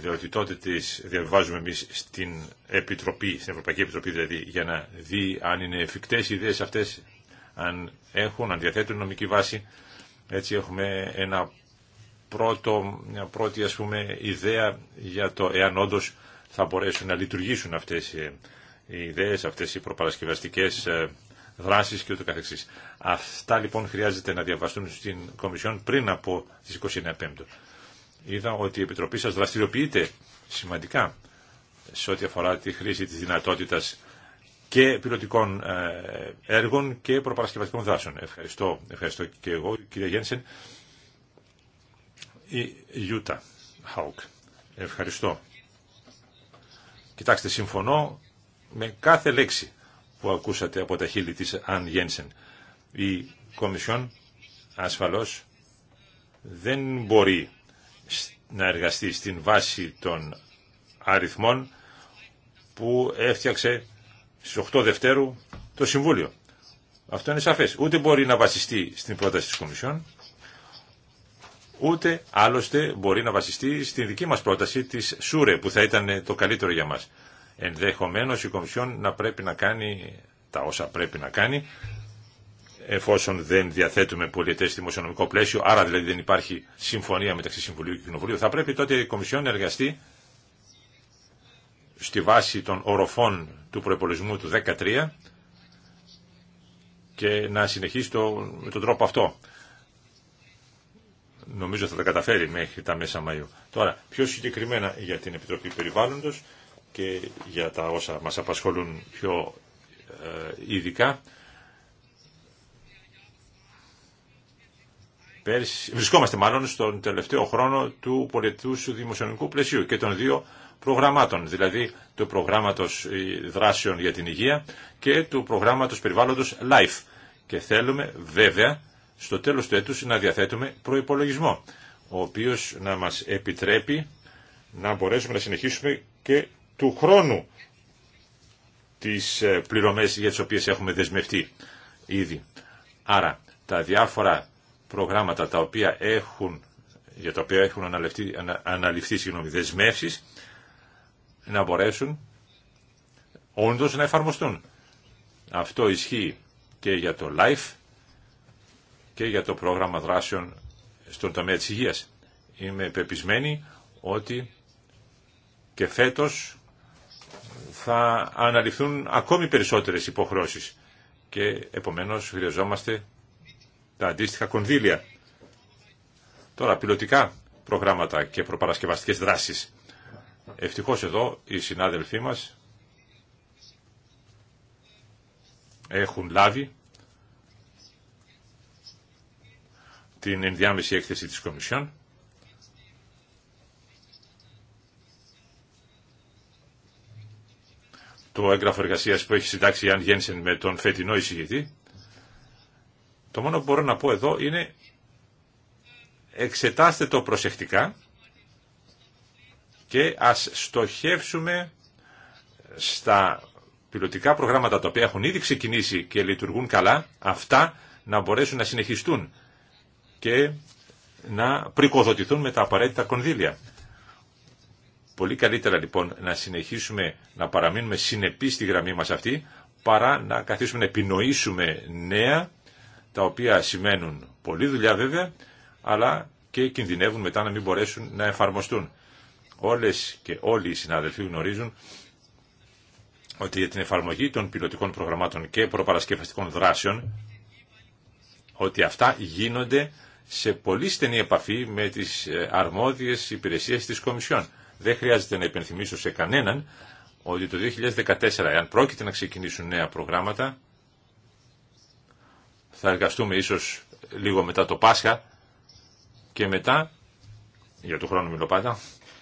διότι τότε τις διαβάζουμε εμείς στην Επιτροπή, στην Ευρωπαϊκή Επιτροπή δηλαδή, για να δει αν είναι εφικτές οι ιδέες αυτές, αν έχουν, αν διαθέτουν νομική βάση. Έτσι έχουμε ένα πρώτο, μια πρώτη ας πούμε ιδέα για το εάν όντω θα μπορέσουν να λειτουργήσουν αυτές ε, οι ιδέες, αυτές οι προπαρασκευαστικές ε, δράσεις κ.ο.κ. Αυτά λοιπόν χρειάζεται να διαβαστούν στην Κομισιόν πριν από τις 29 Πέμπτου είδα ότι η Επιτροπή σας δραστηριοποιείται σημαντικά σε ό,τι αφορά τη χρήση της δυνατότητας και πιλωτικών ε, έργων και προπαρασκευαστικών δράσεων. Ευχαριστώ, ευχαριστώ και εγώ, κύριε Γένσεν. Η Ιούτα Χάουκ. Ευχαριστώ. Κοιτάξτε, συμφωνώ με κάθε λέξη που ακούσατε από τα χείλη της Αν Γένσεν. Η Κομισιόν ασφαλώς δεν μπορεί να εργαστεί στην βάση των αριθμών που έφτιαξε στις 8 Δευτέρου το Συμβούλιο. Αυτό είναι σαφές. Ούτε μπορεί να βασιστεί στην πρόταση της Κομισιόν, ούτε άλλωστε μπορεί να βασιστεί στην δική μας πρόταση της ΣΟΥΡΕ που θα ήταν το καλύτερο για μας. Ενδεχομένως η Κομισιόν να πρέπει να κάνει τα όσα πρέπει να κάνει εφόσον δεν διαθέτουμε πολιτές δημοσιονομικό πλαίσιο, άρα δηλαδή δεν υπάρχει συμφωνία μεταξύ Συμβουλίου και Κοινοβουλίου, θα πρέπει τότε η Κομισιόν να εργαστεί στη βάση των οροφών του προπολογισμού του 2013... και να συνεχίσει το, με τον τρόπο αυτό. Νομίζω θα τα καταφέρει μέχρι τα μέσα Μαΐου. Τώρα, πιο συγκεκριμένα για την Επιτροπή Περιβάλλοντος και για τα όσα μας απασχολούν πιο ε, ειδικά, βρισκόμαστε μάλλον στον τελευταίο χρόνο του πολιτού δημοσιονομικού πλαισίου και των δύο προγραμμάτων, δηλαδή του προγράμματος ε, δράσεων για την υγεία και του προγράμματος περιβάλλοντος LIFE. Και θέλουμε βέβαια στο τέλος του έτους να διαθέτουμε προϋπολογισμό, ο οποίος να μας επιτρέπει να μπορέσουμε να συνεχίσουμε και του χρόνου τις ε, πληρωμές για τις οποίες έχουμε δεσμευτεί ήδη. Άρα τα διάφορα προγράμματα τα οποία έχουν, για τα οποία έχουν αναλυφθεί, ανα, αναλυφθεί να μπορέσουν όντως να εφαρμοστούν. Αυτό ισχύει και για το LIFE και για το πρόγραμμα δράσεων στον τομέα της υγείας. Είμαι πεπισμένη ότι και φέτος θα αναλυφθούν ακόμη περισσότερες υποχρώσεις και επομένως χρειαζόμαστε τα αντίστοιχα κονδύλια. Τώρα, πιλωτικά προγράμματα και προπαρασκευαστικές δράσεις. Ευτυχώς εδώ οι συνάδελφοί μας έχουν λάβει την ενδιάμεση έκθεση της Κομισιόν το έγγραφο εργασίας που έχει συντάξει η Αν Γένσεν με τον φετινό εισηγητή το μόνο που μπορώ να πω εδώ είναι εξετάστε το προσεκτικά και ας στοχεύσουμε στα πιλωτικά προγράμματα τα οποία έχουν ήδη ξεκινήσει και λειτουργούν καλά, αυτά να μπορέσουν να συνεχιστούν και να πρικοδοτηθούν με τα απαραίτητα κονδύλια. Πολύ καλύτερα λοιπόν να συνεχίσουμε να παραμείνουμε συνεπείς στη γραμμή μας αυτή παρά να καθίσουμε να επινοήσουμε νέα τα οποία σημαίνουν πολλή δουλειά βέβαια, αλλά και κινδυνεύουν μετά να μην μπορέσουν να εφαρμοστούν. Όλες και όλοι οι συνάδελφοι γνωρίζουν ότι για την εφαρμογή των πιλωτικών προγραμμάτων και προπαρασκευαστικών δράσεων, ότι αυτά γίνονται σε πολύ στενή επαφή με τις ε, αρμόδιες υπηρεσίες της Κομισιόν. Δεν χρειάζεται να υπενθυμίσω σε κανέναν ότι το 2014, εάν πρόκειται να ξεκινήσουν νέα προγράμματα, θα εργαστούμε ίσως λίγο μετά το Πάσχα και μετά, για το χρόνο μιλώ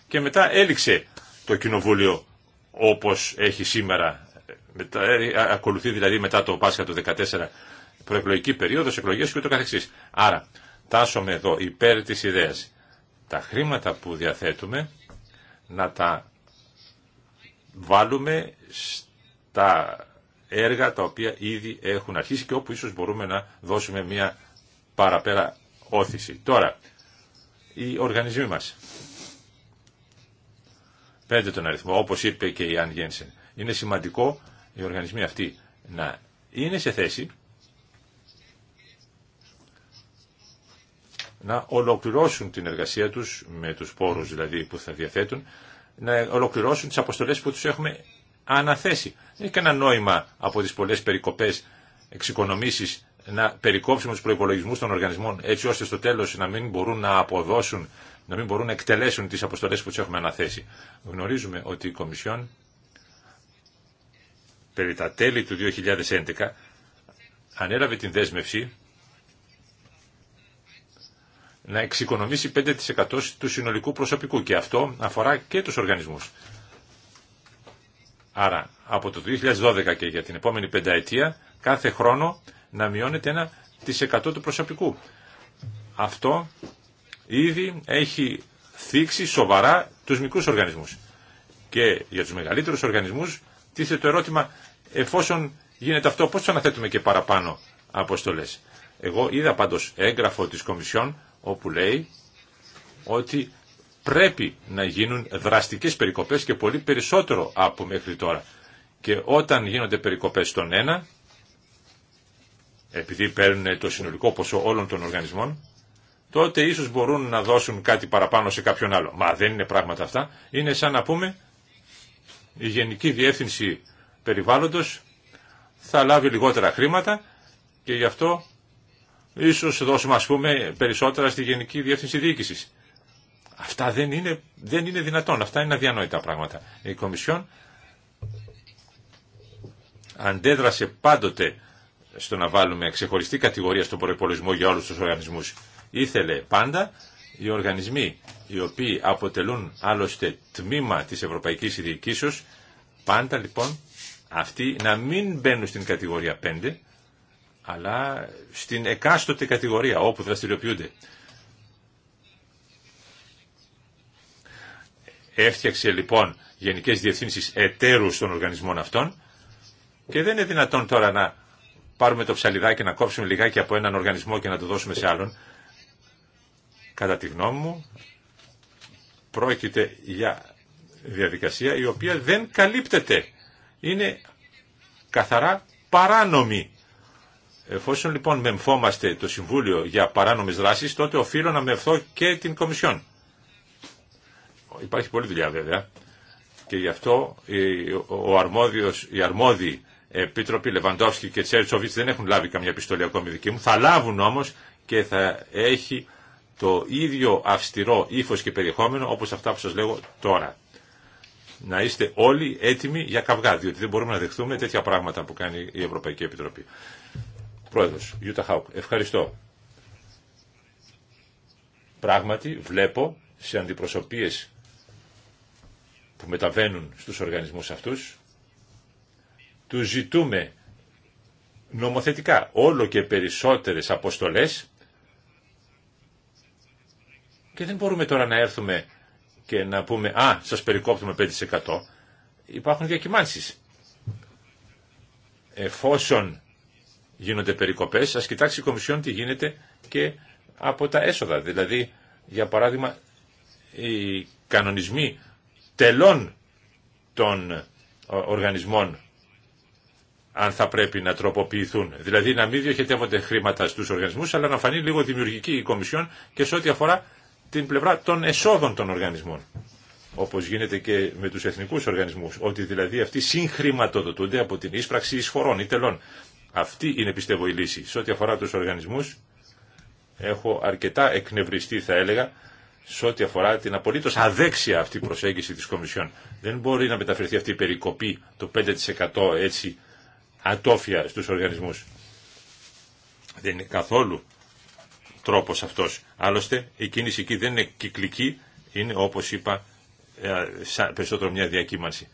και μετά έληξε το κοινοβούλιο όπως έχει σήμερα, μετά, ε, ε, ακολουθεί δηλαδή μετά το Πάσχα του 14 προεκλογική περίοδος, εκλογές και ούτω καθεξής. Άρα, τάσσομαι εδώ υπέρ της ιδέας. Τα χρήματα που διαθέτουμε να τα βάλουμε στα έργα τα οποία ήδη έχουν αρχίσει και όπου ίσως μπορούμε να δώσουμε μια παραπέρα όθηση. Τώρα, οι οργανισμοί μας. Πέντε τον αριθμό, όπως είπε και η Αν Γένσεν. Είναι σημαντικό οι οργανισμοί αυτοί να είναι σε θέση να ολοκληρώσουν την εργασία τους με τους πόρους δηλαδή που θα διαθέτουν, να ολοκληρώσουν τις αποστολές που τους έχουμε αναθέσει. Δεν έχει κανένα νόημα από τις πολλές περικοπές εξοικονομήσεις να περικόψουμε του προϋπολογισμούς των οργανισμών έτσι ώστε στο τέλος να μην μπορούν να αποδώσουν, να μην μπορούν να εκτελέσουν τις αποστολές που του έχουμε αναθέσει. Γνωρίζουμε ότι η Κομισιόν περί τα τέλη του 2011 ανέλαβε την δέσμευση να εξοικονομήσει 5% του συνολικού προσωπικού και αυτό αφορά και τους οργανισμούς. Άρα από το 2012 και για την επόμενη πενταετία κάθε χρόνο να μειώνεται ένα εκατό του προσωπικού. Αυτό ήδη έχει θίξει σοβαρά τους μικρούς οργανισμούς. Και για τους μεγαλύτερους οργανισμούς τίθεται το ερώτημα εφόσον γίνεται αυτό πώς αναθέτουμε και παραπάνω αποστολές. Εγώ είδα πάντως έγγραφο της Κομισιόν όπου λέει ότι πρέπει να γίνουν δραστικές περικοπές και πολύ περισσότερο από μέχρι τώρα. Και όταν γίνονται περικοπές στον ένα, επειδή παίρνουν το συνολικό ποσό όλων των οργανισμών, τότε ίσως μπορούν να δώσουν κάτι παραπάνω σε κάποιον άλλο. Μα δεν είναι πράγματα αυτά. Είναι σαν να πούμε η Γενική Διεύθυνση Περιβάλλοντος θα λάβει λιγότερα χρήματα και γι' αυτό ίσως δώσουμε ας πούμε περισσότερα στη Γενική Διεύθυνση Διοίκησης. Αυτά δεν είναι, δεν είναι δυνατόν. Αυτά είναι αδιανόητα πράγματα. Η Κομισιόν αντέδρασε πάντοτε στο να βάλουμε ξεχωριστή κατηγορία στον προπολογισμό για όλους τους οργανισμούς. Ήθελε πάντα οι οργανισμοί οι οποίοι αποτελούν άλλωστε τμήμα της Ευρωπαϊκής Διοικήσεως πάντα λοιπόν αυτοί να μην μπαίνουν στην κατηγορία 5 αλλά στην εκάστοτε κατηγορία όπου δραστηριοποιούνται. Έφτιαξε λοιπόν γενικές διευθύνσεις εταίρους των οργανισμών αυτών και δεν είναι δυνατόν τώρα να πάρουμε το ψαλιδάκι να κόψουμε λιγάκι από έναν οργανισμό και να το δώσουμε σε άλλον. Κατά τη γνώμη μου πρόκειται για διαδικασία η οποία δεν καλύπτεται. Είναι καθαρά παράνομη. Εφόσον λοιπόν μεμφόμαστε το Συμβούλιο για παράνομες δράσεις, τότε οφείλω να μεμφθώ και την Κομισιόν. Υπάρχει πολλή δουλειά βέβαια και γι' αυτό ο αρμόδιος, οι αρμόδιοι επίτροποι Λεβαντόφσκι και Τσέρτσοβιτ δεν έχουν λάβει καμιά επιστολή ακόμη δική μου. Θα λάβουν όμω και θα έχει το ίδιο αυστηρό ύφο και περιεχόμενο όπω αυτά που σα λέγω τώρα. Να είστε όλοι έτοιμοι για καυγά, διότι δεν μπορούμε να δεχθούμε τέτοια πράγματα που κάνει η Ευρωπαϊκή Επιτροπή. Πρόεδρο, Γιούτα Χάουκ, ευχαριστώ. Πράγματι βλέπω σε αντιπροσωπείες που μεταβαίνουν στους οργανισμούς αυτούς, του ζητούμε νομοθετικά όλο και περισσότερες αποστολές και δεν μπορούμε τώρα να έρθουμε και να πούμε «Α, σας περικόπτουμε 5%». Υπάρχουν διακυμάνσεις. Εφόσον γίνονται περικοπές, ας κοιτάξει η Κομισιόν τι γίνεται και από τα έσοδα. Δηλαδή, για παράδειγμα, οι κανονισμοί τελών των οργανισμών αν θα πρέπει να τροποποιηθούν. Δηλαδή να μην διοχετεύονται χρήματα στους οργανισμούς, αλλά να φανεί λίγο δημιουργική η Κομισιόν και σε ό,τι αφορά την πλευρά των εσόδων των οργανισμών. Όπως γίνεται και με τους εθνικούς οργανισμούς, ότι δηλαδή αυτοί συγχρηματοδοτούνται από την ίσπραξη εισφορών ή τελών. Αυτή είναι πιστεύω η λύση. Σε ό,τι αφορά τους οργανισμούς, έχω αρκετά εκνευριστεί θα έλεγα σε ό,τι αφορά την απολύτω αδέξια αυτή προσέγγιση τη Κομισιόν. Δεν μπορεί να μεταφερθεί αυτή η περικοπή το 5% έτσι ατόφια στου οργανισμού. Δεν είναι καθόλου τρόπο αυτό. Άλλωστε η κίνηση εκεί δεν είναι κυκλική, είναι όπω είπα ε, περισσότερο μια διακύμανση.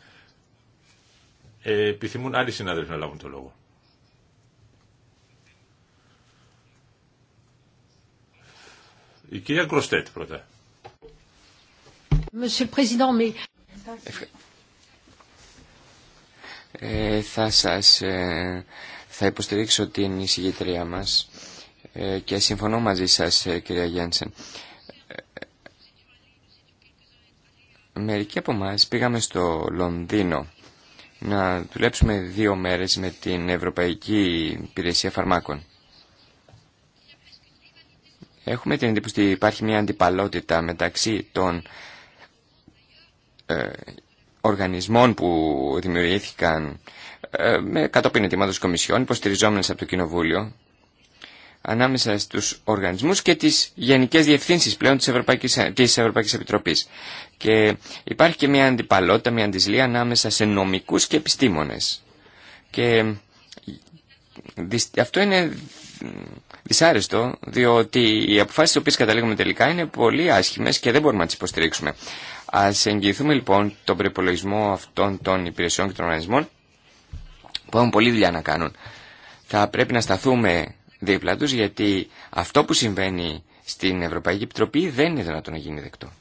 Ε, επιθυμούν άλλοι συνάδελφοι να λάβουν το λόγο. Η κυρία Κροστέτ πρώτα. Ε, θα σας ε, θα υποστηρίξω την εισηγητρία μας ε, και συμφωνώ μαζί σας ε, κυρία Ε, Μερικοί από εμά πήγαμε στο Λονδίνο να δουλέψουμε δύο μέρες με την Ευρωπαϊκή Υπηρεσία Φαρμάκων. Έχουμε την εντύπωση ότι υπάρχει μια αντιπαλότητα μεταξύ των ε, οργανισμών που δημιουργήθηκαν ε, με κατόπιν ετοιμάτων κομισιών, υποστηριζόμενες από το Κοινοβούλιο, ανάμεσα στους οργανισμούς και τις γενικές διευθύνσεις πλέον της Ευρωπαϊκής, της Ευρωπαϊκής Επιτροπής. Και υπάρχει και μια αντιπαλότητα, μια αντισλία ανάμεσα σε νομικούς και επιστήμονες. Και αυτό είναι δυσάρεστο, διότι οι αποφάσεις που οποίες καταλήγουμε τελικά είναι πολύ άσχημες και δεν μπορούμε να τις υποστηρίξουμε. Ας εγγυηθούμε λοιπόν τον προπολογισμό αυτών των υπηρεσιών και των οργανισμών που έχουν πολλή δουλειά να κάνουν. Θα πρέπει να σταθούμε δίπλα τους γιατί αυτό που συμβαίνει στην Ευρωπαϊκή Επιτροπή δεν είναι δυνατόν να γίνει δεκτό.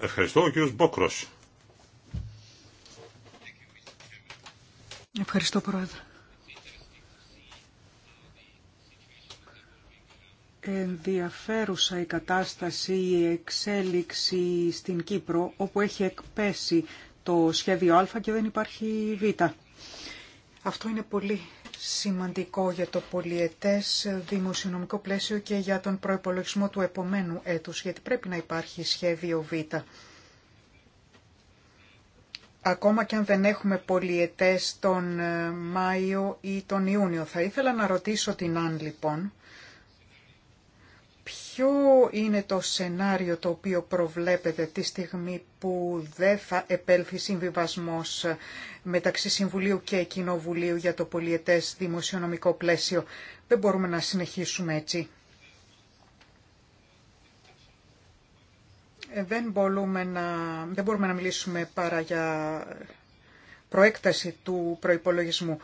Ευχαριστώ ο κύριος Μπόκρος. Ευχαριστώ, Πρόεδρε. ενδιαφέρουσα η κατάσταση, η εξέλιξη στην Κύπρο, όπου έχει εκπέσει το σχέδιο Α και δεν υπάρχει Β. Αυτό είναι πολύ σημαντικό για το πολιετές δημοσιονομικό πλαίσιο και για τον προϋπολογισμό του επομένου έτους, γιατί πρέπει να υπάρχει σχέδιο Β ακόμα και αν δεν έχουμε πολιετές τον ε, Μάιο ή τον Ιούνιο. Θα ήθελα να ρωτήσω την Αν λοιπόν, ποιο είναι το σενάριο το οποίο προβλέπετε τη στιγμή που δεν θα επέλθει συμβιβασμός ε, μεταξύ Συμβουλίου και Κοινοβουλίου για το πολιετές δημοσιονομικό πλαίσιο. Δεν μπορούμε να συνεχίσουμε έτσι. δεν μπορούμε να, μπορούμε να μιλήσουμε παρά για προέκταση του προϋπολογισμού,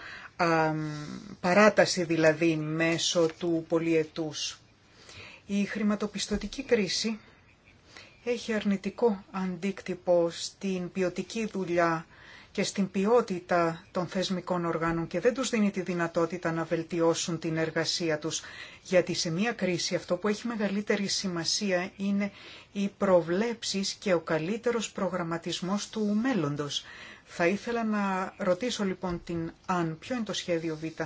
παράταση δηλαδή μέσω του πολύετούς. Η χρηματοπιστωτική κρίση έχει αρνητικό αντίκτυπο στην ποιοτική δουλειά και στην ποιότητα των θεσμικών οργάνων και δεν τους δίνει τη δυνατότητα να βελτιώσουν την εργασία τους. Γιατί σε μια κρίση αυτό που έχει μεγαλύτερη σημασία είναι οι προβλέψεις και ο καλύτερος προγραμματισμός του μέλλοντος. Θα ήθελα να ρωτήσω λοιπόν την Αν, ποιο είναι το σχέδιο Β.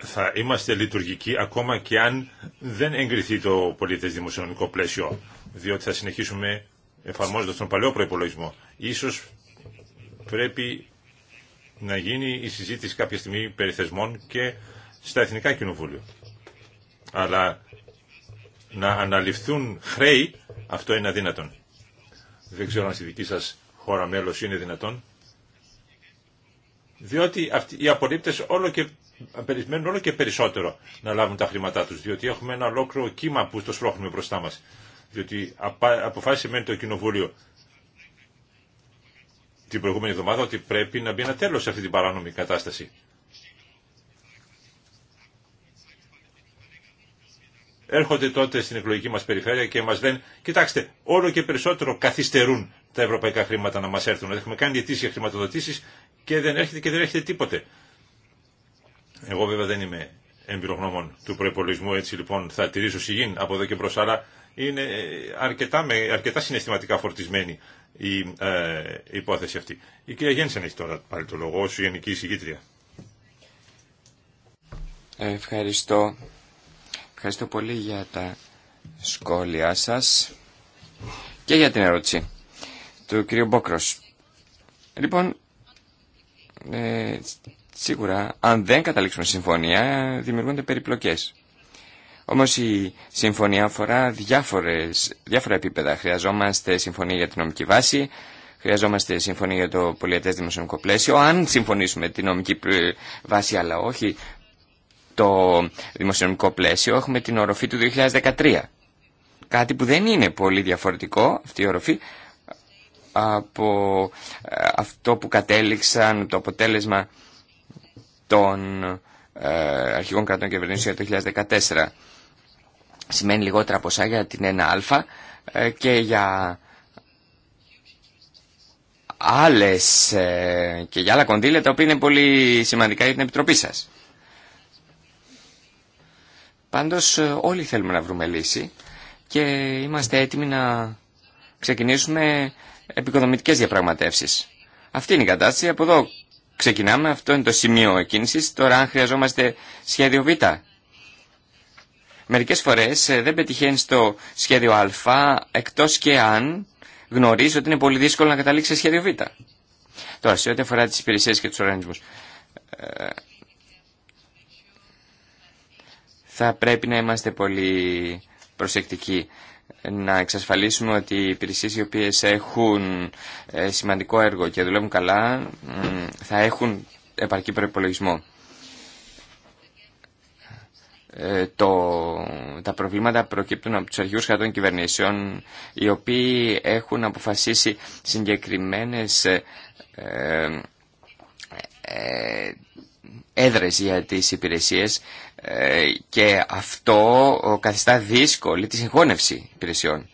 θα είμαστε λειτουργικοί ακόμα και αν δεν εγκριθεί το πολίτες δημοσιονομικό πλαίσιο διότι θα συνεχίσουμε εφαρμόζοντας τον παλαιό προϋπολογισμό. Ίσως πρέπει να γίνει η συζήτηση κάποια στιγμή περιθεσμών και στα Εθνικά Κοινοβούλια. Αλλά να αναλυφθούν χρέη, αυτό είναι αδύνατον. Δεν ξέρω αν στη δική σας χώρα μέλος είναι δυνατόν. Διότι οι απολύπτες όλο και περιμένουν όλο και περισσότερο να λάβουν τα χρήματά τους, διότι έχουμε ένα ολόκληρο κύμα που το σπρώχνουμε μπροστά μας διότι αποφάσισε μεν το Κοινοβούλιο την προηγούμενη εβδομάδα ότι πρέπει να μπει ένα τέλος σε αυτή την παράνομη κατάσταση. Έρχονται τότε στην εκλογική μας περιφέρεια και μας λένε «Κοιτάξτε, όλο και περισσότερο καθυστερούν τα ευρωπαϊκά χρήματα να μας έρθουν. Έχουμε κάνει για χρηματοδοτήσεις και δεν έρχεται και δεν έρχεται τίποτε». Εγώ βέβαια δεν είμαι εμπειρογνώμων του προπολογισμού. Έτσι λοιπόν θα τηρήσω σιγήν από εδώ και μπρο. αλλά είναι αρκετά, με, αρκετά συναισθηματικά φορτισμένη η ε, υπόθεση αυτή. Η κυρία Γένσεν έχει τώρα πάλι το λόγο ω Γενική Συγκήτρια. Ευχαριστώ. Ευχαριστώ πολύ για τα σχόλιά σας και για την ερώτηση του κυρίου Μπόκρος. Λοιπόν, ε, Σίγουρα, αν δεν καταλήξουμε συμφωνία, δημιουργούνται περιπλοκές. Όμως η συμφωνία αφορά διάφορες, διάφορα επίπεδα. Χρειαζόμαστε συμφωνία για την νομική βάση, χρειαζόμαστε συμφωνία για το πολιετές δημοσιονομικό πλαίσιο. Αν συμφωνήσουμε την νομική βάση, αλλά όχι το δημοσιονομικό πλαίσιο, έχουμε την οροφή του 2013. Κάτι που δεν είναι πολύ διαφορετικό, αυτή η οροφή, από ε, αυτό που κατέληξαν το αποτέλεσμα των ε, αρχηγών κρατών και κυβερνήσεων για το 2014. Σημαίνει λιγότερα ποσά για την 1α ε, και για άλλες ε, και για άλλα κονδύλια τα οποία είναι πολύ σημαντικά για την Επιτροπή σας. Πάντως όλοι θέλουμε να βρούμε λύση και είμαστε έτοιμοι να ξεκινήσουμε επικοδομητικές διαπραγματεύσεις. Αυτή είναι η κατάσταση. Από εδώ ξεκινάμε, αυτό είναι το σημείο εκκίνησης. Τώρα αν χρειαζόμαστε σχέδιο Β. Μερικές φορές ε, δεν πετυχαίνει το σχέδιο Α εκτός και αν γνωρίζει ότι είναι πολύ δύσκολο να καταλήξει σε σχέδιο Β. Τώρα σε ό,τι αφορά τις υπηρεσίες και τους οργανισμούς. Ε, θα πρέπει να είμαστε πολύ προσεκτικοί να εξασφαλίσουμε ότι οι υπηρεσίε οι οποίες έχουν ε, σημαντικό έργο και δουλεύουν καλά θα έχουν επαρκή προπολογισμό. Ε, το, τα προβλήματα προκύπτουν από τους αρχηγούς κρατών κυβερνήσεων οι οποίοι έχουν αποφασίσει συγκεκριμένες ε, ε έδρες για τις υπηρεσίες ε, και αυτό ε, καθιστά δύσκολη τη συγχώνευση υπηρεσιών.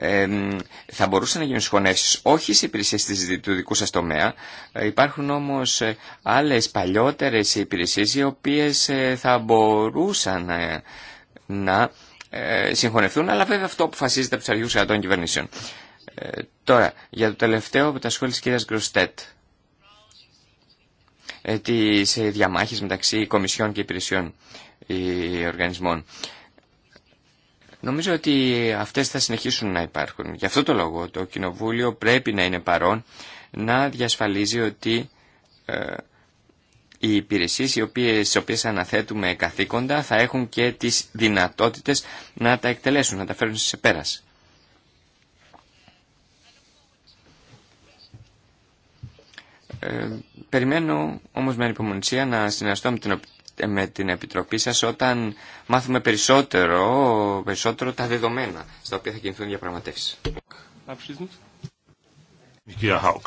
Ε, θα μπορούσαν να γίνουν συγχωνεύσεις όχι σε υπηρεσίες της, του δικού σας τομέα υπάρχουν όμως άλλες παλιότερες υπηρεσίες οι οποίες θα μπορούσαν να ε, συγχωνευτούν, αλλά βέβαια αυτό αποφασίζεται από του αρχηγού κρατών κυβερνήσεων. Ε, τώρα, για το τελευταίο από τα σχόλια τη κυρία Γκροστέτ. Ε, τι διαμάχε μεταξύ κομισιών και υπηρεσιών οργανισμών. Νομίζω ότι αυτές θα συνεχίσουν να υπάρχουν. Γι' αυτό το λόγο το Κοινοβούλιο πρέπει να είναι παρόν να διασφαλίζει ότι ε, οι υπηρεσίες οι οποίες, στις οποίες αναθέτουμε καθήκοντα θα έχουν και τις δυνατότητες να τα εκτελέσουν, να τα φέρουν σε πέρας. Ε, περιμένω όμως με ανυπομονησία να συνεργαστώ με την, Επιτροπή σας όταν μάθουμε περισσότερο, περισσότερο τα δεδομένα στα οποία θα κινηθούν διαπραγματεύσεις. Κύριε Χάουκ,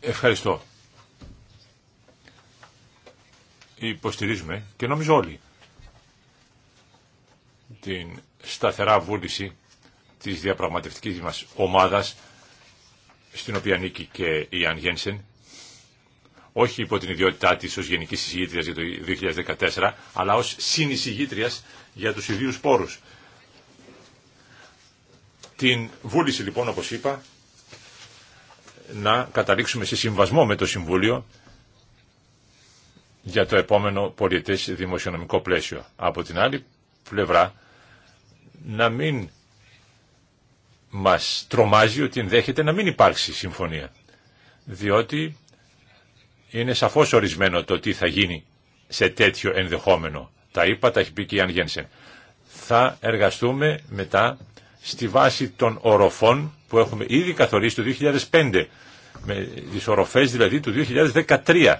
ευχαριστώ. υποστηρίζουμε και νομίζω όλοι την σταθερά βούληση της διαπραγματευτικής μας ομάδας στην οποία νίκη και η Αν Γένσεν όχι υπό την ιδιότητά της ως Γενική Συζήτριας για το 2014 αλλά ως συνεισηγήτριας για τους ιδίους πόρους. Την βούληση λοιπόν όπως είπα να καταλήξουμε σε συμβασμό με το Συμβούλιο για το επόμενο πολιτές δημοσιονομικό πλαίσιο. Από την άλλη πλευρά να μην μας τρομάζει ότι ενδέχεται να μην υπάρξει συμφωνία. Διότι είναι σαφώς ορισμένο το τι θα γίνει σε τέτοιο ενδεχόμενο. Τα είπα, τα έχει πει και η Αν Θα εργαστούμε μετά στη βάση των οροφών που έχουμε ήδη καθορίσει το 2005, με τις οροφές δηλαδή του 2013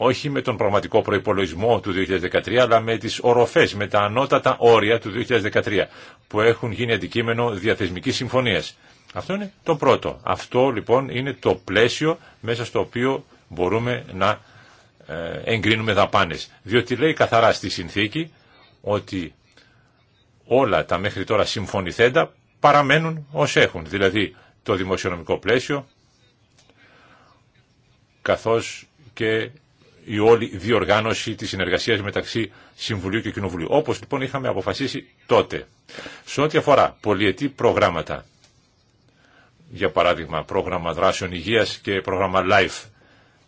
όχι με τον πραγματικό προϋπολογισμό του 2013, αλλά με τις οροφές, με τα ανώτατα όρια του 2013, που έχουν γίνει αντικείμενο διαθεσμικής συμφωνίας. Αυτό είναι το πρώτο. Αυτό λοιπόν είναι το πλαίσιο μέσα στο οποίο μπορούμε να ε, εγκρίνουμε δαπάνες. Διότι λέει καθαρά στη συνθήκη ότι όλα τα μέχρι τώρα συμφωνηθέντα παραμένουν ως έχουν. Δηλαδή το δημοσιονομικό πλαίσιο, καθώς και η όλη διοργάνωση της συνεργασίας μεταξύ Συμβουλίου και Κοινοβουλίου. Όπως λοιπόν είχαμε αποφασίσει τότε. Σε ό,τι αφορά πολιετή προγράμματα, για παράδειγμα πρόγραμμα δράσεων υγείας και πρόγραμμα LIFE,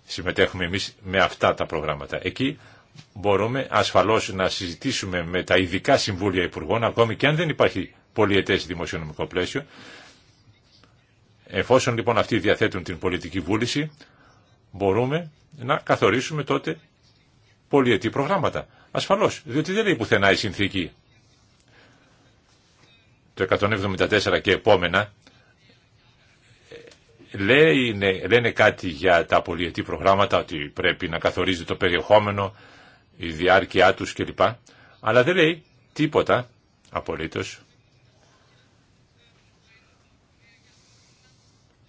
συμμετέχουμε εμείς με αυτά τα προγράμματα. Εκεί μπορούμε ασφαλώς να συζητήσουμε με τα ειδικά Συμβούλια Υπουργών, ακόμη και αν δεν υπάρχει πολιετές δημοσιονομικό πλαίσιο, Εφόσον λοιπόν αυτοί διαθέτουν την πολιτική βούληση, μπορούμε να καθορίσουμε τότε πολιετή προγράμματα. Ασφαλώς, διότι δεν λέει πουθενά η συνθήκη. Το 174 και επόμενα λένε, ναι, λένε κάτι για τα πολιετή προγράμματα, ότι πρέπει να καθορίζει το περιεχόμενο, η διάρκεια τους κλπ. Αλλά δεν λέει τίποτα απολύτως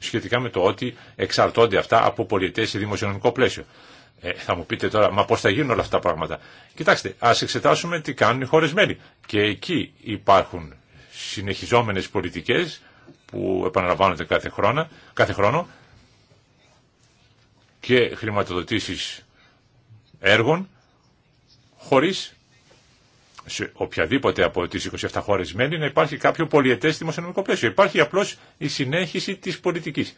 σχετικά με το ότι εξαρτώνται αυτά από πολιτέ σε δημοσιονομικό πλαίσιο. Ε, θα μου πείτε τώρα, μα πώ θα γίνουν όλα αυτά τα πράγματα. Κοιτάξτε, α εξετάσουμε τι κάνουν οι χώρε μέλη. Και εκεί υπάρχουν συνεχιζόμενε πολιτικέ που επαναλαμβάνονται κάθε, χρόνο, κάθε χρόνο και χρηματοδοτήσεις έργων χωρίς σε οποιαδήποτε από τις 27 χώρες μέλη να υπάρχει κάποιο πολιετές δημοσιονομικό πλαίσιο. Υπάρχει απλώς η συνέχιση της πολιτικής.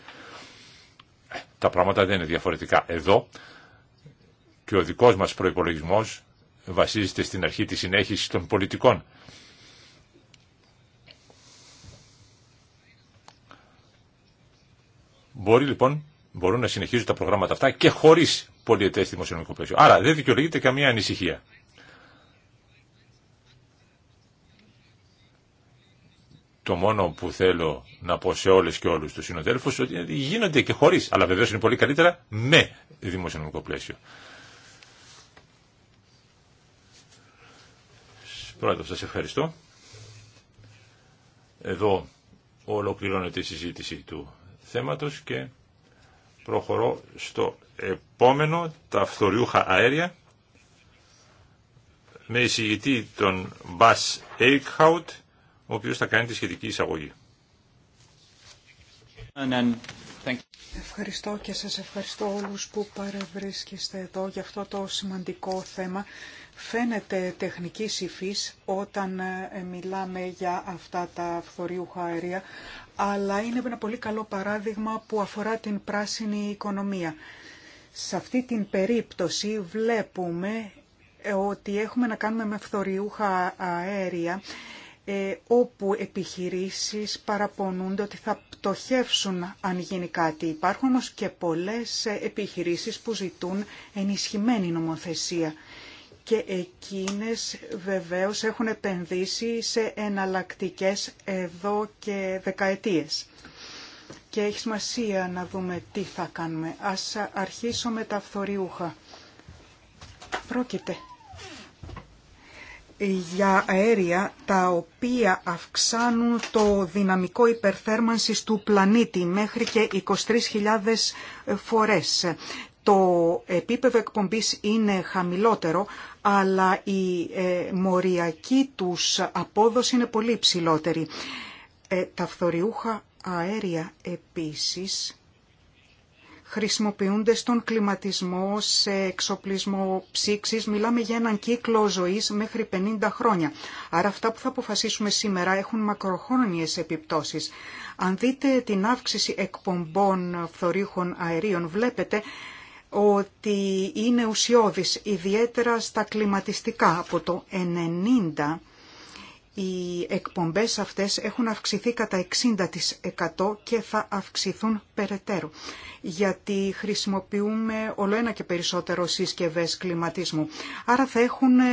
Τα πράγματα δεν είναι διαφορετικά. Εδώ και ο δικός μας προϋπολογισμός βασίζεται στην αρχή της συνέχισης των πολιτικών. Μπορεί λοιπόν, μπορούν να συνεχίζουν τα προγράμματα αυτά και χωρίς πολιετές δημοσιονομικό πλαίσιο. Άρα δεν δικαιολογείται καμία ανησυχία. το μόνο που θέλω να πω σε όλες και όλους τους συνοδέλφους ότι γίνονται και χωρίς, αλλά βεβαίως είναι πολύ καλύτερα με δημοσιονομικό πλαίσιο. Πρώτα σας ευχαριστώ. Εδώ ολοκληρώνεται η συζήτηση του θέματος και προχωρώ στο επόμενο, τα φθοριούχα αέρια, με εισηγητή τον Μπάς Έικχαουτ, ο οποίος θα κάνει τη σχετική εισαγωγή. Ευχαριστώ και σας ευχαριστώ όλους που παρευρίσκεστε εδώ για αυτό το σημαντικό θέμα. Φαίνεται τεχνική υφής όταν ε, μιλάμε για αυτά τα φθοριούχα αερία, αλλά είναι ένα πολύ καλό παράδειγμα που αφορά την πράσινη οικονομία. Σε αυτή την περίπτωση βλέπουμε ε, ότι έχουμε να κάνουμε με φθοριούχα αέρια ε, όπου επιχειρήσεις παραπονούνται ότι θα πτωχεύσουν αν γίνει κάτι. Υπάρχουν όμως και πολλές ε, επιχειρήσεις που ζητούν ενισχυμένη νομοθεσία και εκείνες βεβαίως έχουν επενδύσει σε εναλλακτικές εδώ και δεκαετίες. Και έχει σημασία να δούμε τι θα κάνουμε. Ας αρχίσω με τα φθοριούχα. Πρόκειται για αέρια τα οποία αυξάνουν το δυναμικό υπερθέρμανσης του πλανήτη μέχρι και 23.000 φορές. Το επίπεδο εκπομπής είναι χαμηλότερο, αλλά η ε, μοριακή τους απόδοση είναι πολύ ψηλότερη. Ε, τα φθοριούχα αέρια επίσης χρησιμοποιούνται στον κλιματισμό, σε εξοπλισμό ψήξης. Μιλάμε για έναν κύκλο ζωής μέχρι 50 χρόνια. Άρα αυτά που θα αποφασίσουμε σήμερα έχουν μακροχρόνιες επιπτώσεις. Αν δείτε την αύξηση εκπομπών φθορίχων αερίων, βλέπετε ότι είναι ουσιώδης, ιδιαίτερα στα κλιματιστικά. Από το 90 οι εκπομπές αυτές έχουν αυξηθεί κατά 60% και θα αυξηθούν περαιτέρω, γιατί χρησιμοποιούμε όλο ένα και περισσότερο συσκευές κλιματισμού. Άρα θα έχουν ε,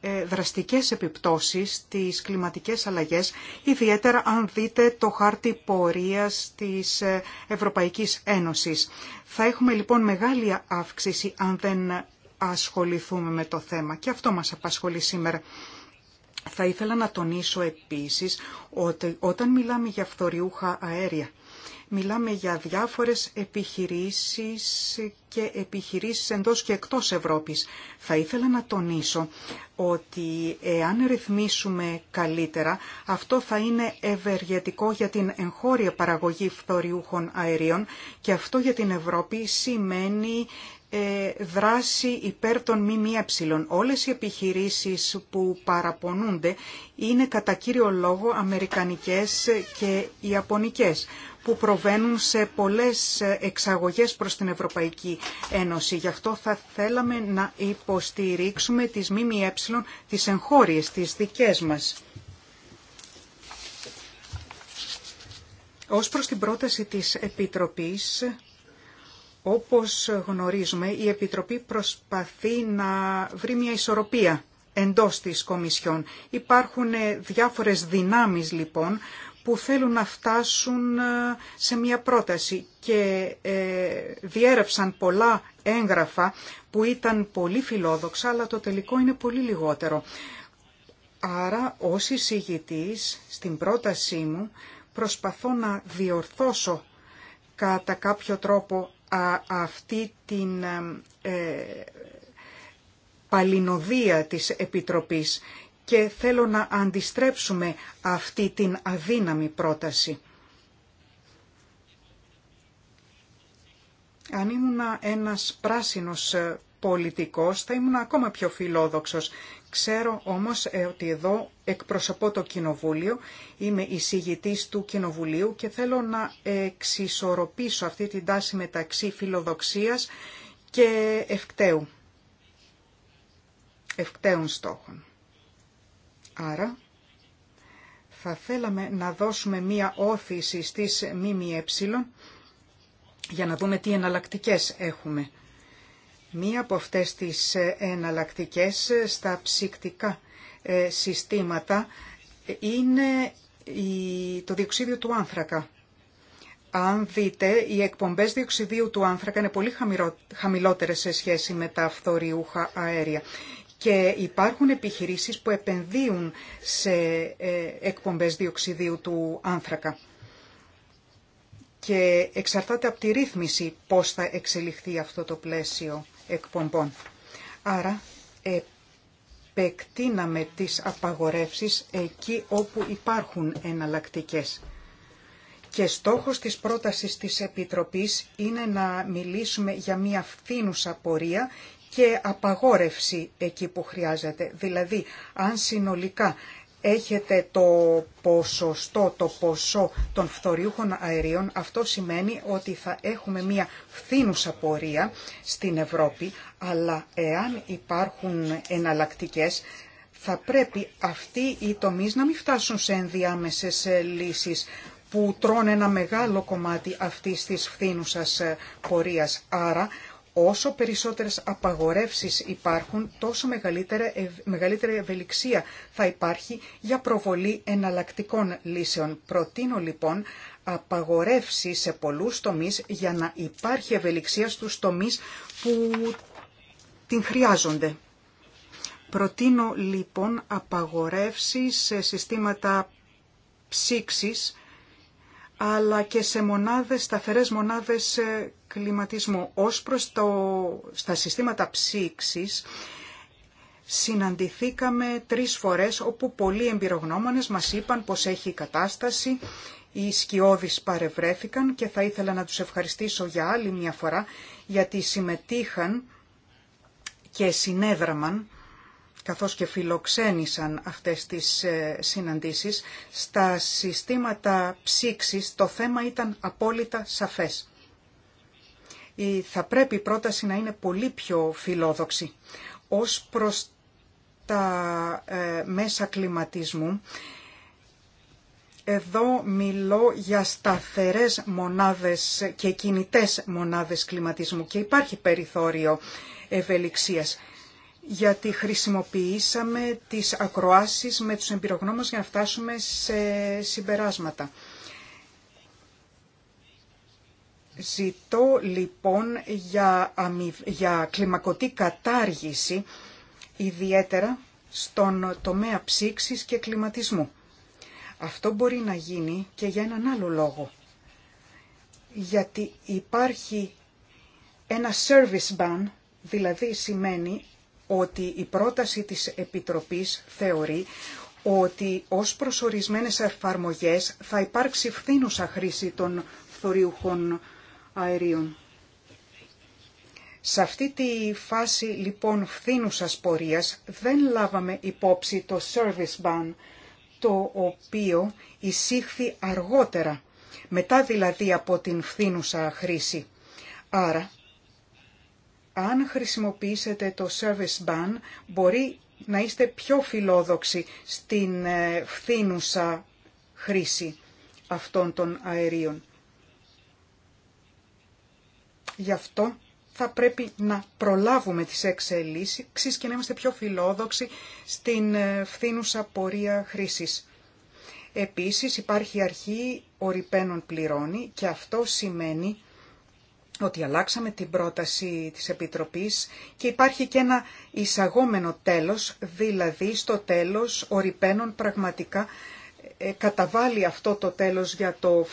ε, δραστικές επιπτώσεις στις κλιματικές αλλαγές, ιδιαίτερα αν δείτε το χάρτη πορείας της ε, Ευρωπαϊκής Ένωσης. Θα έχουμε λοιπόν μεγάλη αύξηση αν δεν ασχοληθούμε με το θέμα και αυτό μας απασχολεί σήμερα. Θα ήθελα να τονίσω επίσης ότι όταν μιλάμε για φθοριούχα αέρια, μιλάμε για διάφορες επιχειρήσεις και επιχειρήσεις εντός και εκτός Ευρώπης. Θα ήθελα να τονίσω ότι εάν ρυθμίσουμε καλύτερα, αυτό θα είναι ευεργετικό για την εγχώρια παραγωγή φθοριούχων αερίων και αυτό για την Ευρώπη σημαίνει ε, δράση υπέρ των ΜΜΕ. Όλες οι επιχειρήσεις που παραπονούνται είναι κατά κύριο λόγο αμερικανικές και ιαπωνικές που προβαίνουν σε πολλές εξαγωγές προς την Ευρωπαϊκή Ένωση. Γι' αυτό θα θέλαμε να υποστηρίξουμε τις ΜΜΕ, τις εγχώριες, τις δικές μας. Ως προς την πρόταση της Επιτροπής, όπως γνωρίζουμε, η Επιτροπή προσπαθεί να βρει μια ισορροπία εντός της Κομισιόν. Υπάρχουν ε, διάφορες δυνάμεις λοιπόν που θέλουν να φτάσουν ε, σε μια πρόταση και ε, διέρευσαν πολλά έγγραφα που ήταν πολύ φιλόδοξα αλλά το τελικό είναι πολύ λιγότερο. Άρα ως εισηγητής στην πρότασή μου προσπαθώ να διορθώσω κατά κάποιο τρόπο αυτή την ε, παλινοδία της Επιτροπής και θέλω να αντιστρέψουμε αυτή την αδύναμη πρόταση. Αν ήμουν ένας πράσινος πολιτικός θα ήμουν ακόμα πιο φιλόδοξος Ξέρω όμως ε, ότι εδώ εκπροσωπώ το Κοινοβούλιο, είμαι εισηγητής του Κοινοβουλίου και θέλω να εξισορροπήσω αυτή την τάση μεταξύ φιλοδοξίας και ευκταίου, ευκταίων στόχων. Άρα θα θέλαμε να δώσουμε μία όθηση στις ΜΜΕ για να δούμε τι εναλλακτικές έχουμε. Μία από αυτές τις ε, εναλλακτικές ε, στα ψυκτικά ε, συστήματα είναι το διοξίδιο του άνθρακα. Αν δείτε, οι εκπομπές διοξιδίου του άνθρακα είναι πολύ χαμηλότερες σε σχέση με τα φθοριούχα αέρια. Και υπάρχουν επιχειρήσεις που επενδύουν σε εκπομπές διοξιδίου του άνθρακα. Και εξαρτάται από τη ρύθμιση πώς θα εξελιχθεί αυτό το πλαίσιο εκπομπών. Άρα επεκτείναμε τις απαγορεύσεις εκεί όπου υπάρχουν εναλλακτικές. Και στόχος της πρότασης της Επιτροπής είναι να μιλήσουμε για μια φθήνουσα πορεία και απαγόρευση εκεί που χρειάζεται. Δηλαδή, αν συνολικά έχετε το ποσοστό, το ποσό των φθοριούχων αερίων, αυτό σημαίνει ότι θα έχουμε μία φθήνουσα πορεία στην Ευρώπη, αλλά εάν υπάρχουν εναλλακτικές, θα πρέπει αυτοί οι τομείς να μην φτάσουν σε ενδιάμεσες λύσεις που τρώνε ένα μεγάλο κομμάτι αυτής της φθήνουσας πορείας. Άρα Όσο περισσότερες απαγορεύσεις υπάρχουν, τόσο μεγαλύτερη ευελιξία θα υπάρχει για προβολή εναλλακτικών λύσεων. Προτείνω λοιπόν απαγορεύσεις σε πολλούς τομείς για να υπάρχει ευελιξία στους τομείς που την χρειάζονται. Προτείνω λοιπόν απαγορεύσεις σε συστήματα ψήξης αλλά και σε μονάδες, σταθερές μονάδες ε, κλιματισμού. Ως προς το, στα συστήματα ψήξης, συναντηθήκαμε τρεις φορές όπου πολλοί εμπειρογνώμονες μας είπαν πως έχει η κατάσταση, οι σκιώδεις παρευρέθηκαν και θα ήθελα να τους ευχαριστήσω για άλλη μια φορά γιατί συμμετείχαν και συνέδραμαν καθώς και φιλοξένησαν αυτές τις ε, συναντήσεις, στα συστήματα ψήξης το θέμα ήταν απόλυτα σαφές. Θα πρέπει η πρόταση να είναι πολύ πιο φιλόδοξη. Ως προς τα ε, μέσα κλιματισμού, εδώ μιλώ για σταθερές μονάδες και κινητές μονάδες κλιματισμού και υπάρχει περιθώριο ευελιξίας γιατί χρησιμοποιήσαμε τις ακροάσεις με τους εμπειρογνώμους για να φτάσουμε σε συμπεράσματα. Ζητώ λοιπόν για, για κλιμακωτή κατάργηση, ιδιαίτερα στον τομέα ψήξης και κλιματισμού. Αυτό μπορεί να γίνει και για έναν άλλο λόγο. Γιατί υπάρχει ένα service ban, δηλαδή σημαίνει ότι η πρόταση της Επιτροπής θεωρεί ότι ως προσορισμένες εφαρμογές θα υπάρξει φθήνουσα χρήση των φθοριούχων αερίων. Σε αυτή τη φάση λοιπόν φθήνουσας πορείας δεν λάβαμε υπόψη το service ban, το οποίο εισήχθη αργότερα, μετά δηλαδή από την φθήνουσα χρήση. Άρα αν χρησιμοποιήσετε το service ban, μπορεί να είστε πιο φιλόδοξοι στην ε, φθήνουσα χρήση αυτών των αερίων. Γι' αυτό θα πρέπει να προλάβουμε τις εξελίξεις και να είμαστε πιο φιλόδοξοι στην ε, φθήνουσα πορεία χρήσης. Επίσης υπάρχει αρχή ορυπαίνων πληρώνει και αυτό σημαίνει ότι αλλάξαμε την πρόταση της Επιτροπής και υπάρχει και ένα εισαγόμενο τέλος, δηλαδή στο τέλος οριπένων πραγματικά ε, καταβάλει αυτό το τέλος για, το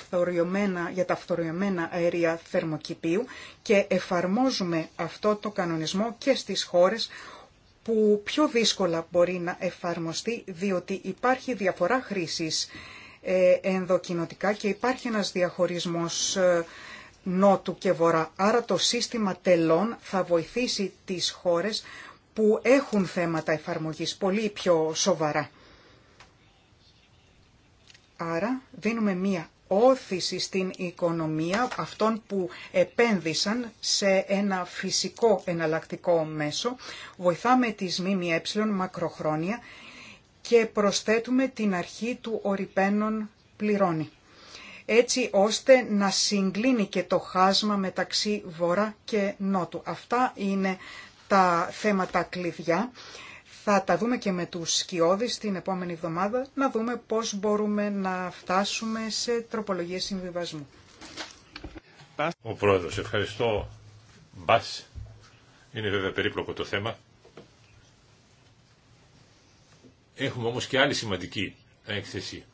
για τα φθοριωμένα αέρια θερμοκηπίου και εφαρμόζουμε αυτό το κανονισμό και στις χώρες που πιο δύσκολα μπορεί να εφαρμοστεί διότι υπάρχει διαφορά χρήσης ε, ενδοκινοτικά και υπάρχει ένας διαχωρισμός ε, Νότου και Βορρά. Άρα το σύστημα τελών θα βοηθήσει τις χώρες που έχουν θέματα εφαρμογής πολύ πιο σοβαρά. Άρα δίνουμε μία όθηση στην οικονομία αυτών που επένδυσαν σε ένα φυσικό εναλλακτικό μέσο. Βοηθάμε τις ΜΜΕ μακροχρόνια και προσθέτουμε την αρχή του οριπένων πληρώνει έτσι ώστε να συγκλίνει και το χάσμα μεταξύ Βορρά και Νότου. Αυτά είναι τα θέματα κλειδιά. Θα τα δούμε και με τους σκιώδεις την επόμενη εβδομάδα, να δούμε πώς μπορούμε να φτάσουμε σε τροπολογίες συμβιβασμού. Ο Πρόεδρος, ευχαριστώ. Μπάς, είναι βέβαια περίπλοκο το θέμα. Έχουμε όμως και άλλη σημαντική έκθεση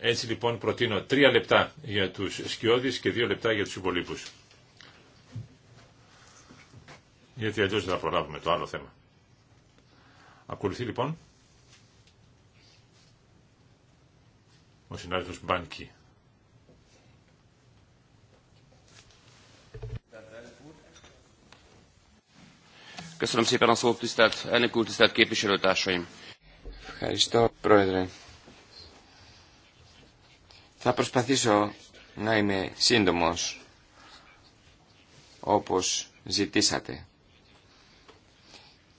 έτσι λοιπόν προτείνω τρία λεπτά για τους σκιώδεις και δύο λεπτά για τους υπολείπους. Γιατί αλλιώς δεν θα προλάβουμε το άλλο θέμα. Ακολουθεί λοιπόν ο συνάδελφος Μπάνκι. Ευχαριστώ, Πρόεδρε. Θα προσπαθήσω να είμαι σύντομος όπως ζητήσατε.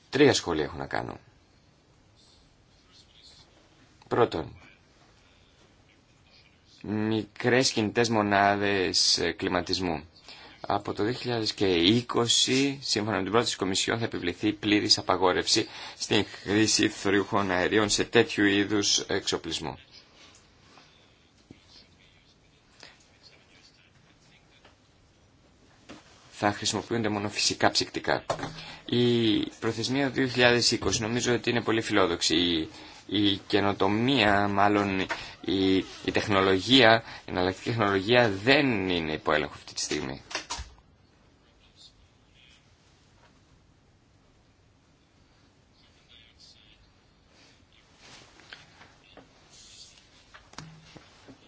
Τρία σχόλια έχω να κάνω. Πρώτον, μικρές κινητές μονάδες κλιματισμού. Από το 2020, σύμφωνα με την πρόταση της Κομισιόν, θα επιβληθεί πλήρης απαγόρευση στην χρήση θρύχων αερίων σε τέτοιου είδους εξοπλισμό. θα χρησιμοποιούνται μόνο φυσικά ψυκτικά. Η προθεσμία 2020 νομίζω ότι είναι πολύ φιλόδοξη. Η, η καινοτομία, μάλλον η, η τεχνολογία, η εναλλακτική τεχνολογία δεν είναι υπό έλεγχο αυτή τη στιγμή.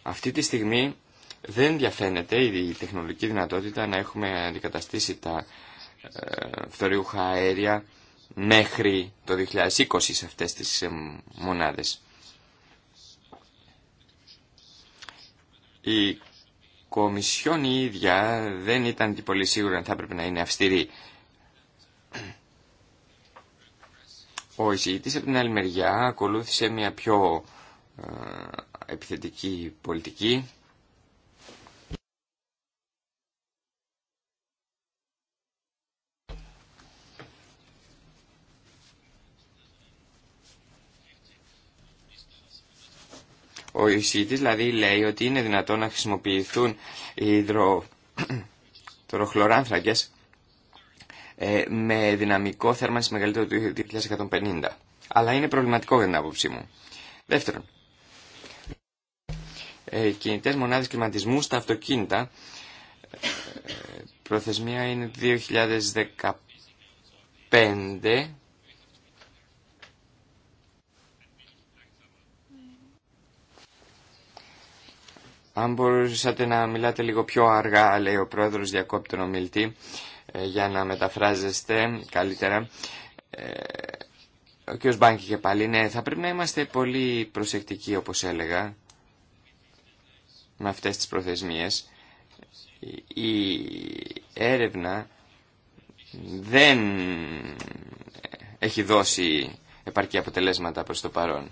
Αυτή τη στιγμή δεν διαφαίνεται η τεχνολογική δυνατότητα να έχουμε αντικαταστήσει τα ε, φθοριούχα αέρια μέχρι το 2020 σε αυτές τις ε, μονάδες. Η Κομισιόν η ίδια δεν ήταν και πολύ σίγουρη αν θα έπρεπε να είναι αυστηρή. Ο εισηγητής από την άλλη μεριά ακολούθησε μια πιο ε, επιθετική πολιτική Ο εισηγητής δηλαδή λέει ότι είναι δυνατόν να χρησιμοποιηθούν οι υδροχλωράνθρακες ε, με δυναμικό θέρμανση μεγαλύτερο του 2150. Αλλά είναι προβληματικό για την άποψή μου. Δεύτερον, ε, κινητές μονάδες κλιματισμού στα αυτοκίνητα ε, ε, προθεσμία είναι το 2015 Αν μπορούσατε να μιλάτε λίγο πιο αργά, λέει ο πρόεδρος, διακόπτει τον ομιλητή, ε, για να μεταφράζεστε καλύτερα. Ε, ο κ. Μπάνκη και πάλι, ναι, θα πρέπει να είμαστε πολύ προσεκτικοί, όπως έλεγα, με αυτές τις προθεσμίες. Η έρευνα δεν έχει δώσει επαρκή αποτελέσματα προς το παρόν.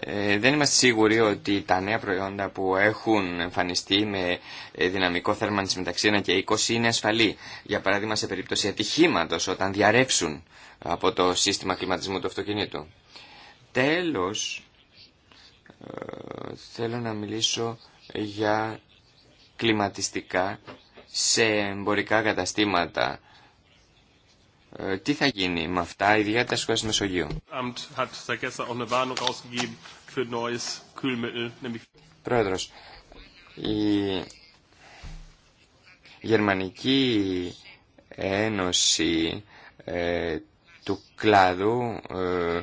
Ε, δεν είμαστε σίγουροι ότι τα νέα προϊόντα που έχουν εμφανιστεί με ε, δυναμικό θέρμανση μεταξύ 1 και 20 είναι ασφαλή. Για παράδειγμα σε περίπτωση ατυχήματος όταν διαρρεύσουν από το σύστημα κλιματισμού του αυτοκινήτου. Τέλος, ε, θέλω να μιλήσω για κλιματιστικά σε εμπορικά καταστήματα ε, τι θα γίνει με αυτά, ιδιαίτερα στις χώρες της Μεσογείου. Πρόεδρος, η Γερμανική Ένωση ε, του κλάδου ε,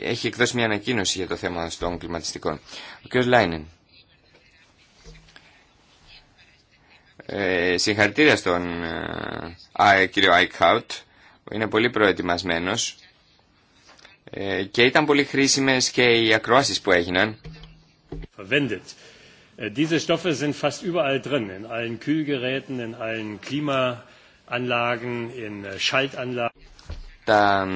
έχει εκδώσει μια ανακοίνωση για το θέμα των κλιματιστικών. Ο κ. Λάινεν. Ε, συγχαρητήρια στον ε, κύριο Άικχαουτ, είναι πολύ προετοιμασμένος ε, και ήταν πολύ χρήσιμες και οι ακροάσεις που έγιναν. Verwendet. Äh, diese Stoffe sind fast überall drin, in allen Kühlgeräten, in allen Klimaanlagen, in äh, Schaltanlagen. Τα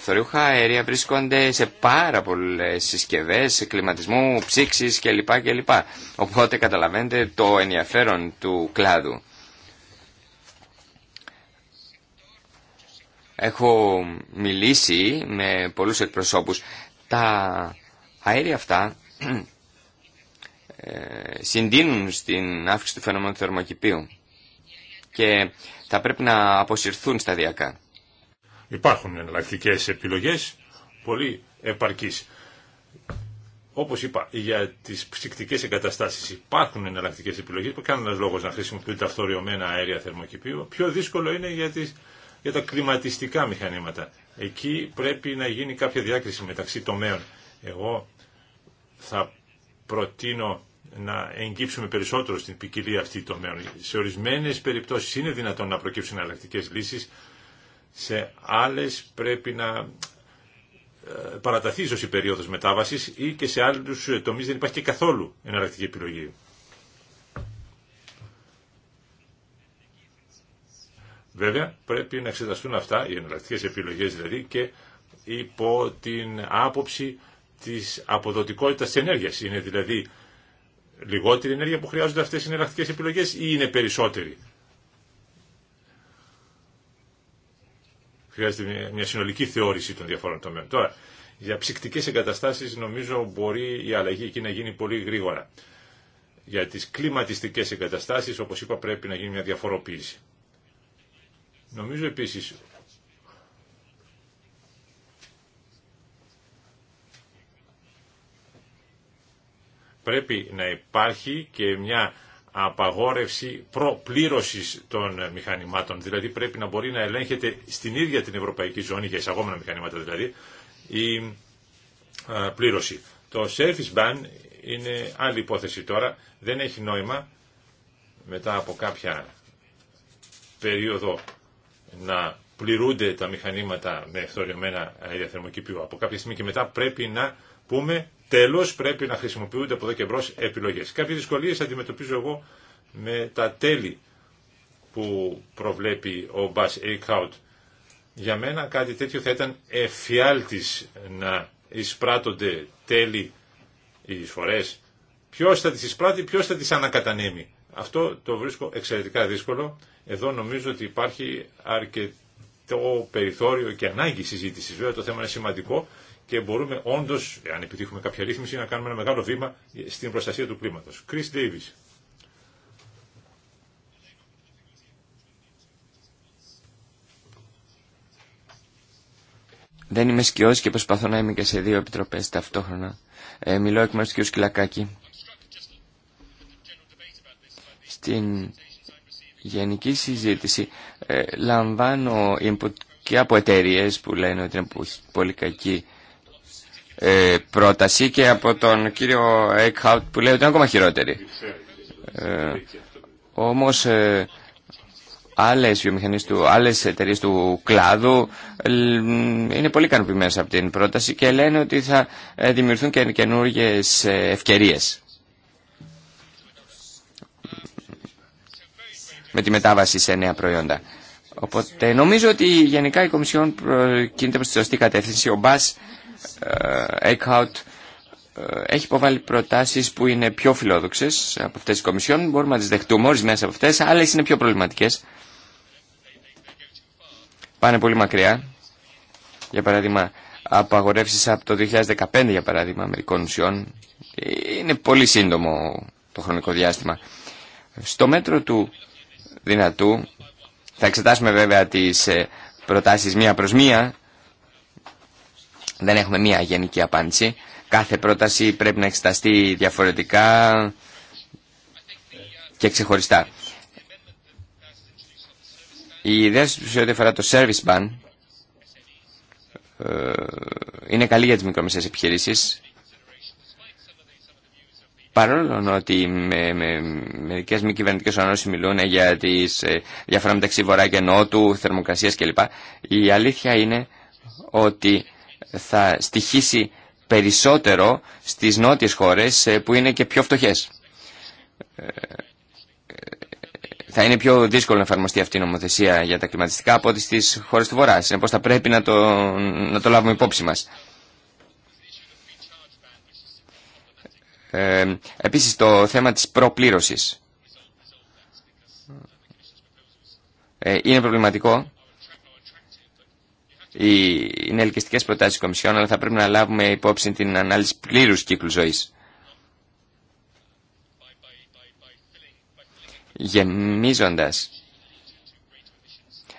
φθοριούχα αέρια βρίσκονται σε πάρα πολλές συσκευές κλιματισμού, ψήξης κλπ. κλπ. Οπότε καταλαβαίνετε το ενδιαφέρον του κλάδου. Έχω μιλήσει με πολλούς εκπροσώπους. Τα αέρια αυτά ε, συντείνουν στην αύξηση του φαινομένου θερμοκηπίου. Και θα πρέπει να αποσυρθούν σταδιακά. Υπάρχουν εναλλακτικέ επιλογές, πολύ επαρκείς. Όπως είπα, για τις ψυκτικές εγκαταστάσεις υπάρχουν εναλλακτικέ επιλογές, που κάνουν ένα λόγος να χρησιμοποιούνται αυτοριωμένα αέρια θερμοκηπίου. Πιο δύσκολο είναι για, τις, για τα κλιματιστικά μηχανήματα. Εκεί πρέπει να γίνει κάποια διάκριση μεταξύ τομέων. Εγώ θα προτείνω να εγκύψουμε περισσότερο στην ποικιλία αυτή των μέρων. Σε ορισμένες περιπτώσεις είναι δυνατόν να προκύψουν εναλλακτικέ λύσεις, σε άλλες πρέπει να ε, παραταθεί ίσως η περίοδος μετάβασης ή και σε άλλους τομείς δεν υπάρχει και καθόλου εναλλακτική επιλογή. Βέβαια πρέπει να εξεταστούν αυτά, οι εναλλακτικέ επιλογές δηλαδή, και υπό την άποψη της αποδοτικότητας της ενέργειας. Είναι δηλαδή λιγότερη ενέργεια που χρειάζονται αυτές οι εναλλακτικές επιλογές ή είναι περισσότεροι. Χρειάζεται μια συνολική θεώρηση των διαφόρων τομέων. Τώρα, για ψυκτικές εγκαταστάσεις νομίζω μπορεί η ειναι περισσοτερη χρειαζεται μια συνολικη θεωρηση των διαφορων τομεων εκεί να γίνει πολύ γρήγορα. Για τις κλιματιστικές εγκαταστάσεις, όπως είπα, πρέπει να γίνει μια διαφοροποίηση. Νομίζω επίσης πρέπει να υπάρχει και μια απαγόρευση προπλήρωσης των μηχανημάτων. Δηλαδή πρέπει να μπορεί να ελέγχεται στην ίδια την ευρωπαϊκή ζώνη, για εισαγόμενα μηχανήματα δηλαδή, η ε, πλήρωση. Το service ban είναι άλλη υπόθεση τώρα, δεν έχει νόημα μετά από κάποια περίοδο να πληρούνται τα μηχανήματα με ευθοριωμένα αερία Από κάποια στιγμή και μετά πρέπει να πούμε τέλος πρέπει να χρησιμοποιούνται από εδώ και μπρος επιλογές. Κάποιες δυσκολίες αντιμετωπίζω εγώ με τα τέλη που προβλέπει ο Μπάς Eichhout. Για μένα κάτι τέτοιο θα ήταν εφιάλτης να εισπράττονται τέλη οι εισφορές. Ποιος θα τις εισπράττει, ποιος θα τις ανακατανέμει. Αυτό το βρίσκω εξαιρετικά δύσκολο. Εδώ νομίζω ότι υπάρχει αρκετό περιθώριο και ανάγκη συζήτησης. Βέβαια το θέμα είναι σημαντικό και μπορούμε όντω, αν επιτύχουμε κάποια ρύθμιση, να κάνουμε ένα μεγάλο βήμα στην προστασία του κλίματο. Chris Davis. Δεν είμαι σκιός και προσπαθώ να είμαι και σε δύο επιτροπές ταυτόχρονα. Ε, μιλώ εκ μέρους του κ. Σκυλακάκη. Στην γενική συζήτηση ε, λαμβάνω input και από εταιρείε που λένε ότι είναι πολύ κακή ε, πρόταση και από τον κύριο Έκχαουτ που λέει ότι είναι ακόμα χειρότερη. Ε, όμως ε, άλλες βιομηχανίες του, άλλες εταιρείε του κλάδου ε, είναι πολύ ικανοποιημένες από την πρόταση και λένε ότι θα ε, δημιουργηθούν και καινούργιες ε, ευκαιρίες. με τη μετάβαση σε νέα προϊόντα. Οπότε νομίζω ότι γενικά η Κομισιόν κινείται προς τη σωστή κατεύθυνση. Ο Μπάς ε, Eckhout ε, έχει υποβάλει προτάσεις που είναι πιο φιλόδοξες από αυτές τις κομισιόν. Μπορούμε να τις δεχτούμε μέσα από αυτές, άλλες είναι πιο προβληματικές. Πάνε πολύ μακριά. Για παράδειγμα, απαγορεύσεις από το 2015 για παράδειγμα μερικών ουσιών. Είναι πολύ σύντομο το χρονικό διάστημα. Στο μέτρο του δυνατού, θα εξετάσουμε βέβαια τις ε, προτάσεις μία προς μία, δεν έχουμε μία γενική απάντηση. Κάθε πρόταση πρέπει να εξεταστεί διαφορετικά και ξεχωριστά. Η ιδέα σε ό,τι αφορά το service ban ε, είναι καλή για τις μικρομεσαίες επιχειρήσεις. Παρόλο ότι με, με, μερικές μη κυβερνητικέ οργανώσει μιλούν για τη ε, διαφορά μεταξύ βορρά και νότου, θερμοκρασία κλπ. Η αλήθεια είναι ότι θα στοιχήσει περισσότερο στις νότιες χώρες ε, που είναι και πιο φτωχές. Ε, θα είναι πιο δύσκολο να εφαρμοστεί αυτή η νομοθεσία για τα κλιματιστικά από ό,τι στις χώρες του Βορρά. Συνεπώς θα πρέπει να το, να το λάβουμε υπόψη μας. Ε, επίσης το θέμα της προπλήρωσης. Ε, είναι προβληματικό είναι ελκυστικές προτάσει τη Κομισιόν, αλλά θα πρέπει να λάβουμε υπόψη την ανάλυση πλήρους κύκλου ζωής. Γεμίζοντας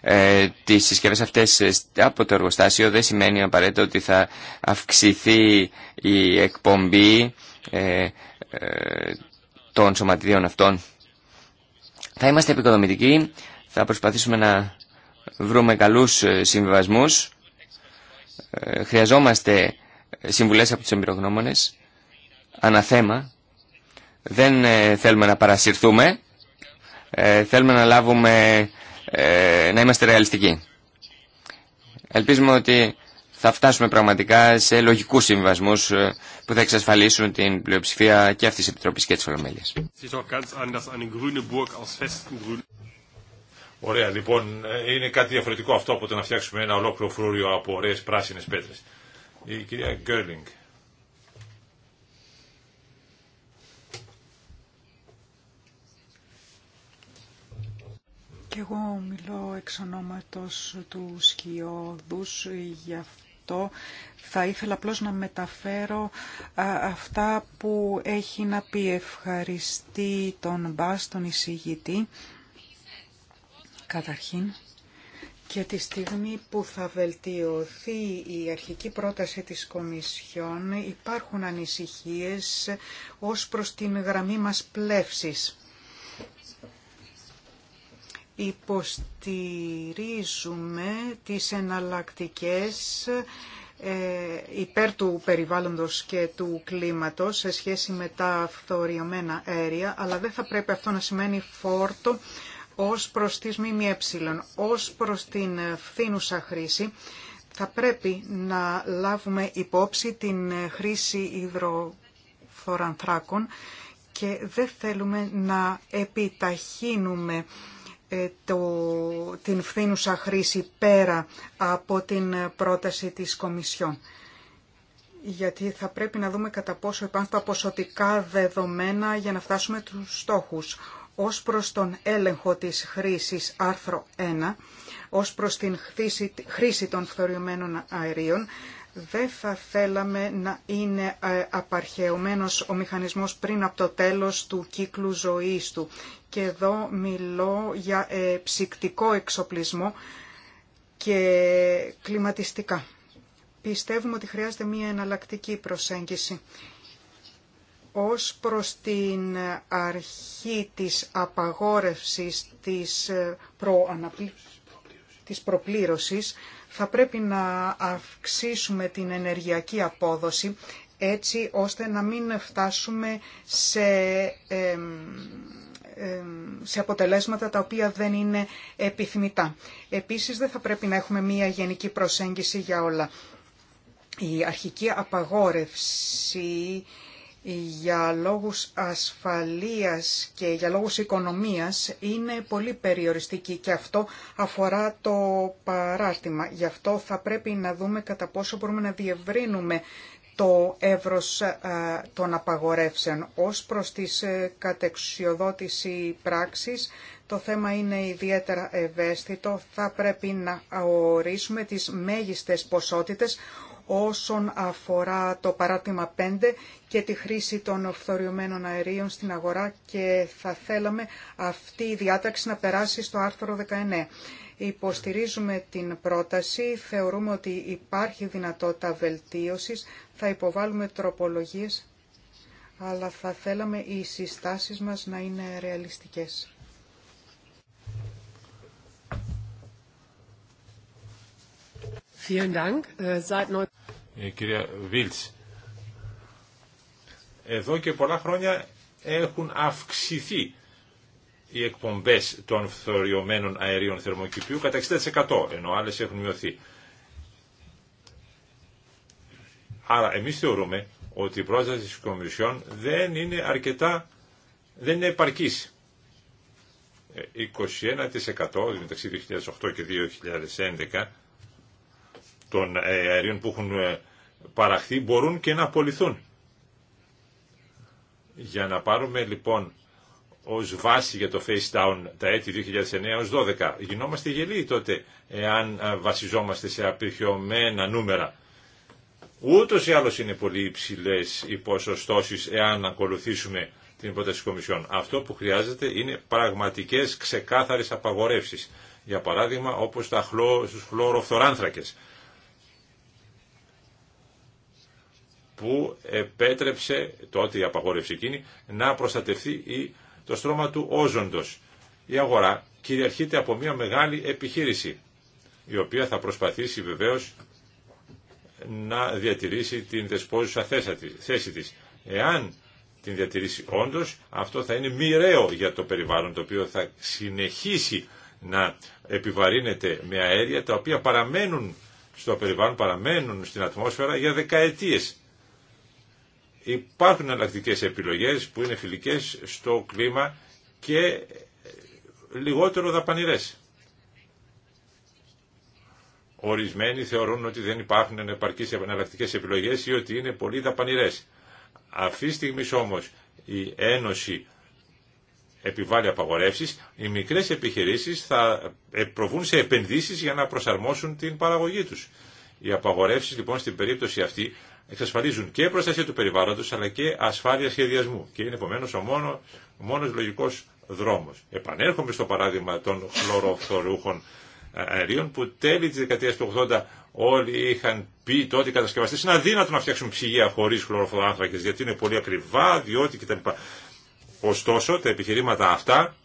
ε, τις συσκευές αυτές ε, από το εργοστάσιο δεν σημαίνει απαραίτητο ότι θα αυξηθεί η εκπομπή ε, ε των σωματιδίων αυτών. Θα είμαστε επικοδομητικοί, θα προσπαθήσουμε να βρούμε καλούς ε, συμβιβασμούς. Ε, χρειαζόμαστε συμβουλές από τους εμπειρογνώμονες, αναθέμα. Δεν ε, θέλουμε να παρασυρθούμε, θέλουμε να λάβουμε, να είμαστε ρεαλιστικοί. Ελπίζουμε ότι θα φτάσουμε πραγματικά σε λογικούς συμβασμούς που θα εξασφαλίσουν την πλειοψηφία και αυτής της Επιτροπής και της Ολομέλειας. Ωραία, λοιπόν, ε, είναι κάτι διαφορετικό αυτό από το να φτιάξουμε ένα ολόκληρο φρούριο από ωραίε πράσινε πέτρε. Η κυρία Γκέρλινγκ. Και εγώ μιλώ εξ ονόματος του Σκιώδους, γι' αυτό θα ήθελα απλώς να μεταφέρω αυτά που έχει να πει ευχαριστή τον Μπάς, τον εισηγητή, Καταρχήν, και τη στιγμή που θα βελτιωθεί η αρχική πρόταση της Κομισιόν υπάρχουν ανησυχίες ως προς την γραμμή μας πλεύσης. Υποστηρίζουμε τις εναλλακτικές ε, υπέρ του περιβάλλοντος και του κλίματος σε σχέση με τα φθοριωμένα αέρια, αλλά δεν θα πρέπει αυτό να σημαίνει φόρτο ως προς τις ΜΜΕ, ως προς την φθήνουσα χρήση, θα πρέπει να λάβουμε υπόψη την χρήση υδροφορανθράκων και δεν θέλουμε να επιταχύνουμε ε, το, την φθήνουσα χρήση πέρα από την πρόταση της Κομισιόν. Γιατί θα πρέπει να δούμε κατά πόσο υπάρχουν τα ποσοτικά δεδομένα για να φτάσουμε τους στόχους ως προς τον έλεγχο της χρήσης άρθρο 1, ως προς την χρήση των φθοριωμένων αερίων, δεν θα θέλαμε να είναι ε, απαρχαιωμένος ο μηχανισμός πριν από το τέλος του κύκλου ζωής του. Και εδώ μιλώ για ε, ψυκτικό εξοπλισμό και κλιματιστικά. Πιστεύουμε ότι χρειάζεται μία εναλλακτική προσέγγιση ως προς την αρχή της απαγόρευσης της, ε, προπλήρωση, της προπλήρωσης θα πρέπει να αυξήσουμε την ενεργειακή απόδοση έτσι ώστε να μην φτάσουμε σε, σε αποτελέσματα τα οποία δεν είναι επιθυμητά. Επίσης δεν θα πρέπει να έχουμε μία γενική προσέγγιση για όλα. Η αρχική απαγόρευση για λόγους ασφαλείας και για λόγους οικονομίας είναι πολύ περιοριστική και αυτό αφορά το παράρτημα. Γι' αυτό θα πρέπει να δούμε κατά πόσο μπορούμε να διευρύνουμε το εύρος ε, των απαγορεύσεων. Ως προς τις ε, κατεξιοδότηση πράξης, το θέμα είναι ιδιαίτερα ευαίσθητο. Θα πρέπει να ορίσουμε τις μέγιστες ποσότητες όσον αφορά το παράρτημα 5 και τη χρήση των φθοριωμένων αερίων στην αγορά και θα θέλαμε αυτή η διάταξη να περάσει στο άρθρο 19. Υποστηρίζουμε την πρόταση, θεωρούμε ότι υπάρχει δυνατότητα βελτίωσης, θα υποβάλουμε τροπολογίες, αλλά θα θέλαμε οι συστάσεις μας να είναι ρεαλιστικές. Äh, ε, κυρία Βίλτς. Εδώ και πολλά χρόνια έχουν αυξηθεί οι εκπομπές των φθοριωμένων αερίων θερμοκηπίου κατά 60% ενώ άλλες έχουν μειωθεί. Άρα εμείς θεωρούμε ότι η πρόταση της Κομισιόν δεν είναι αρκετά, δεν είναι επαρκής. 21% ε, δηλαδή μεταξύ 2008 και 2011 των ε, αερίων που έχουν ε, παραχθεί μπορούν και να απολυθούν. Για να πάρουμε λοιπόν ως βάση για το face down τα έτη 2009 2009-2012, 12. Γινόμαστε γελοί τότε εάν ε, βασιζόμαστε σε απειρχιωμένα νούμερα. Ούτως ή άλλως είναι πολύ υψηλέ οι ποσοστώσεις εάν ακολουθήσουμε την υπόθεση Κομισιόν. Αυτό που χρειάζεται είναι πραγματικές ξεκάθαρες απαγορεύσεις. Για παράδειγμα όπως τα χλώ, στους που επέτρεψε τότε η απαγόρευση εκείνη να προστατευτεί το στρώμα του όζοντος. Η αγορά κυριαρχείται από μια μεγάλη επιχείρηση η οποία θα προσπαθήσει βεβαίως να διατηρήσει την δεσπόζουσα θέση της. Εάν την διατηρήσει όντως, αυτό θα είναι μοιραίο για το περιβάλλον, το οποίο θα συνεχίσει να επιβαρύνεται με αέρια, τα οποία παραμένουν στο περιβάλλον, παραμένουν στην ατμόσφαιρα για δεκαετίες. Υπάρχουν εναλλακτικέ επιλογές που είναι φιλικές στο κλίμα και λιγότερο δαπανηρές. Ορισμένοι θεωρούν ότι δεν υπάρχουν εναλλακτικέ επιλογές ή ότι είναι πολύ δαπανηρές. Αυτή τη στιγμή όμως η Ένωση επιβάλλει απαγορεύσεις, οι μικρές επιχειρήσεις θα προβούν σε επενδύσεις για να προσαρμόσουν την παραγωγή τους. Οι απαγορεύσεις λοιπόν στην περίπτωση αυτή εξασφαλίζουν και προστασία του περιβάλλοντος αλλά και ασφάλεια σχεδιασμού και είναι επομένω ο μόνο, ο μόνος λογικός δρόμος. Επανέρχομαι στο παράδειγμα των χλωροφθορούχων ε, αερίων που τέλη της δεκαετίας του 80 όλοι είχαν πει τότε οι κατασκευαστές είναι αδύνατο να φτιάξουν ψυγεία χωρίς χλωροφθοράνθρακες γιατί είναι πολύ ακριβά, διότι κτλ. Ωστόσο τα επιχειρήματα αυτά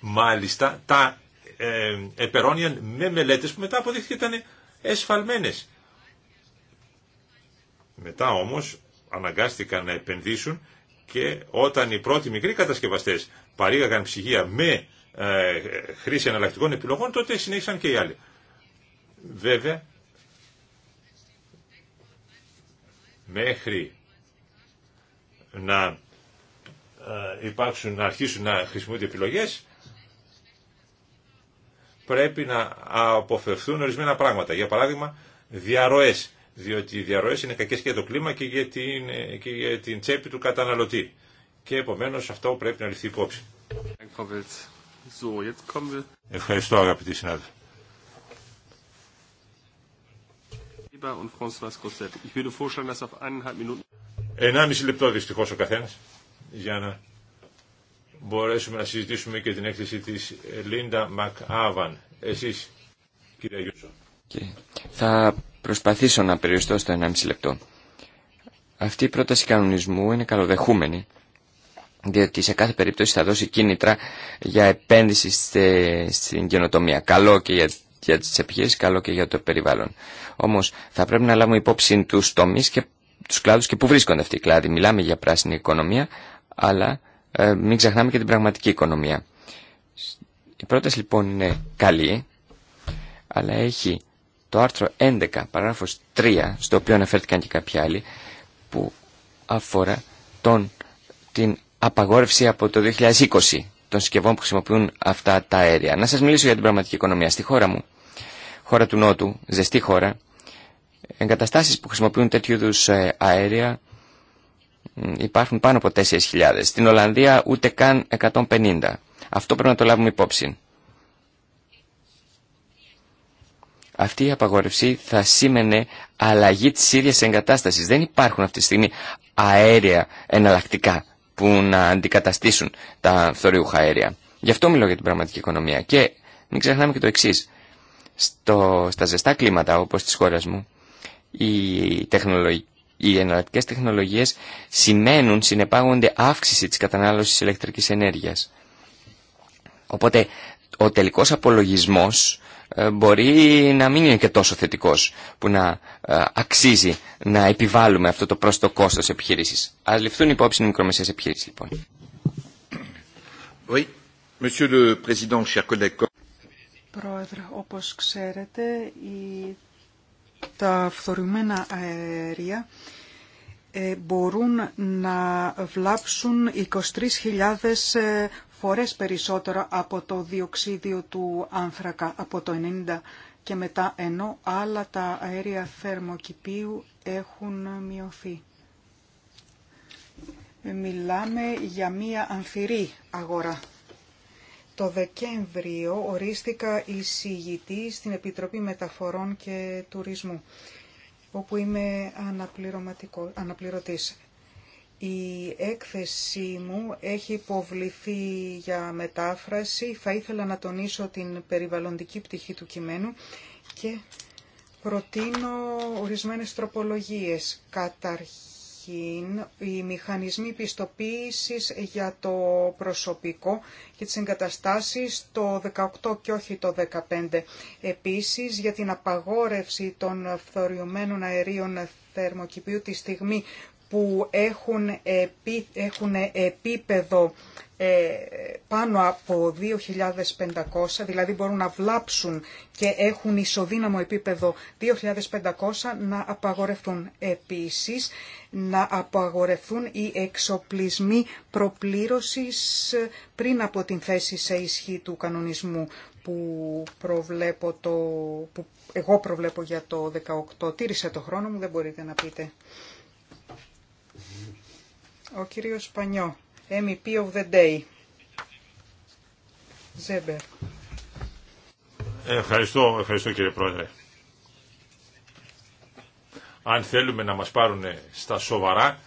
μάλιστα τα ε, επερώνιαν με μελέτες που μετά αποδείχθηκαν εσφαλμένες μετά όμως αναγκάστηκαν να επενδύσουν και όταν οι πρώτοι μικροί κατασκευαστές παρήγαγαν ψυγεία με ε, χρήση εναλλακτικών επιλογών, τότε συνέχισαν και οι άλλοι. Βέβαια, μέχρι να ε, υπάρξουν, να αρχίσουν να χρησιμοποιούνται επιλογές, πρέπει να αποφευθούν ορισμένα πράγματα. Για παράδειγμα, διαρροές διότι οι διαρροές είναι κακές και για το κλίμα και για την, και τσέπη του καταναλωτή. Και επομένως αυτό πρέπει να ληφθεί υπόψη. Ευχαριστώ αγαπητοί συνάδελφοι. Ενάμιση λεπτό δυστυχώ ο καθένα για να μπορέσουμε να συζητήσουμε και την έκθεση τη Λίντα Μακάβαν. Εσείς κύριε Γιούσο. Okay. Θα προσπαθήσω να περιοριστώ στο 1,5 λεπτό. Αυτή η πρόταση κανονισμού είναι καλοδεχούμενη, διότι σε κάθε περίπτωση θα δώσει κίνητρα για επένδυση στην καινοτομία. Καλό και για για τις επιχείρησεις, καλό και για το περιβάλλον. Όμως θα πρέπει να λάβουμε υπόψη τους τομείς και τους κλάδους και που βρίσκονται αυτοί οι κλάδοι. Μιλάμε για πράσινη οικονομία, αλλά ε, μην ξεχνάμε και την πραγματική οικονομία. Η πρόταση λοιπόν είναι καλή, αλλά έχει το άρθρο 11 παράγραφος 3 στο οποίο αναφέρθηκαν και κάποιοι άλλοι που αφορά τον, την απαγόρευση από το 2020 των συσκευών που χρησιμοποιούν αυτά τα αέρια. Να σας μιλήσω για την πραγματική οικονομία. Στη χώρα μου, χώρα του Νότου, ζεστή χώρα, εγκαταστάσεις που χρησιμοποιούν τέτοιου είδου ε, αέρια υπάρχουν πάνω από 4.000. Στην Ολλανδία ούτε καν 150. Αυτό πρέπει να το λάβουμε υπόψη. αυτή η απαγόρευση θα σήμαινε αλλαγή της ίδιας εγκατάστασης. Δεν υπάρχουν αυτή τη στιγμή αέρια εναλλακτικά που να αντικαταστήσουν τα φθοριούχα αέρια. Γι' αυτό μιλώ για την πραγματική οικονομία. Και μην ξεχνάμε και το εξή. Στα ζεστά κλίματα, όπως της χώρας μου, οι, εναλλακτικέ οι εναλλακτικές τεχνολογίες σημαίνουν, συνεπάγονται αύξηση της κατανάλωσης ηλεκτρικής ενέργειας. Οπότε, ο τελικός απολογισμός ε, μπορεί να μην είναι και τόσο θετικός που να ε, αξίζει να επιβάλλουμε αυτό το πρόσθετο κόστος επιχειρήσεις. Ας ληφθούν υπόψη οι μικρομεσαίες επιχειρήσεις λοιπόν. Oui. Πρόεδρε, όπως ξέρετε, η... τα φθορυμένα αέρια ε, μπορούν να βλάψουν 23.000 φορές περισσότερο από το διοξίδιο του άνθρακα από το 90 και μετά, ενώ άλλα τα αέρια θερμοκηπίου έχουν μειωθεί. Ε, μιλάμε για μία ανθυρή αγορά. Το Δεκέμβριο ορίστηκα εισηγητή στην Επιτροπή Μεταφορών και Τουρισμού, όπου είμαι αναπληρωματικό, αναπληρωτής. Η έκθεσή μου έχει υποβληθεί για μετάφραση. Θα ήθελα να τονίσω την περιβαλλοντική πτυχή του κειμένου και προτείνω ορισμένες τροπολογίες. Καταρχήν, οι μηχανισμοί πιστοποίησης για το προσωπικό και τις εγκαταστάσεις το 18 και όχι το 15. Επίσης, για την απαγόρευση των φθοριωμένων αερίων θερμοκηπίου τη στιγμή που έχουν, έχουν επίπεδο ε, πάνω από 2.500, δηλαδή μπορούν να βλάψουν και έχουν ισοδύναμο επίπεδο 2.500, να απαγορευτούν επίσης, να απαγορευτούν οι εξοπλισμοί προπλήρωσης ε, πριν από την θέση σε ισχύ του κανονισμού που, προβλέπω το, που εγώ προβλέπω για το 18. Τήρησε το χρόνο μου, δεν μπορείτε να πείτε. Ο κύριος Σπανιό, MEP of the Day. Ζέμπερ. Ευχαριστώ, ευχαριστώ κύριε Πρόεδρε. Αν θέλουμε να μας πάρουν στα σοβαρά,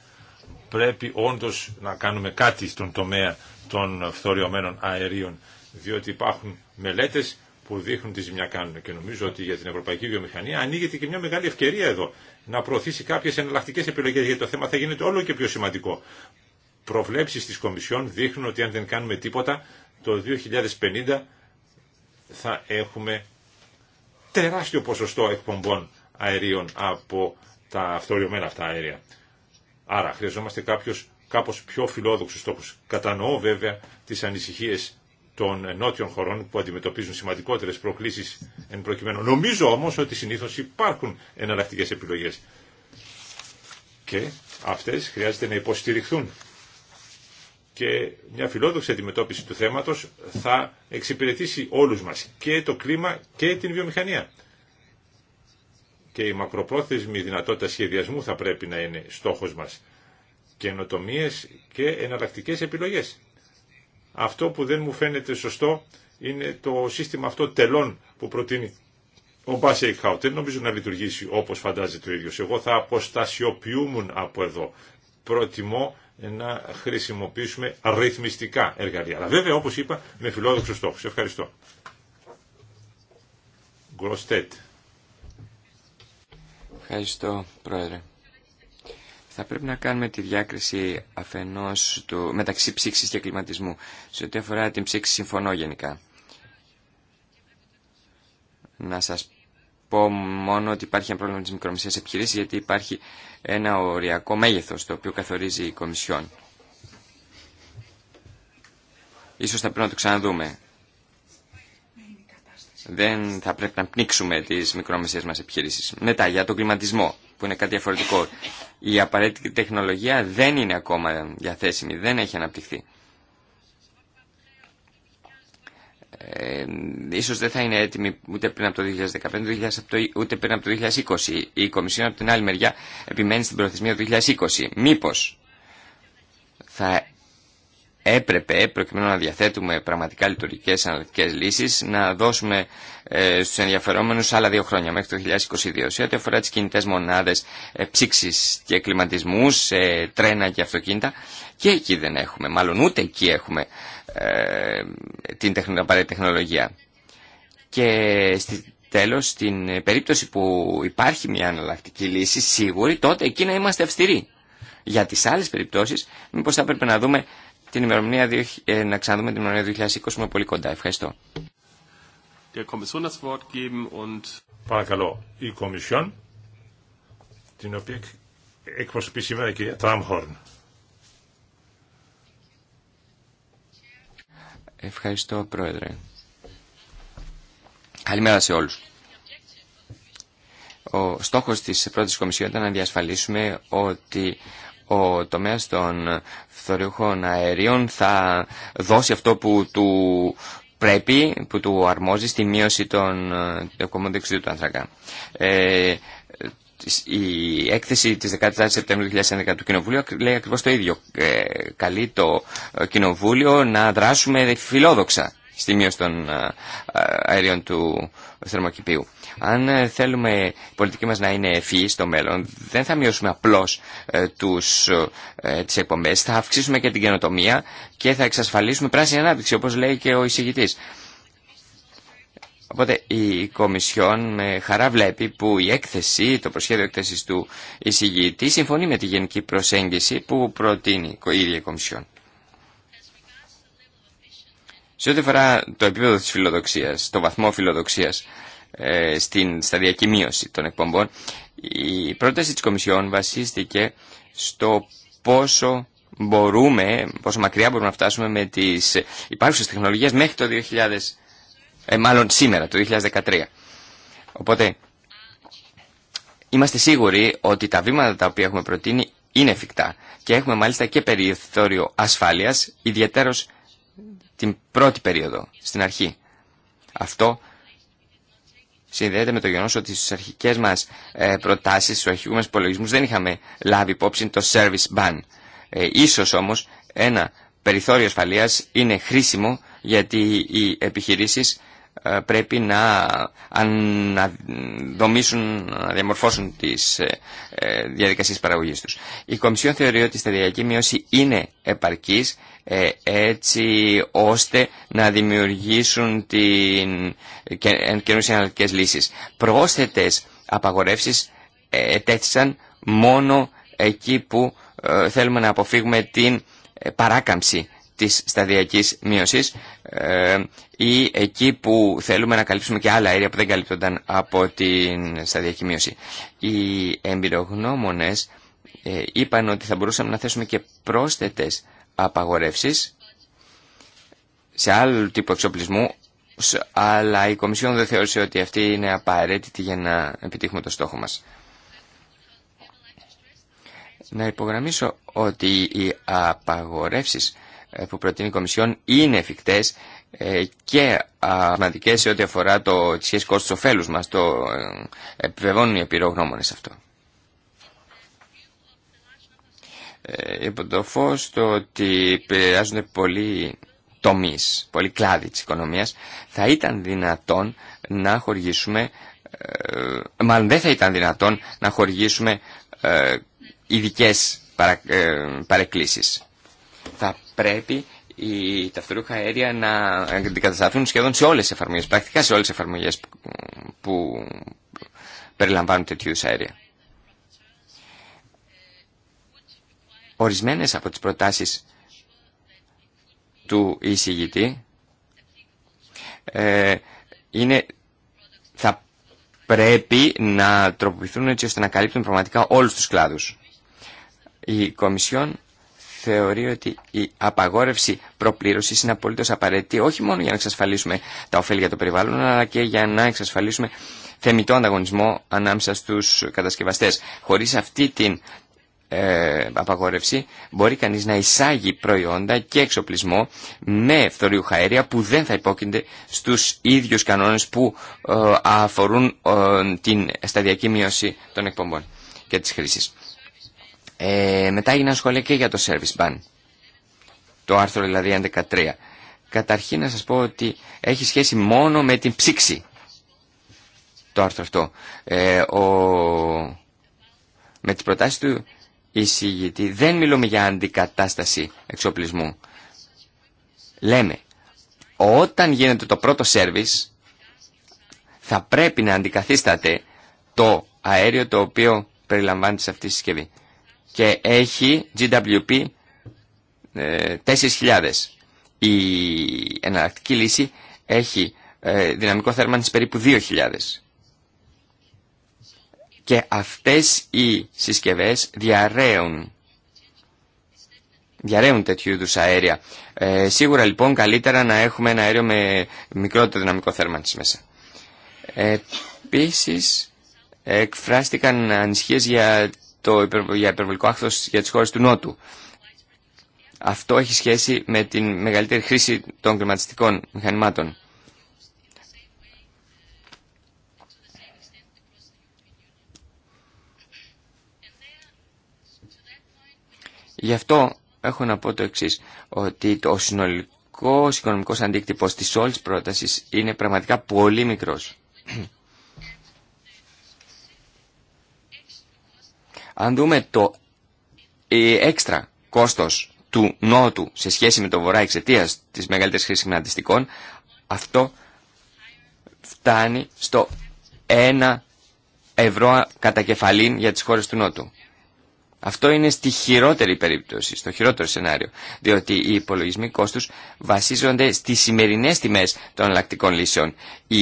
πρέπει όντως να κάνουμε κάτι στον τομέα των φθοριωμένων αερίων, διότι υπάρχουν μελέτες που δείχνουν τι ζημιά κάνουν. Και νομίζω ότι για την ευρωπαϊκή βιομηχανία ανοίγεται και μια μεγάλη ευκαιρία εδώ να προωθήσει κάποιες εναλλακτικές επιλογές γιατί το θέμα θα γίνεται όλο και πιο σημαντικό. Προβλέψεις της Κομισιόν δείχνουν ότι αν δεν κάνουμε τίποτα το 2050 θα έχουμε τεράστιο ποσοστό εκπομπών αερίων από τα αυτοριωμένα αυτά αέρια. Άρα χρειαζόμαστε κάποιους κάπως πιο φιλόδοξους στόχους. Κατανοώ βέβαια τις ανησυχίες των νότιων χωρών που αντιμετωπίζουν σημαντικότερες προκλήσεις εν προκειμένου. Νομίζω όμως ότι συνήθως υπάρχουν εναλλακτικέ επιλογές και αυτές χρειάζεται να υποστηριχθούν. Και μια φιλόδοξη αντιμετώπιση του θέματος θα εξυπηρετήσει όλους μας και το κλίμα και την βιομηχανία. Και η μακροπρόθεσμη δυνατότητα σχεδιασμού θα πρέπει να είναι στόχος μας. Καινοτομίε και εναλλακτικέ επιλογές. Αυτό που δεν μου φαίνεται σωστό είναι το σύστημα αυτό τελών που προτείνει ο Μπάς Χάουτ. Δεν νομίζω να λειτουργήσει όπως φαντάζεται ο ίδιος. Εγώ θα αποστασιοποιούμουν από εδώ. Προτιμώ να χρησιμοποιήσουμε ρυθμιστικά εργαλεία. Αλλά βέβαια, όπως είπα, με στόχο. Σε Ευχαριστώ. Γκροστέτ. Ευχαριστώ, Πρόεδρε. Θα πρέπει να κάνουμε τη διάκριση αφενός του, μεταξύ ψήξης και κλιματισμού. Σε ό,τι αφορά την ψήξη συμφωνώ γενικά. Να σας πω μόνο ότι υπάρχει ένα πρόβλημα της μικρομεσαίας επιχειρήσης γιατί υπάρχει ένα οριακό μέγεθος το οποίο καθορίζει η Κομισιόν. Ίσως θα πρέπει να το ξαναδούμε. Δεν θα πρέπει να πνίξουμε τις μικρομεσίες μας επιχειρήσεις. Μετά, για τον κλιματισμό που είναι κάτι διαφορετικό. Η απαραίτητη τεχνολογία δεν είναι ακόμα διαθέσιμη, δεν έχει αναπτυχθεί. Ε, ίσως δεν θα είναι έτοιμη ούτε πριν από το 2015 ούτε πριν από το 2020. Η Κομισιόν από την άλλη μεριά επιμένει στην προθεσμία του 2020. Μήπως θα έπρεπε, προκειμένου να διαθέτουμε πραγματικά λειτουργικέ αναλυτικέ λύσει, να δώσουμε ε, στου ενδιαφερόμενου άλλα δύο χρόνια, μέχρι το 2022. Σε ό,τι αφορά τι κινητέ μονάδε ε, ψήξη και κλιματισμού, τρένα και αυτοκίνητα, και εκεί δεν έχουμε, μάλλον ούτε εκεί έχουμε ε, την απαραίτητη τεχνολογία. Και στη, τέλος, στην περίπτωση που υπάρχει μια αναλλακτική λύση, σίγουρη, τότε εκεί να είμαστε αυστηροί. Για τις άλλες περιπτώσεις, μήπω θα έπρεπε να δούμε την ημερομηνία, ε, να ξαναδούμε την ημερομηνία 2020 με πολύ κοντά. Ευχαριστώ. Παρακαλώ, η Κομισιόν, την οποία εκπροσωπεί σήμερα η κυρία Τραμχόρν. Ευχαριστώ, Πρόεδρε. Καλημέρα σε όλους. Ο στόχος της πρώτης Κομισιόν ήταν να διασφαλίσουμε ότι ο τομέας των φθοριούχων αερίων θα δώσει αυτό που του πρέπει, που του αρμόζει στη μείωση των κομμών δεξιού του ανθρακά. Ε, η έκθεση της 14 Σεπτεμβρίου 2011 του Κοινοβουλίου λέει ακριβώς το ίδιο. Ε, καλεί το Κοινοβούλιο να δράσουμε φιλόδοξα στη μείωση των ε, αερίων του θερμοκηπίου. Αν ε, θέλουμε η πολιτική μας να είναι ευφυή στο μέλλον, δεν θα μειώσουμε απλώς ε, τους, τις εκπομπές, θα αυξήσουμε και την καινοτομία και θα εξασφαλίσουμε πράσινη ανάπτυξη, όπως λέει και ο εισηγητής. Οπότε η Κομισιόν με χαρά βλέπει που η έκθεση, το προσχέδιο έκθεσης του εισηγητή συμφωνεί με τη γενική προσέγγιση που προτείνει η ίδια η Κομισιόν. Σε ό,τι αφορά το επίπεδο της φιλοδοξίας, το βαθμό φιλοδοξίας ε, στην σταδιακή μείωση των εκπομπών, η πρόταση της Κομισιόν βασίστηκε στο πόσο μπορούμε, πόσο μακριά μπορούμε να φτάσουμε με τις υπάρχουσες τεχνολογίες μέχρι το 2000, ε, σήμερα, το 2013. Οπότε, είμαστε σίγουροι ότι τα βήματα τα οποία έχουμε προτείνει είναι εφικτά και έχουμε μάλιστα και περιθώριο ασφάλειας, ιδιαίτερος την πρώτη περίοδο, στην αρχή. Αυτό συνδέεται με το γεγονός ότι στις αρχικές μας ε, προτάσεις, στους αρχικούς μας δεν είχαμε λάβει υπόψη το service ban. Ε, ίσως όμως ένα περιθώριο ασφαλείας είναι χρήσιμο γιατί οι επιχειρήσεις ε, πρέπει να δομήσουν, να διαμορφώσουν τις ε, ε, διαδικασίες παραγωγής τους. Η Κομισιόν θεωρεί ότι η σταδιακή μείωση είναι επαρκής έτσι ώστε να δημιουργήσουν την καινούριες αναλυτικές λύσεις. Πρόσθετες απαγορεύσεις ετέθησαν μόνο εκεί που θέλουμε να αποφύγουμε την παράκαμψη της σταδιακής μείωσης ε, ή εκεί που θέλουμε να καλύψουμε και άλλα αέρια που δεν καλύπτονταν από την σταδιακή μείωση. Οι εμπειρογνώμονες ε, είπαν ότι θα μπορούσαμε να θέσουμε και πρόσθετες απαγορεύσεις σε άλλο τύπου εξοπλισμού, αλλά η Κομισιόν δεν θεώρησε ότι αυτή είναι απαραίτητη για να επιτύχουμε το στόχο μας. Να υπογραμμίσω ότι οι απαγορεύσεις ε, που προτείνει η Κομισιόν είναι εφικτές ε, και σημαντικέ σε ό,τι αφορά το, σχέση κόστος ωφέλους μας. Το ε, επιβεβαιώνουν οι επιρρογνώμονες αυτό. Υπό το φως το ότι επηρεάζονται πολλοί τομείς, πολλοί κλάδοι της οικονομίας, θα ήταν δυνατόν να χορηγήσουμε, μάλλον δεν θα ήταν δυνατόν να χορηγήσουμε ειδικέ παρεκκλήσεις θα πρέπει οι ταυτορούχα αέρια να αντικατασταθούν σχεδόν σε όλες τις εφαρμογές, πρακτικά σε όλες τις εφαρμογές που περιλαμβάνουν τέτοιου αέρια. Ορισμένες από τις προτάσεις του εισηγητή ε, είναι, θα πρέπει να τροποποιηθούν έτσι ώστε να καλύπτουν πραγματικά όλους τους κλάδους. Η Κομισιόν θεωρεί ότι η απαγόρευση προπλήρωση είναι απολύτω απαραίτητη όχι μόνο για να εξασφαλίσουμε τα ωφέλη για το περιβάλλον, αλλά και για να εξασφαλίσουμε θεμητό ανταγωνισμό ανάμεσα στου κατασκευαστέ. Χωρί αυτή την ε, απαγόρευση μπορεί κανείς να εισάγει προϊόντα και εξοπλισμό με φθοριούχα αέρια που δεν θα υπόκεινται στους ίδιους κανόνες που ε, αφορούν ε, την σταδιακή μείωση των εκπομπών και της χρήσης. Ε, μετά έγιναν σχόλια και για το service ban. Το άρθρο δηλαδή 11.3. Καταρχήν να σας πω ότι έχει σχέση μόνο με την ψήξη. Το άρθρο αυτό. Ε, ο... Με τις προτάσεις του εισηγητή δεν μιλούμε για αντικατάσταση εξοπλισμού. Λέμε, όταν γίνεται το πρώτο service θα πρέπει να αντικαθίσταται το αέριο το οποίο περιλαμβάνεται σε αυτή τη συσκευή και έχει GWP 4.000. Ε, Η εναλλακτική λύση έχει ε, δυναμικό θέρμανση περίπου 2.000. Και αυτές οι συσκευές διαραίουν, διαρρέουν τέτοιου είδους αέρια. Ε, σίγουρα λοιπόν καλύτερα να έχουμε ένα αέριο με μικρότερο δυναμικό θέρμανση μέσα. Ε, Επίση, εκφράστηκαν ανησυχίες για το για υπερβολικό άκθος για τις χώρες του Νότου. Αυτό έχει σχέση με την μεγαλύτερη χρήση των κλιματιστικών μηχανημάτων. Γι' αυτό έχω να πω το εξή ότι το συνολικό οικονομικό αντίκτυπος της όλης πρότασης είναι πραγματικά πολύ μικρός. Αν δούμε το έξτρα κόστος του Νότου σε σχέση με το Βορρά εξαιτία της μεγαλύτερης χρήσης συναντιστικών, αυτό φτάνει στο 1 ευρώ κατά κεφαλήν για τις χώρες του Νότου. Αυτό είναι στη χειρότερη περίπτωση, στο χειρότερο σενάριο, διότι οι υπολογισμοί κόστους βασίζονται στις σημερινές τιμές των εναλλακτικών λύσεων. Η...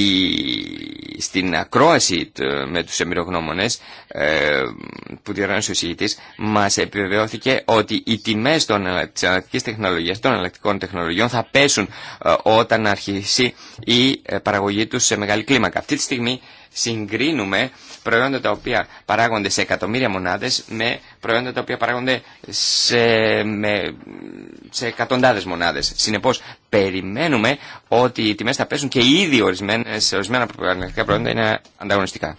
Στην ακρόαση με τους εμπειρογνώμονες ε, που διοργάνωσε ο συγητής μας επιβεβαιώθηκε ότι οι τιμές των εναλλακτικής τεχνολογίας, των εναλλακτικών τεχνολογιών θα πέσουν ε, όταν αρχίσει η ε, παραγωγή τους σε μεγάλη κλίμακα. Αυτή τη στιγμή συγκρίνουμε προϊόντα τα οποία παράγονται σε εκατομμύρια μονάδες με προϊόντα τα οποία παράγονται σε, με, σε εκατοντάδες μονάδες. Συνεπώς, περιμένουμε ότι οι τιμές θα πέσουν και ήδη σε ορισμένα πραγματικά προϊόντα είναι ανταγωνιστικά.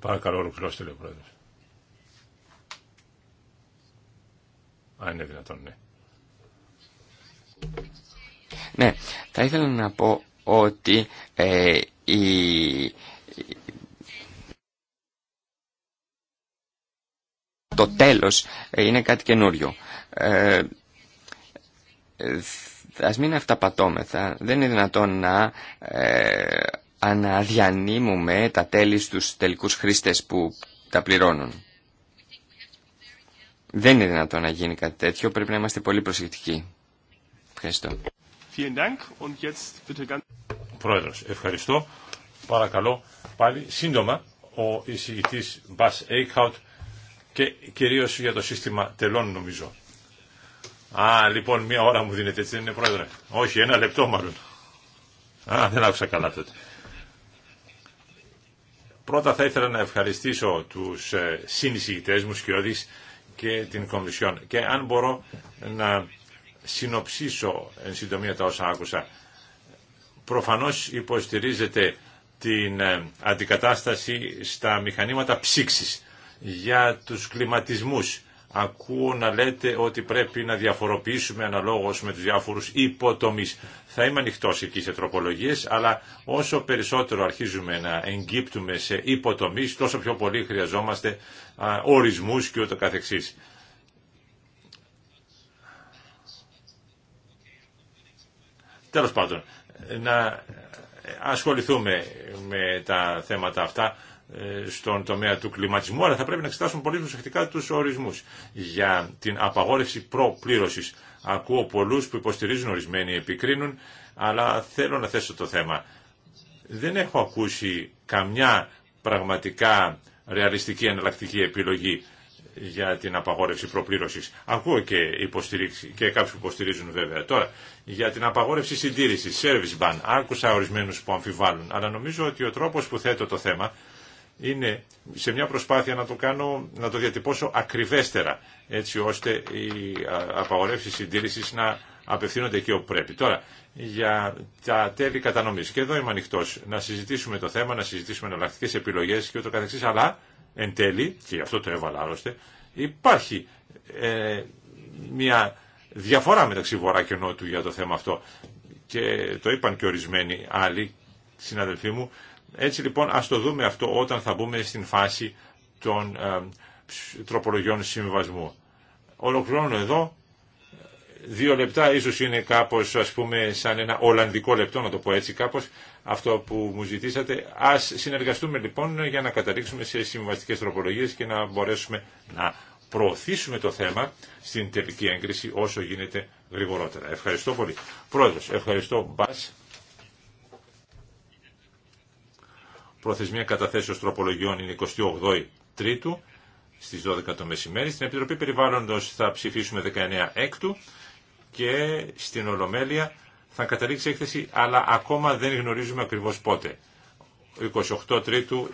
Παρακαλώ, ολοκληρώστε, λέει ο Πρόεδρος. Α, είναι δυνατόν, ναι. Ναι, θα ήθελα να πω ότι ε, η, το τέλος είναι κάτι καινούριο. Ε, ε, ας μην αυταπατώμεθα, δεν είναι δυνατόν να ε, αναδιανύμουμε τα τέλη στους τελικούς χρήστες που τα πληρώνουν. Δεν είναι δυνατόν να γίνει κάτι τέτοιο, πρέπει να είμαστε πολύ προσεκτικοί. Ευχαριστώ. Πρόεδρος, ευχαριστώ. Παρακαλώ πάλι σύντομα ο εισηγητής Μπας Έικχαουτ και κυρίως για το σύστημα τελών νομίζω. Α, λοιπόν, μία ώρα μου δίνετε, έτσι δεν είναι πρόεδρε. Όχι, ένα λεπτό μάλλον. Α, δεν άκουσα καλά τότε. Πρώτα θα ήθελα να ευχαριστήσω τους ε, συνεισηγητές μου, Σκιώδης και την Κομισιόν. Και αν μπορώ να συνοψίσω εν συντομία τα όσα άκουσα. Προφανώς υποστηρίζεται την ε, αντικατάσταση στα μηχανήματα ψήξης για τους κλιματισμούς. Ακούω να λέτε ότι πρέπει να διαφοροποιήσουμε αναλόγως με τους διάφορους υποτομείς. Θα είμαι ανοιχτό εκεί σε τροπολογίες, αλλά όσο περισσότερο αρχίζουμε να εγκύπτουμε σε υποτομείς, τόσο πιο πολύ χρειαζόμαστε ορισμούς και ούτω καθεξής. Τέλος πάντων, να ασχοληθούμε με τα θέματα αυτά ε, στον τομέα του κλιματισμού, αλλά θα πρέπει να εξετάσουμε πολύ προσεκτικά τους ορισμούς. Για την απαγόρευση προπλήρωσης ακούω πολλούς που υποστηρίζουν ορισμένοι, επικρίνουν, αλλά θέλω να θέσω το θέμα. Δεν έχω ακούσει καμιά πραγματικά ρεαλιστική εναλλακτική επιλογή για την απαγόρευση προπλήρωσης. Ακούω και, κάποιου και κάποιους που υποστηρίζουν βέβαια. Τώρα, για την απαγόρευση συντήρησης, service ban, άκουσα ορισμένου που αμφιβάλλουν, αλλά νομίζω ότι ο τρόπος που θέτω το θέμα είναι σε μια προσπάθεια να το, κάνω, να το διατυπώσω ακριβέστερα, έτσι ώστε οι απαγορεύσεις συντήρησης να απευθύνονται εκεί όπου πρέπει. Τώρα, για τα τέλη κατανομής, και εδώ είμαι ανοιχτό να συζητήσουμε το θέμα, να συζητήσουμε εναλλακτικέ επιλογές και ούτω καθεξής, αλλά Εν τέλει, και αυτό το έβαλα άλλωστε, υπάρχει ε, μια διαφορά μεταξύ Βορρά και Νότου για το θέμα αυτό. Και το είπαν και ορισμένοι άλλοι συναδελφοί μου. Έτσι λοιπόν ας το δούμε αυτό όταν θα μπούμε στην φάση των ε, τροπολογιών συμβασμού. Ολοκληρώνω εδώ. Δύο λεπτά ίσως είναι κάπως ας πούμε σαν ένα Ολλανδικό λεπτό να το πω έτσι κάπως αυτό που μου ζητήσατε. Ας συνεργαστούμε λοιπόν για να καταλήξουμε σε συμβαστικές τροπολογίες και να μπορέσουμε να προωθήσουμε το θέμα στην τελική έγκριση όσο γίνεται γρηγορότερα. Ευχαριστώ πολύ. Πρόεδρος, ευχαριστώ Προθεσμία καταθέσεως τροπολογιών είναι 28 28η Τρίτου στις 12 το μεσημέρι. Στην Επιτροπή Περιβάλλοντος θα ψηφίσουμε 19 Έκτου και στην Ολομέλεια θα καταλήξει έκθεση, αλλά ακόμα δεν γνωρίζουμε ακριβώς πότε. 28 Τρίτου,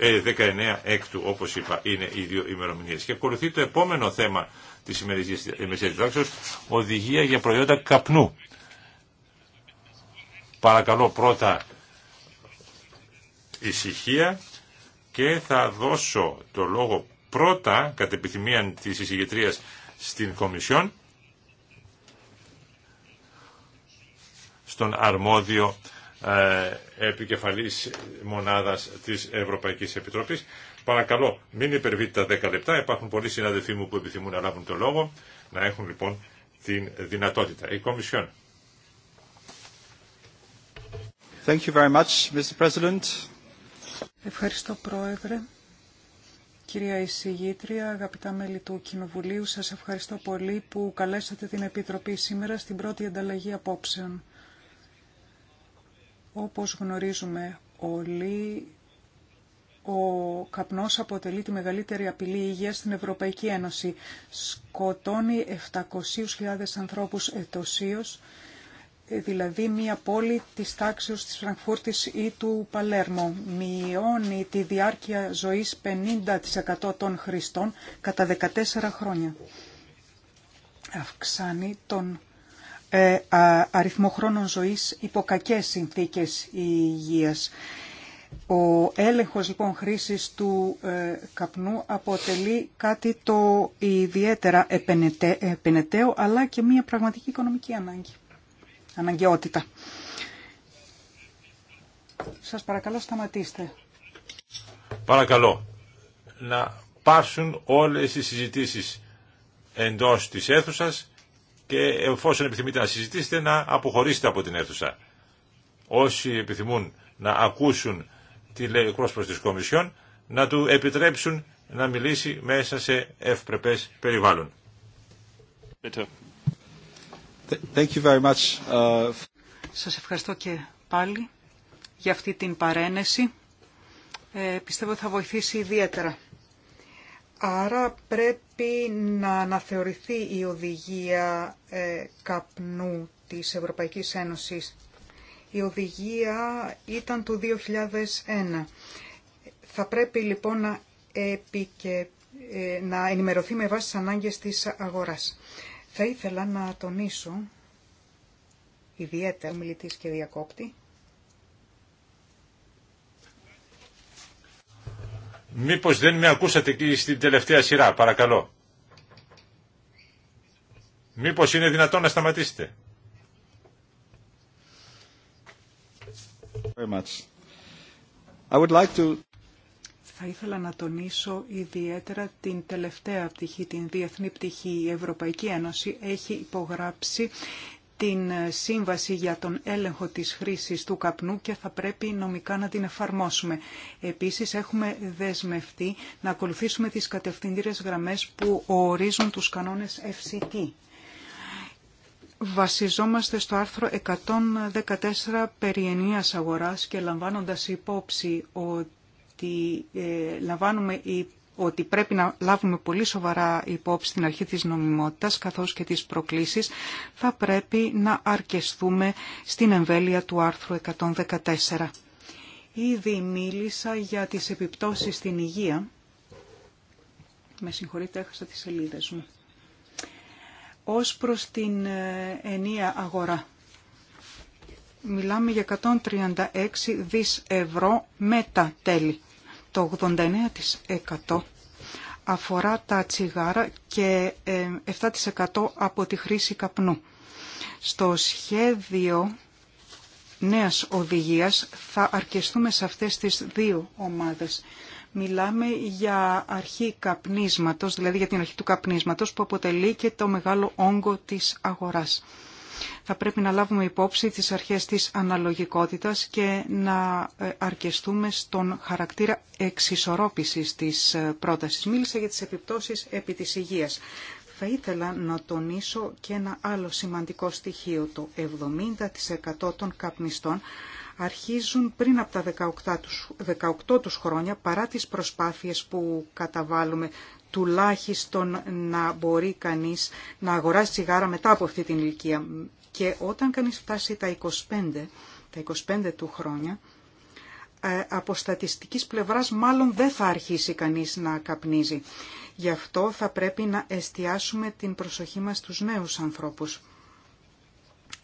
19 ε, Έκτου, όπω είπα, είναι οι δύο ημερομηνίες. Και ακολουθεί το επόμενο θέμα της ημερική διδάξεως, οδηγία για προϊόντα καπνού. Παρακαλώ πρώτα ησυχία και θα δώσω το λόγο πρώτα, κατ' επιθυμία της εισηγητρίας, στην Κομισιόν στον αρμόδιο ε, επικεφαλής μονάδας της Ευρωπαϊκής Επιτροπής. Παρακαλώ, μην υπερβείτε τα 10 λεπτά. Υπάρχουν πολλοί συναδελφοί μου που επιθυμούν να λάβουν το λόγο, να έχουν λοιπόν την δυνατότητα. Η Κομισιόν. Thank you very much, Mr. President. Ευχαριστώ, Πρόεδρε. Κυρία Εισηγήτρια, αγαπητά μέλη του Κοινοβουλίου, σας ευχαριστώ πολύ που καλέσατε την Επιτροπή σήμερα στην πρώτη ανταλλαγή απόψεων. Όπως γνωρίζουμε όλοι, ο καπνός αποτελεί τη μεγαλύτερη απειλή υγείας στην Ευρωπαϊκή Ένωση. Σκοτώνει 700.000 ανθρώπους ετοσίως, ε, δηλαδή μία πόλη της τάξεως της Φραγκφούρτης ή του Παλέρμο. Μειώνει τη διάρκεια ζωής 50% των χρηστών κατά 14 χρόνια. Αυξάνει τον ε, αριθμό χρόνων ζωής υπό κακές συνθήκες υγείας. Ο έλεγχος λοιπόν χρήσης του ε, καπνού αποτελεί κάτι το ιδιαίτερα επενεταίο αλλά και μια πραγματική οικονομική ανάγκη, αναγκαιότητα. Σας παρακαλώ σταματήστε. Παρακαλώ να πάσουν όλες οι συζητήσεις εντός της αίθουσας και εφόσον επιθυμείτε να συζητήσετε να αποχωρήσετε από την αίθουσα. Όσοι επιθυμούν να ακούσουν τη λέει της Κομισιόν να του επιτρέψουν να μιλήσει μέσα σε ευπρεπές περιβάλλον. Thank uh, Σας ευχαριστώ και πάλι για αυτή την παρένεση. Ε, πιστεύω ότι θα βοηθήσει ιδιαίτερα Άρα πρέπει να αναθεωρηθεί η οδηγία ε, καπνού της Ευρωπαϊκής Ένωσης. Η οδηγία ήταν του 2001. Θα πρέπει λοιπόν να, και ε, να ενημερωθεί με βάση τις ανάγκες της αγοράς. Θα ήθελα να τονίσω, ιδιαίτερα μιλητής και διακόπτη, Μήπως δεν με ακούσατε και στην τελευταία σειρά, παρακαλώ. Μήπως είναι δυνατόν να σταματήσετε. Θα ήθελα να τονίσω ιδιαίτερα την τελευταία πτυχή, την διεθνή πτυχή. Η Ευρωπαϊκή Ένωση έχει υπογράψει την ε, σύμβαση για τον έλεγχο της χρήσης του καπνού και θα πρέπει νομικά να την εφαρμόσουμε. Επίσης έχουμε δεσμευτεί να ακολουθήσουμε τις κατευθυντήρες γραμμές που ορίζουν τους κανόνες FCT. Βασιζόμαστε στο άρθρο 114 περί ενίας αγοράς και λαμβάνοντας υπόψη ότι ε, λαμβάνουμε υπόψη ότι πρέπει να λάβουμε πολύ σοβαρά υπόψη την αρχή της νομιμότητας καθώς και τις προκλήσεις, θα πρέπει να αρκεστούμε στην εμβέλεια του άρθρου 114. Ήδη μίλησα για τις επιπτώσεις στην υγεία. Με συγχωρείτε, έχασα τις σελίδες μου. Ως προς την ε, ενία αγορά. Μιλάμε για 136 δις ευρώ μετά τέλη. Το 89% αφορά τα τσιγάρα και 7% ε, από τη χρήση καπνού. Στο σχέδιο νέας οδηγίας θα αρκεστούμε σε αυτές τις δύο ομάδες. Μιλάμε για αρχή καπνίσματος, δηλαδή για την αρχή του καπνίσματος που αποτελεί και το μεγάλο όγκο της αγοράς. Θα πρέπει να λάβουμε υπόψη τις αρχές της αναλογικότητας και να ε, αρκεστούμε στον χαρακτήρα εξισορρόπησης της ε, πρότασης. Μίλησα για τις επιπτώσεις επί της υγείας. Θα ήθελα να τονίσω και ένα άλλο σημαντικό στοιχείο. Το 70% των καπνιστών αρχίζουν πριν από τα 18 τους, 18 τους χρόνια παρά τις προσπάθειες που καταβάλουμε τουλάχιστον να μπορεί κανείς να αγοράσει τσιγάρα μετά από αυτή την ηλικία. Και όταν κανείς φτάσει τα 25, τα 25 του χρόνια, ε, από στατιστικής πλευράς μάλλον δεν θα αρχίσει κανείς να καπνίζει. Γι' αυτό θα πρέπει να εστιάσουμε την προσοχή μας στους νέους ανθρώπους.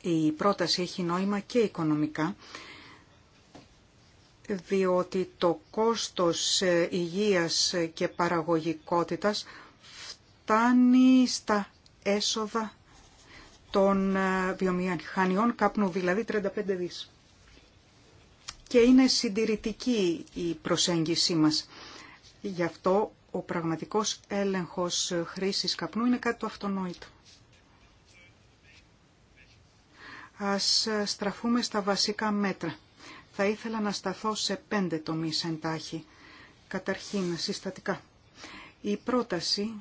Η πρόταση έχει νόημα και οικονομικά διότι το κόστος ε, υγείας και παραγωγικότητας φτάνει στα έσοδα των ε, βιομηχανιών καπνού, δηλαδή 35 δις. Και είναι συντηρητική η προσέγγιση μας. Γι' αυτό ο πραγματικός έλεγχος ε, χρήσης καπνού είναι κάτι το αυτονόητο. Ας στραφούμε στα βασικά μέτρα. Θα ήθελα να σταθώ σε πέντε τομείς εντάχει. Καταρχήν, συστατικά. Η πρόταση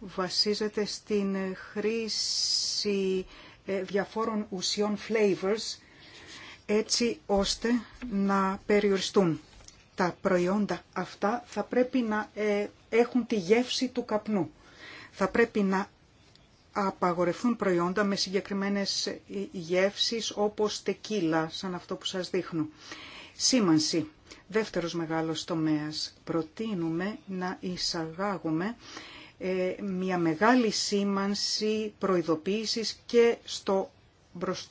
βασίζεται στην χρήση ε, διαφόρων ουσιών flavors, έτσι ώστε να περιοριστούν. Τα προϊόντα αυτά θα πρέπει να ε, έχουν τη γεύση του καπνού. Θα πρέπει να απαγορευτούν προϊόντα με συγκεκριμένες γεύσεις όπως τεκίλα, σαν αυτό που σας δείχνω. Σήμανση. Δεύτερος μεγάλος τομέας. Προτείνουμε να εισαγάγουμε ε, μια μεγάλη σήμανση προειδοποίησης και στο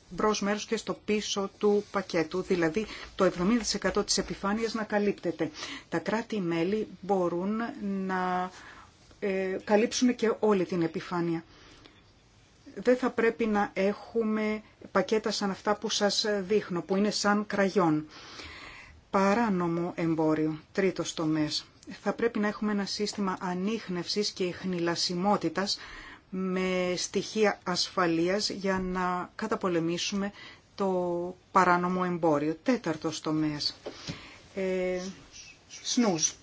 μπρος μέρος και στο πίσω του πακέτου, δηλαδή το 70% της επιφάνειας να καλύπτεται. Τα κράτη-μέλη μπορούν να ε, καλύψουν και όλη την επιφάνεια δεν θα πρέπει να έχουμε πακέτα σαν αυτά που σας δείχνω, που είναι σαν κραγιόν. Παράνομο εμπόριο, τρίτος τομέας. Θα πρέπει να έχουμε ένα σύστημα ανείχνευσης και χνηλασιμότητας με στοιχεία ασφαλείας για να καταπολεμήσουμε το παράνομο εμπόριο. Τέταρτος τομέας. Ε, σνούς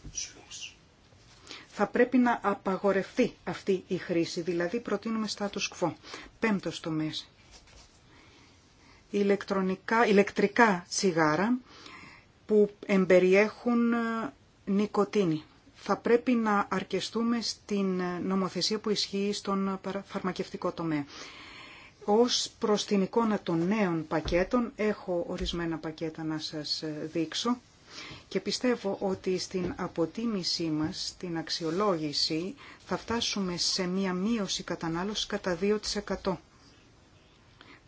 θα πρέπει να απαγορευτεί αυτή η χρήση, δηλαδή προτείνουμε status quo. Πέμπτος τομέας. Ηλεκτρονικά, ηλεκτρικά τσιγάρα που εμπεριέχουν ε, νικοτίνη. Θα πρέπει να αρκεστούμε στην ε, νομοθεσία που ισχύει στον ε, φαρμακευτικό τομέα. Ως προς την εικόνα των νέων πακέτων, έχω ορισμένα πακέτα να σας δείξω. Και πιστεύω ότι στην αποτίμησή μας, στην αξιολόγηση, θα φτάσουμε σε μία μείωση κατανάλωση κατά 2%.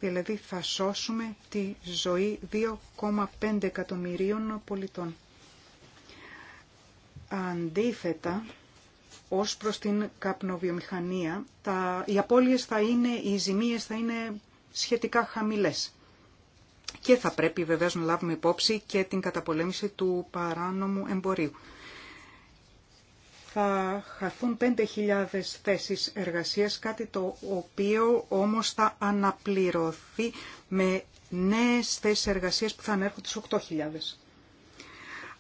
Δηλαδή θα σώσουμε τη ζωή 2,5 εκατομμυρίων πολιτών. Αντίθετα, ως προς την καπνοβιομηχανία, τα, οι απώλειες θα είναι, οι ζημίες θα είναι σχετικά χαμηλές και θα πρέπει βεβαίως να λάβουμε υπόψη και την καταπολέμηση του παράνομου εμπορίου. Θα χαθούν 5.000 θέσεις εργασίας, κάτι το οποίο όμως θα αναπληρωθεί με νέες θέσεις εργασίας που θα ανέρχονται στους 8.000.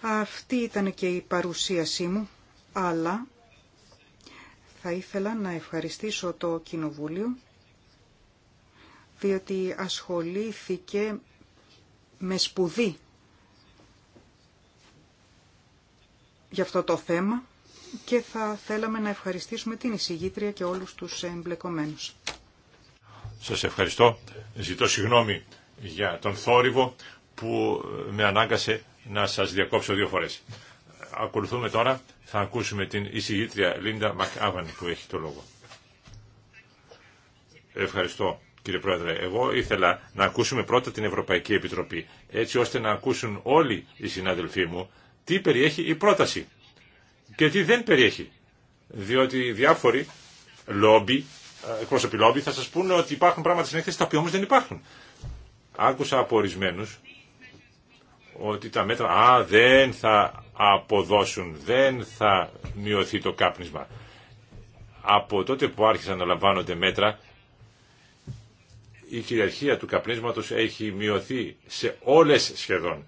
Αυτή ήταν και η παρουσίασή μου, αλλά θα ήθελα να ευχαριστήσω το Κοινοβούλιο διότι ασχολήθηκε με σπουδή για αυτό το θέμα και θα θέλαμε να ευχαριστήσουμε την εισηγήτρια και όλους τους εμπλεκομένους. Σας ευχαριστώ. Ζητώ συγγνώμη για τον θόρυβο που με ανάγκασε να σας διακόψω δύο φορές. Ακολουθούμε τώρα, θα ακούσουμε την εισηγήτρια Λίντα Μακάβαν που έχει το λόγο. Ευχαριστώ κύριε Πρόεδρε. Εγώ ήθελα να ακούσουμε πρώτα την Ευρωπαϊκή Επιτροπή, έτσι ώστε να ακούσουν όλοι οι συνάδελφοί μου τι περιέχει η πρόταση και τι δεν περιέχει. Διότι διάφοροι λόμπι, εκπρόσωποι λόμπι θα σας πούνε ότι υπάρχουν πράγματα στην έκθεση τα οποία όμως δεν υπάρχουν. Άκουσα από ορισμένου ότι τα μέτρα α, δεν θα αποδώσουν, δεν θα μειωθεί το κάπνισμα. Από τότε που άρχισαν να λαμβάνονται μέτρα η κυριαρχία του καπνίσματος έχει μειωθεί σε όλες σχεδόν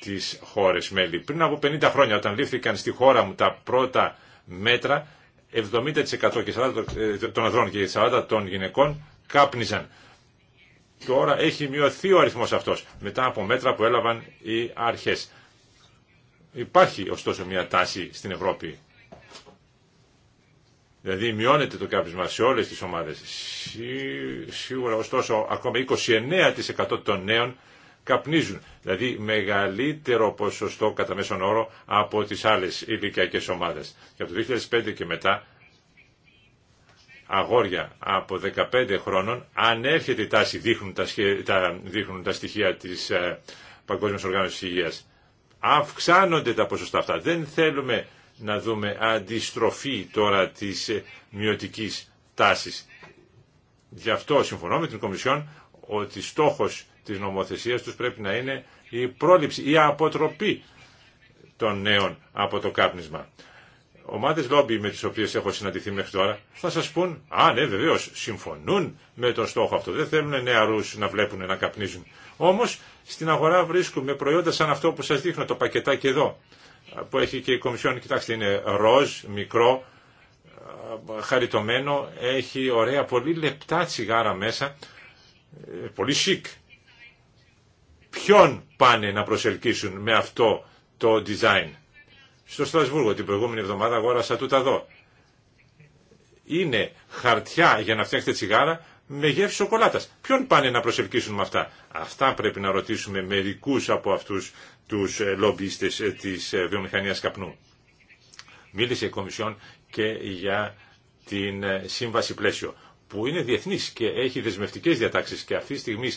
τις χώρες μέλη. Πριν από 50 χρόνια όταν λήφθηκαν στη χώρα μου τα πρώτα μέτρα 70% και 40 ε, των ανδρών και 40 των γυναικών κάπνιζαν. Τώρα έχει μειωθεί ο αριθμός αυτός μετά από μέτρα που έλαβαν οι αρχές. Υπάρχει ωστόσο μια τάση στην Ευρώπη Δηλαδή μειώνεται το κάπνισμα σε όλες τις ομάδες. Σίγουρα ωστόσο ακόμα 29% των νέων καπνίζουν. Δηλαδή μεγαλύτερο ποσοστό κατά μέσον όρο από τις άλλες ηλικιακέ ομάδες. Και από το 2005 και μετά αγόρια από 15 χρόνων ανέρχεται η τάση, δείχνουν τα, τα, τα στοιχεία της ε, Παγκόσμιας Οργάνωσης Υγείας. Αυξάνονται τα ποσοστά αυτά. Δεν θέλουμε να δούμε αντιστροφή τώρα της ε, μειωτικής τάσης. Γι' αυτό συμφωνώ με την Κομισιόν ότι στόχος της νομοθεσίας τους πρέπει να είναι η πρόληψη, η αποτροπή των νέων από το κάπνισμα. Ομάδες λόμπι με τις οποίες έχω συναντηθεί μέχρι τώρα θα σας πούν «Α, ναι, βεβαίως, συμφωνούν με τον στόχο αυτό, δεν θέλουν νεαρούς να βλέπουν να καπνίζουν». Όμως στην αγορά βρίσκουμε προϊόντα σαν αυτό που σας δείχνω, το πακετάκι εδώ, που έχει και η Κομισιόν, κοιτάξτε είναι ροζ, μικρό, χαριτωμένο, έχει ωραία πολύ λεπτά τσιγάρα μέσα, ε, πολύ σικ. Ποιον πάνε να προσελκύσουν με αυτό το design. Στο Στρασβούργο την προηγούμενη εβδομάδα αγόρασα τούτα εδώ. Είναι χαρτιά για να φτιάξετε τσιγάρα με γεύση σοκολάτας. Ποιον πάνε να προσελκύσουν με αυτά. Αυτά πρέπει να ρωτήσουμε μερικού από αυτού του ε, λομπίστε ε, τη ε, βιομηχανία καπνού. Μίλησε η Κομισιόν και για την σύμβαση πλαίσιο που είναι διεθνής και έχει δεσμευτικές διατάξεις και αυτή τη στιγμή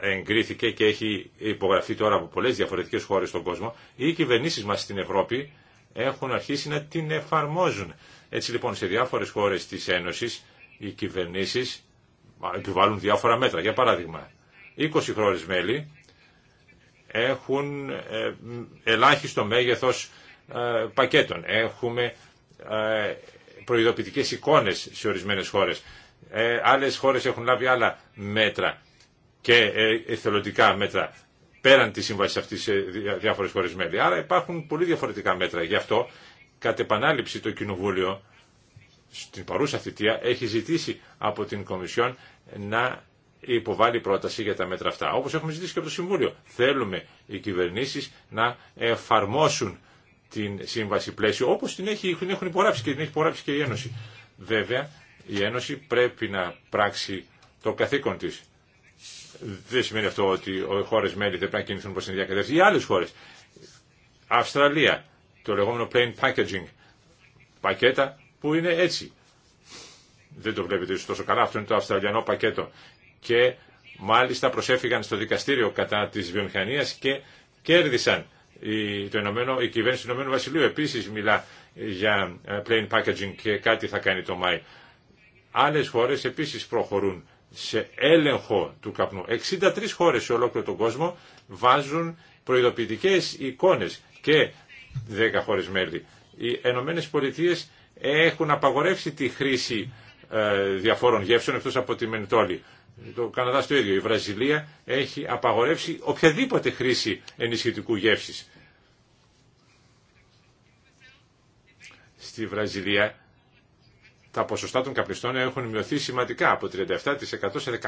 εγκρίθηκε και έχει υπογραφεί τώρα από πολλές διαφορετικές χώρες στον κόσμο, οι κυβερνήσεις μας στην Ευρώπη έχουν αρχίσει να την εφαρμόζουν. Έτσι λοιπόν σε διάφορες χώρες της Ένωσης οι κυβερνήσει επιβάλλουν διάφορα μέτρα. Για παράδειγμα, 20 χώρε μέλη έχουν ε, ελάχιστο μέγεθος ε, πακέτων. Έχουμε ε, προειδοποιητικές εικόνες σε ορισμένες χώρες. Άλλες χώρες έχουν λάβει άλλα μέτρα και εθελοντικά μέτρα πέραν της σύμβασης αυτής σε διάφορες χώρες μέλη. Άρα υπάρχουν πολύ διαφορετικά μέτρα. Γι' αυτό κατ' επανάληψη το Κοινοβούλιο στην παρούσα θητεία έχει ζητήσει από την Κομισιόν να υποβάλει πρόταση για τα μέτρα αυτά. Όπως έχουμε ζητήσει και από το Συμβούλιο. Θέλουμε οι κυβερνήσεις να εφαρμόσουν την σύμβαση πλαίσιο όπως την, την έχουν υπογράψει και την έχει υπογράψει και η Ένωση. Βέβαια, η Ένωση πρέπει να πράξει το καθήκον της. Δεν σημαίνει αυτό ότι οι χώρε μέλη δεν πρέπει να κινηθούν προ την διακατεύθυνση. Οι άλλε χώρε. Αυστραλία, το λεγόμενο plain packaging, πακέτα που είναι έτσι. Δεν το βλέπετε ίσως τόσο καλά, αυτό είναι το Αυστραλιανό πακέτο. Και μάλιστα προσέφηγαν στο δικαστήριο κατά της βιομηχανίας και κέρδισαν. Η, το η κυβέρνηση του Ηνωμένου Βασιλείου επίσης μιλά για ε, plain packaging και κάτι θα κάνει το Μάη. Άλλες χώρες επίσης προχωρούν σε έλεγχο του καπνού. 63 χώρες σε ολόκληρο τον κόσμο βάζουν προειδοποιητικές εικόνες και 10 χώρες μέλη. Οι Ηνωμένε Πολιτείες έχουν απαγορεύσει τη χρήση ε, διαφόρων γεύσεων εκτός από τη μεντόλη. Το Καναδά το ίδιο. Η Βραζιλία έχει απαγορεύσει οποιαδήποτε χρήση ενισχυτικού γεύσης. Στη Βραζιλία τα ποσοστά των καπνιστών έχουν μειωθεί σημαντικά από 37% σε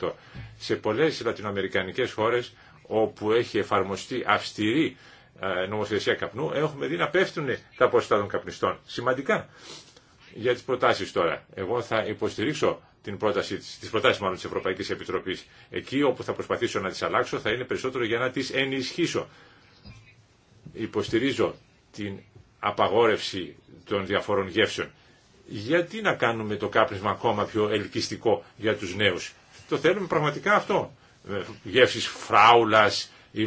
15% σε πολλές λατινοαμερικανικές χώρες όπου έχει εφαρμοστεί αυστηρή ε, νομοθεσία καπνού, έχουμε δει να πέφτουν τα ποσοστά των καπνιστών. Σημαντικά. Για τις προτάσεις τώρα. Εγώ θα υποστηρίξω την πρόταση, τις προτάσεις μάλλον της Ευρωπαϊκής Επιτροπής. Εκεί όπου θα προσπαθήσω να τις αλλάξω θα είναι περισσότερο για να τις ενισχύσω. Υποστηρίζω την απαγόρευση των διαφόρων γεύσεων. Γιατί να κάνουμε το κάπνισμα ακόμα πιο ελκυστικό για τους νέους. Το θέλουμε πραγματικά αυτό. Ε, γεύσεις φράουλας, ή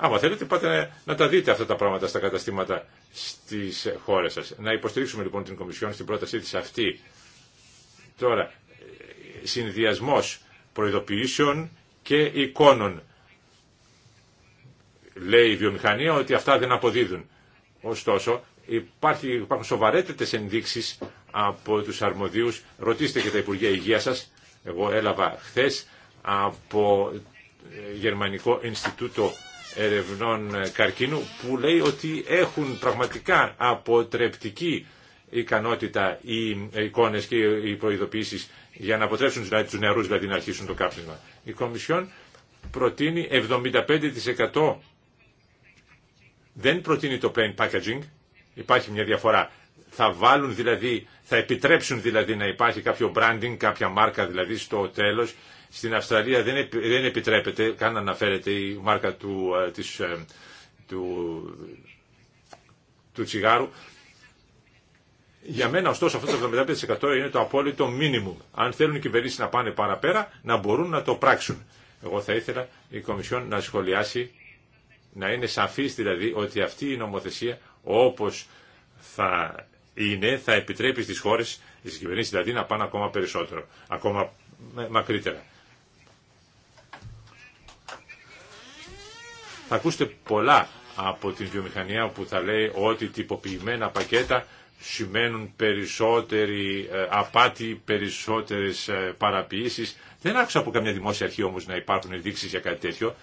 Άμα θέλετε πάτε να τα δείτε αυτά τα πράγματα στα καταστήματα στις χώρες σας. Να υποστηρίξουμε λοιπόν την Κομισιόν στην πρότασή της αυτή. Τώρα, συνδυασμός προειδοποιήσεων και εικόνων. Λέει η βιομηχανία ότι αυτά δεν αποδίδουν. Ωστόσο, υπάρχει, υπάρχουν σοβαρέτατες ενδείξεις από τους αρμοδίους. Ρωτήστε και τα Υπουργεία Υγεία σας. Εγώ έλαβα χθε, από ε, Γερμανικό Ινστιτούτο ερευνών ε, καρκίνου που λέει ότι έχουν πραγματικά αποτρεπτική ικανότητα οι ε, εικόνες και οι προειδοποιήσεις για να αποτρέψουν δηλαδή, τους νεαρούς δηλαδή να αρχίσουν το κάψιμα. Η Κομισιόν προτείνει 75% δεν προτείνει το plain packaging, υπάρχει μια διαφορά. Θα βάλουν δηλαδή, θα επιτρέψουν δηλαδή να υπάρχει κάποιο branding, κάποια μάρκα δηλαδή στο τέλος στην Αυστραλία δεν, δεν επιτρέπεται, καν αναφέρεται η μάρκα του, ε, της, ε, του, του τσιγάρου. Για μένα, ωστόσο, αυτό το 75% είναι το απόλυτο μίνιμουμ. Αν θέλουν οι κυβερνήσει να πάνε παραπέρα, να μπορούν να το πράξουν. Εγώ θα ήθελα η Κομισιόν να σχολιάσει, να είναι σαφής δηλαδή ότι αυτή η νομοθεσία, όπως θα είναι, θα επιτρέπει στις χώρες, στις κυβερνήσεις δηλαδή, να πάνε ακόμα περισσότερο, ακόμα μακρύτερα. Θα ακούσετε πολλά από την βιομηχανία που θα λέει ότι τυποποιημένα πακέτα σημαίνουν περισσότερη ε, απάτη, περισσότερες ε, παραποιήσεις. Δεν άκουσα από καμιά δημόσια αρχή όμως να υπάρχουν ενδείξεις για κάτι τέτοιο.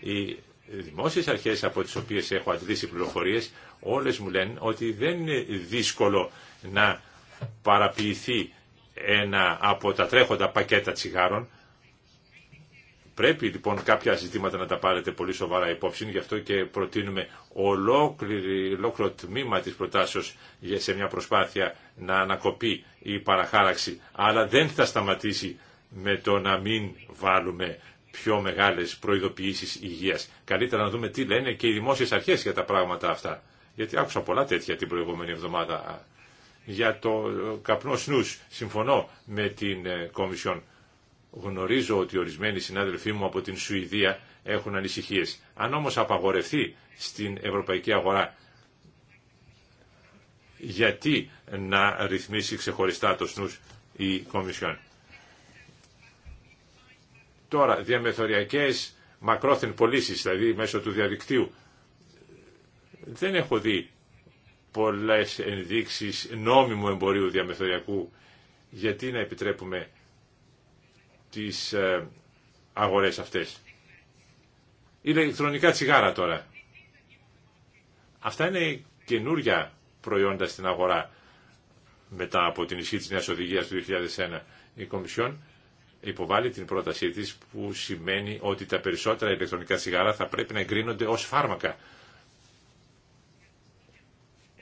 Οι δημόσιες αρχές από τις οποίες έχω αντλήσει πληροφορίες, όλες μου λένε ότι δεν είναι δύσκολο να παραποιηθεί ένα από τα τρέχοντα πακέτα τσιγάρων, Πρέπει λοιπόν κάποια ζητήματα να τα πάρετε πολύ σοβαρά υπόψη, γι' αυτό και προτείνουμε ολόκληρη, ολόκληρο τμήμα της προτάσεως σε μια προσπάθεια να ανακοπεί η παραχάραξη, αλλά δεν θα σταματήσει με το να μην βάλουμε πιο μεγάλες προειδοποιήσεις υγείας. Καλύτερα να δούμε τι λένε και οι δημόσιες αρχές για τα πράγματα αυτά. Γιατί άκουσα πολλά τέτοια την προηγούμενη εβδομάδα για το καπνό σνούς. Συμφωνώ με την ε, Κομισιόν. Γνωρίζω ότι ορισμένοι συνάδελφοί μου από την Σουηδία έχουν ανησυχίες. Αν όμως απαγορευτεί στην ευρωπαϊκή αγορά, γιατί να ρυθμίσει ξεχωριστά το σνούς η Κομισιόν. Τώρα, διαμεθοριακές μακρόθεν πωλήσει, δηλαδή μέσω του διαδικτύου. Δεν έχω δει πολλές ενδείξεις νόμιμου εμπορίου διαμεθοριακού. Γιατί να επιτρέπουμε τις ε, αγορές αυτές. Ηλεκτρονικά τσιγάρα τώρα. Αυτά είναι καινούρια προϊόντα στην αγορά μετά από την ισχύ της νέας οδηγίας του 2001. Η Κομισιόν υποβάλλει την πρότασή της που σημαίνει ότι τα περισσότερα ηλεκτρονικά τσιγάρα θα πρέπει να εγκρίνονται ως φάρμακα.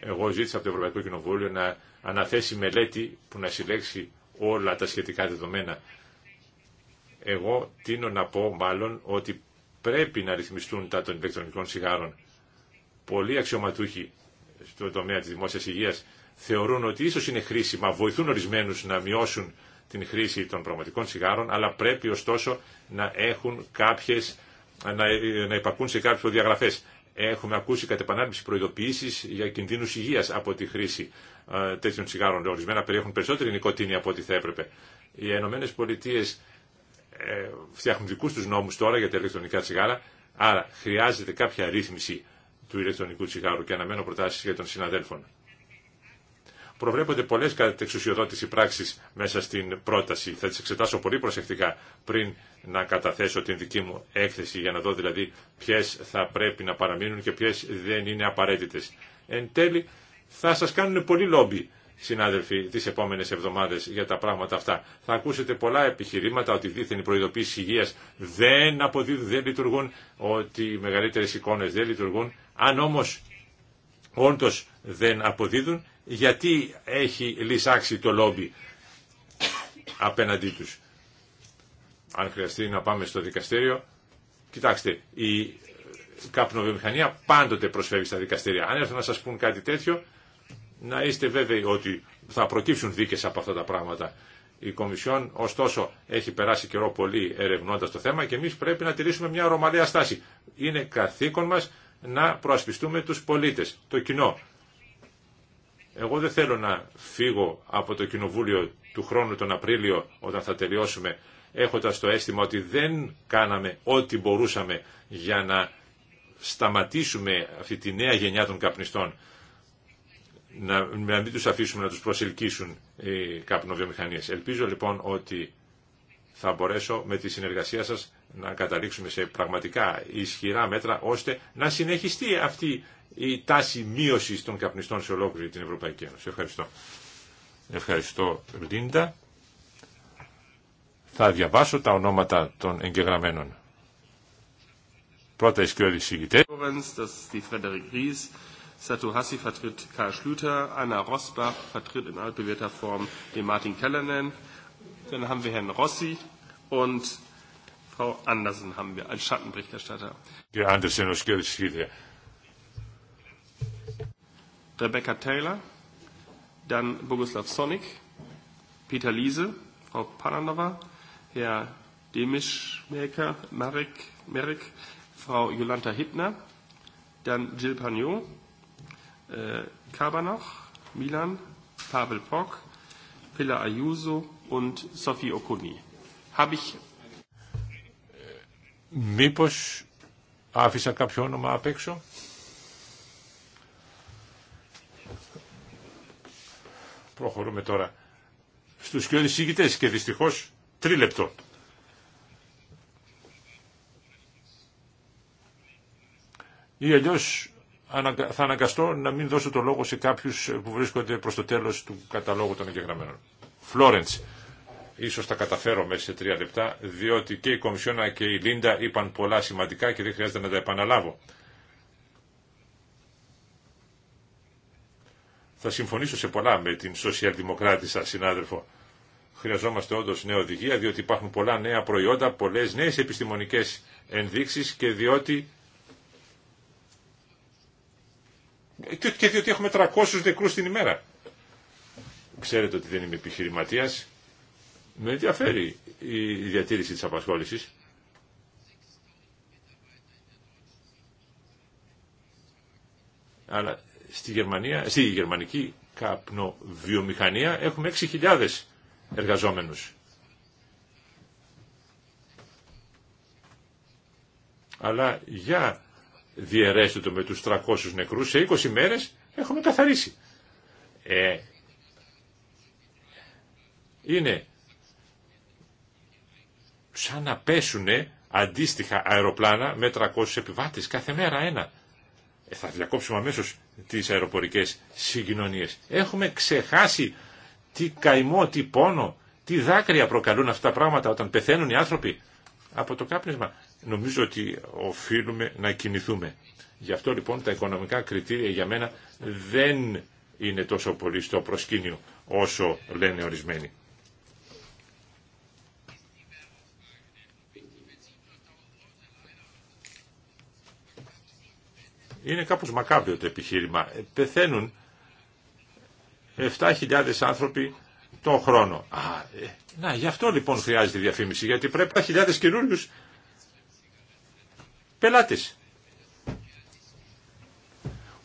Εγώ ζήτησα από το Ευρωπαϊκό Κοινοβούλιο να αναθέσει μελέτη που να συλλέξει όλα τα σχετικά δεδομένα εγώ τίνω να πω μάλλον ότι πρέπει να ρυθμιστούν τα των ηλεκτρονικών σιγάρων. Πολλοί αξιωματούχοι στο τομέα της δημόσιας υγείας θεωρούν ότι ίσως είναι χρήσιμα, βοηθούν ορισμένους να μειώσουν την χρήση των πραγματικών σιγάρων, αλλά πρέπει ωστόσο να έχουν κάποιες, να, να υπακούν σε κάποιες προδιαγραφές. Έχουμε ακούσει κατ' επανάληψη προειδοποιήσει για κινδύνου υγεία από τη χρήση ε, τέτοιων σιγάρων. Ορισμένα περιέχουν περισσότερη νοικοτήνη από ό,τι θα έπρεπε. Οι Ηνωμένε ε, φτιάχνουν δικού τους νόμους τώρα για τα ηλεκτρονικά τσιγάρα, άρα χρειάζεται κάποια ρύθμιση του ηλεκτρονικού τσιγάρου και αναμένω προτάσει για των συναδέλφων. Προβλέπονται πολλέ κατεξουσιοδότηση πράξει μέσα στην πρόταση. Θα τι εξετάσω πολύ προσεκτικά πριν να καταθέσω την δική μου έκθεση για να δω δηλαδή ποιε θα πρέπει να παραμείνουν και ποιε δεν είναι απαραίτητε. Εν τέλει θα σα κάνουν πολύ λόμπι συνάδελφοι, τις επόμενες εβδομάδες για τα πράγματα αυτά. Θα ακούσετε πολλά επιχειρήματα ότι δίθεν οι προειδοποίησει υγείας δεν αποδίδουν, δεν λειτουργούν, ότι οι μεγαλύτερες εικόνες δεν λειτουργούν. Αν όμως όντως δεν αποδίδουν, γιατί έχει λυσάξει το λόμπι απέναντί του. Αν χρειαστεί να πάμε στο δικαστήριο, κοιτάξτε, η καπνοβιομηχανία πάντοτε προσφεύγει στα δικαστήρια. Αν έρθουν να σα πούν κάτι τέτοιο, να είστε βέβαιοι ότι θα προκύψουν δίκες από αυτά τα πράγματα. Η Κομισιόν, ωστόσο, έχει περάσει καιρό πολύ ερευνώντα το θέμα και εμεί πρέπει να τηρήσουμε μια ρωμαλαία στάση. Είναι καθήκον μα να προασπιστούμε του πολίτε, το κοινό. Εγώ δεν θέλω να φύγω από το Κοινοβούλιο του χρόνου τον Απρίλιο όταν θα τελειώσουμε έχοντας το αίσθημα ότι δεν κάναμε ό,τι μπορούσαμε για να σταματήσουμε αυτή τη νέα γενιά των καπνιστών να, να μην τους αφήσουμε να τους προσελκύσουν οι καπνοβιομηχανίες. Ελπίζω λοιπόν ότι θα μπορέσω με τη συνεργασία σας να καταλήξουμε σε πραγματικά ισχυρά μέτρα ώστε να συνεχιστεί αυτή η τάση μείωση των καπνιστών σε ολόκληρη την Ευρωπαϊκή Ένωση. Ευχαριστώ. Ευχαριστώ Λίντα. Θα διαβάσω τα ονόματα των εγγεγραμμένων. Πρώτα οι Σκιώδη Satu Hassi vertritt Karl Schlüter, Anna Rosbach vertritt in altbewährter Form den Martin Kellernen. dann haben wir Herrn Rossi und Frau Andersen haben wir als Schattenberichterstatter. Rebecca Taylor, dann Boguslav Sonik, Peter Liese, Frau Pananova, Herr Demisch Marek, Merek, Frau Jolanta Hittner, dann Jill Pagnot, Äh, Kabanach, Milan, Pavel Pock, Pilla Ayuso und Sophie Okuni. Habe Μήπως άφησα κάποιο όνομα απ' έξω. Προχωρούμε τώρα στους κύριους ηγητές και δυστυχώς τρίλεπτο. Ή αλλιώς θα αναγκαστώ να μην δώσω το λόγο σε κάποιους που βρίσκονται προς το τέλος του καταλόγου των εγγεγραμμένων. Φλόρεντς, ίσως τα καταφέρω μέσα σε τρία λεπτά, διότι και η Κομισιόνα και η Λίντα είπαν πολλά σημαντικά και δεν χρειάζεται να τα επαναλάβω. Θα συμφωνήσω σε πολλά με την σοσιαλδημοκράτησα συνάδελφο. Χρειαζόμαστε όντω νέα οδηγία, διότι υπάρχουν πολλά νέα προϊόντα, πολλέ νέε επιστημονικέ ενδείξει και διότι Ε, και διότι έχουμε 300 νεκρούς την ημέρα. Ξέρετε ότι δεν είμαι επιχειρηματίας. Με ενδιαφέρει η διατήρηση της απασχόλησης. Αλλά στη, Γερμανία, στη γερμανική καπνοβιομηχανία έχουμε 6.000 εργαζόμενους. Αλλά για διαιρέστε το με τους 300 νεκρούς, σε 20 μέρες έχουμε καθαρίσει. Ε, είναι σαν να πέσουν αντίστοιχα αεροπλάνα με 300 επιβάτες, κάθε μέρα ένα. Ε, θα διακόψουμε αμέσως τις αεροπορικές συγκοινωνίες. Έχουμε ξεχάσει τι καημό, τι πόνο, τι δάκρυα προκαλούν αυτά τα πράγματα όταν πεθαίνουν οι άνθρωποι από το κάπνισμα νομίζω ότι οφείλουμε να κινηθούμε. Γι' αυτό λοιπόν τα οικονομικά κριτήρια για μένα δεν είναι τόσο πολύ στο προσκήνιο όσο λένε ορισμένοι. Είναι κάπως μακάβριο το επιχείρημα. Ε, πεθαίνουν 7.000 άνθρωποι το χρόνο. Α, ε, να, γι' αυτό λοιπόν χρειάζεται διαφήμιση, γιατί πρέπει τα χιλιάδες καινούριου πελάτες.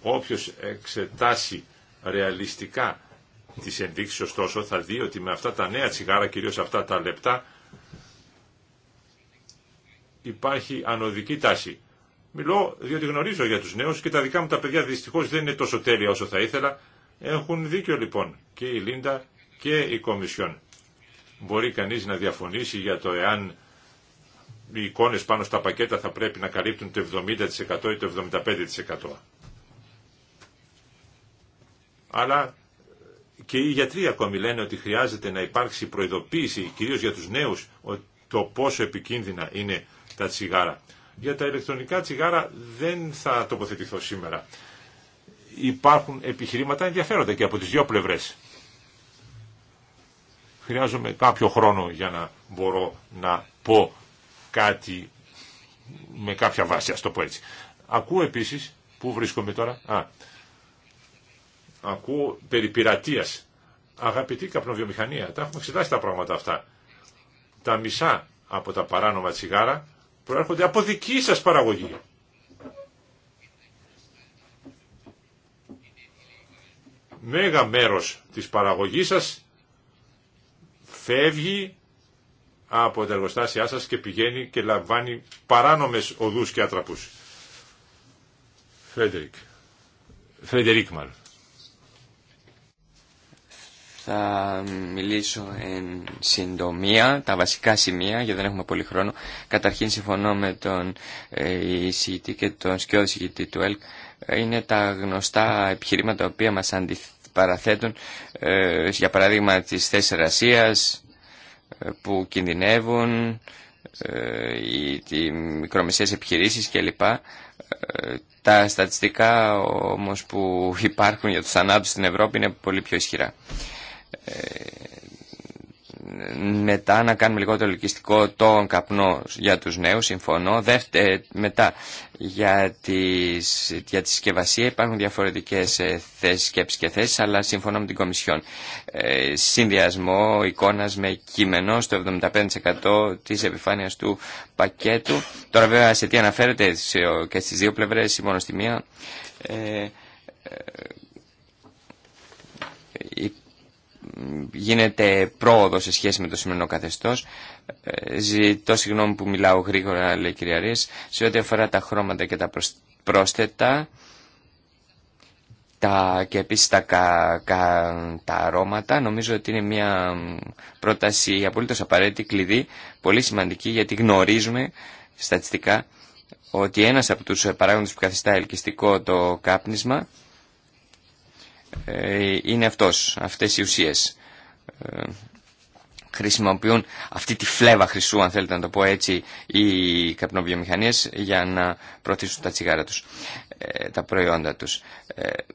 Όποιος εξετάσει ρεαλιστικά τις ενδείξεις ωστόσο θα δει ότι με αυτά τα νέα τσιγάρα, κυρίως αυτά τα λεπτά, υπάρχει ανωδική τάση. Μιλώ διότι γνωρίζω για τους νέους και τα δικά μου τα παιδιά δυστυχώς δεν είναι τόσο τέλεια όσο θα ήθελα. Έχουν δίκιο λοιπόν και η Λίντα και η Κομισιόν. Μπορεί κανείς να διαφωνήσει για το εάν οι εικόνες πάνω στα πακέτα θα πρέπει να καλύπτουν το 70% ή το 75%. Αλλά και οι γιατροί ακόμη λένε ότι χρειάζεται να υπάρξει προειδοποίηση, κυρίως για τους νέους, το πόσο επικίνδυνα είναι τα τσιγάρα. Για τα ηλεκτρονικά τσιγάρα δεν θα τοποθετηθώ σήμερα. Υπάρχουν επιχειρήματα ενδιαφέροντα και από τις δύο πλευρές. Χρειάζομαι κάποιο χρόνο για να μπορώ να πω κάτι με κάποια βάση, ας το πω έτσι. Ακούω επίσης, πού βρίσκομαι τώρα, α, ακούω περί πειρατείας. Αγαπητή καπνοβιομηχανία, τα έχουμε εξετάσει τα πράγματα αυτά. Τα μισά από τα παράνομα τσιγάρα προέρχονται από δική σας παραγωγή. Μέγα μέρος της παραγωγής σας φεύγει από τα εργοστάσια σας και πηγαίνει και λαμβάνει παράνομες οδούς και άτραπους. Φρέντερικ. Φρέντερικ μάλλον. Θα μιλήσω εν συντομία, τα βασικά σημεία, γιατί δεν έχουμε πολύ χρόνο. Καταρχήν συμφωνώ με τον ε, εισηγητή και τον σκιώδη εισηγητή του ΕΛΚ. Είναι τα γνωστά επιχειρήματα τα οποία μας αντιπαραθέτουν, ε, για παράδειγμα, της θέσης ρασίας που κινδυνεύουν, ε, οι, οι μικρομεσαίες επιχειρήσεις κλπ. Ε, τα στατιστικά όμως που υπάρχουν για τους θανάτους στην Ευρώπη είναι πολύ πιο ισχυρά. Ε, μετά να κάνουμε λιγότερο ελκυστικό τον καπνό για τους νέους, συμφωνώ. Δεύτε, μετά, για, τις, για τη συσκευασία υπάρχουν διαφορετικές ε, θέσεις, σκέψεις και θέσεις, αλλά συμφωνώ με την Κομισιόν. Ε, συνδυασμό εικόνας με κείμενο στο 75% της επιφάνειας του πακέτου. Τώρα βέβαια σε τι αναφέρεται και στις δύο πλευρές ή μόνο στη μία. Ε, ε, γίνεται πρόοδο σε σχέση με το σημερινό καθεστώς. Ε, ζητώ συγγνώμη που μιλάω γρήγορα, λέει η κυρία Σε ό,τι αφορά τα χρώματα και τα πρόσθετα τα, και επίσης τα, τα αρώματα, νομίζω ότι είναι μια πρόταση απολύτως απαραίτητη, κλειδί, πολύ σημαντική γιατί γνωρίζουμε στατιστικά ότι ένας από τους παράγοντες που καθιστά ελκυστικό το κάπνισμα ε, είναι αυτός, αυτές οι ουσίες. Ε, χρησιμοποιούν αυτή τη φλέβα χρυσού, αν θέλετε να το πω έτσι, οι καπνοβιομηχανίες για να προωθήσουν τα τσιγάρα τους, ε, τα προϊόντα τους.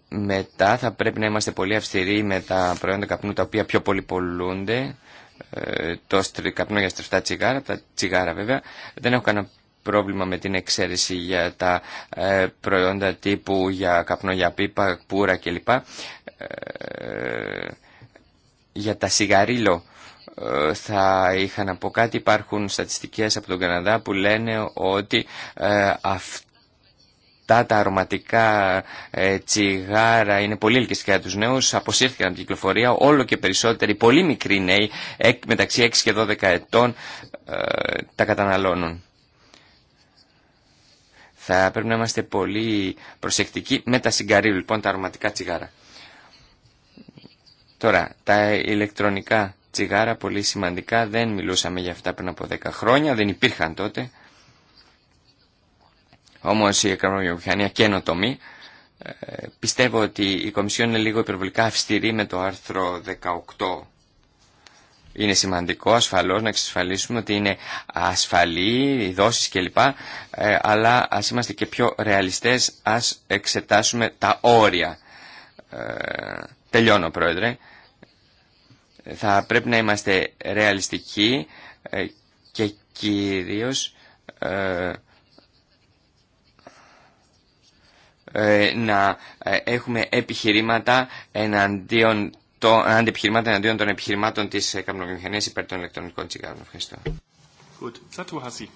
Μετά θα πρέπει να είμαστε πολύ αυστηροί με τα προϊόντα καπνού τα οποία πιο πολύ πολλούνται, το καπνό για στρεφτά τσιγάρα, τα τσιγάρα βέβαια. Δεν έχω κανένα πρόβλημα με την εξαίρεση για τα ε, προϊόντα τύπου για καπνό, για πίπα, πουρα κλπ. Ε, για τα σιγαρίλο ε, θα είχα να πω κάτι. Υπάρχουν στατιστικές από τον Καναδά που λένε ότι αυτά τα αρωματικά τσιγάρα είναι πολύ ελκυστικά για τους νέους. Αποσύρθηκαν από την κυκλοφορία όλο και περισσότεροι, πολύ μικροί νέοι, μεταξύ 6 και 12 ετών, τα καταναλώνουν. Θα πρέπει να είμαστε πολύ προσεκτικοί με τα συγκαρίου, λοιπόν, τα αρωματικά τσιγάρα. Τώρα, τα ηλεκτρονικά τσιγάρα, πολύ σημαντικά, δεν μιλούσαμε για αυτά πριν από 10 χρόνια, δεν υπήρχαν τότε. Όμως η εκρονοβιομηχανία καινοτομή. Ε, πιστεύω ότι η Κομισιόν είναι λίγο υπερβολικά αυστηρή με το άρθρο 18 είναι σημαντικό ασφαλώς να εξασφαλίσουμε ότι είναι ασφαλή οι δόσει κλπ. Ε, αλλά ας είμαστε και πιο ρεαλιστές, ας εξετάσουμε τα όρια. Ε, τελειώνω πρόεδρε. Θα πρέπει να είμαστε ρεαλιστικοί ε, και κυρίως ε, να έχουμε επιχειρήματα εναντίον το αντιεπιχειρημάτων εναντίον των επιχειρημάτων της ε, καπνοβιομηχανίας υπέρ των ηλεκτρονικών τσιγάρων. Ευχαριστώ. Good. Χάση.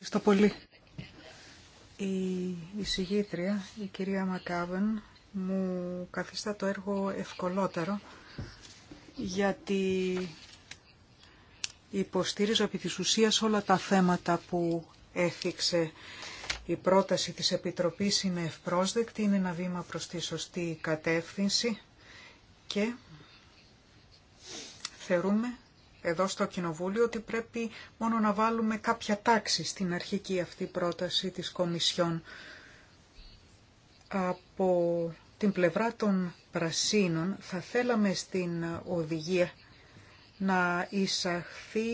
Ευχαριστώ πολύ. Η εισηγήτρια, η κυρία Μακάβεν, μου καθιστά το έργο ευκολότερο γιατί υποστήριζω επί της ουσίας όλα τα θέματα που Έφυξε η πρόταση της Επιτροπής είναι ευπρόσδεκτη, είναι ένα βήμα προς τη σωστή κατεύθυνση και θεωρούμε εδώ στο Κοινοβούλιο ότι πρέπει μόνο να βάλουμε κάποια τάξη στην αρχική αυτή πρόταση της Κομισιόν. Από την πλευρά των πρασίνων θα θέλαμε στην οδηγία να εισαχθεί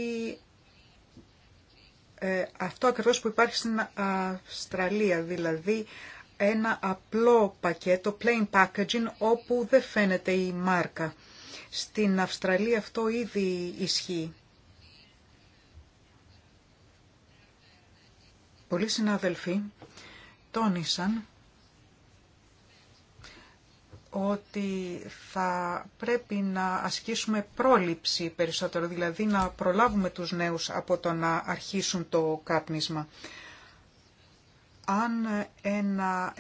ε, αυτό ακριβώς που υπάρχει στην Αυστραλία, δηλαδή ένα απλό πακέτο, plain packaging, όπου δεν φαίνεται η μάρκα. Στην Αυστραλία αυτό ήδη ισχύει. Πολλοί συνάδελφοι τόνισαν ότι θα πρέπει να ασκήσουμε πρόληψη περισσότερο, δηλαδή να προλάβουμε τους νέους από το να αρχίσουν το κάπνισμα. Αν ένα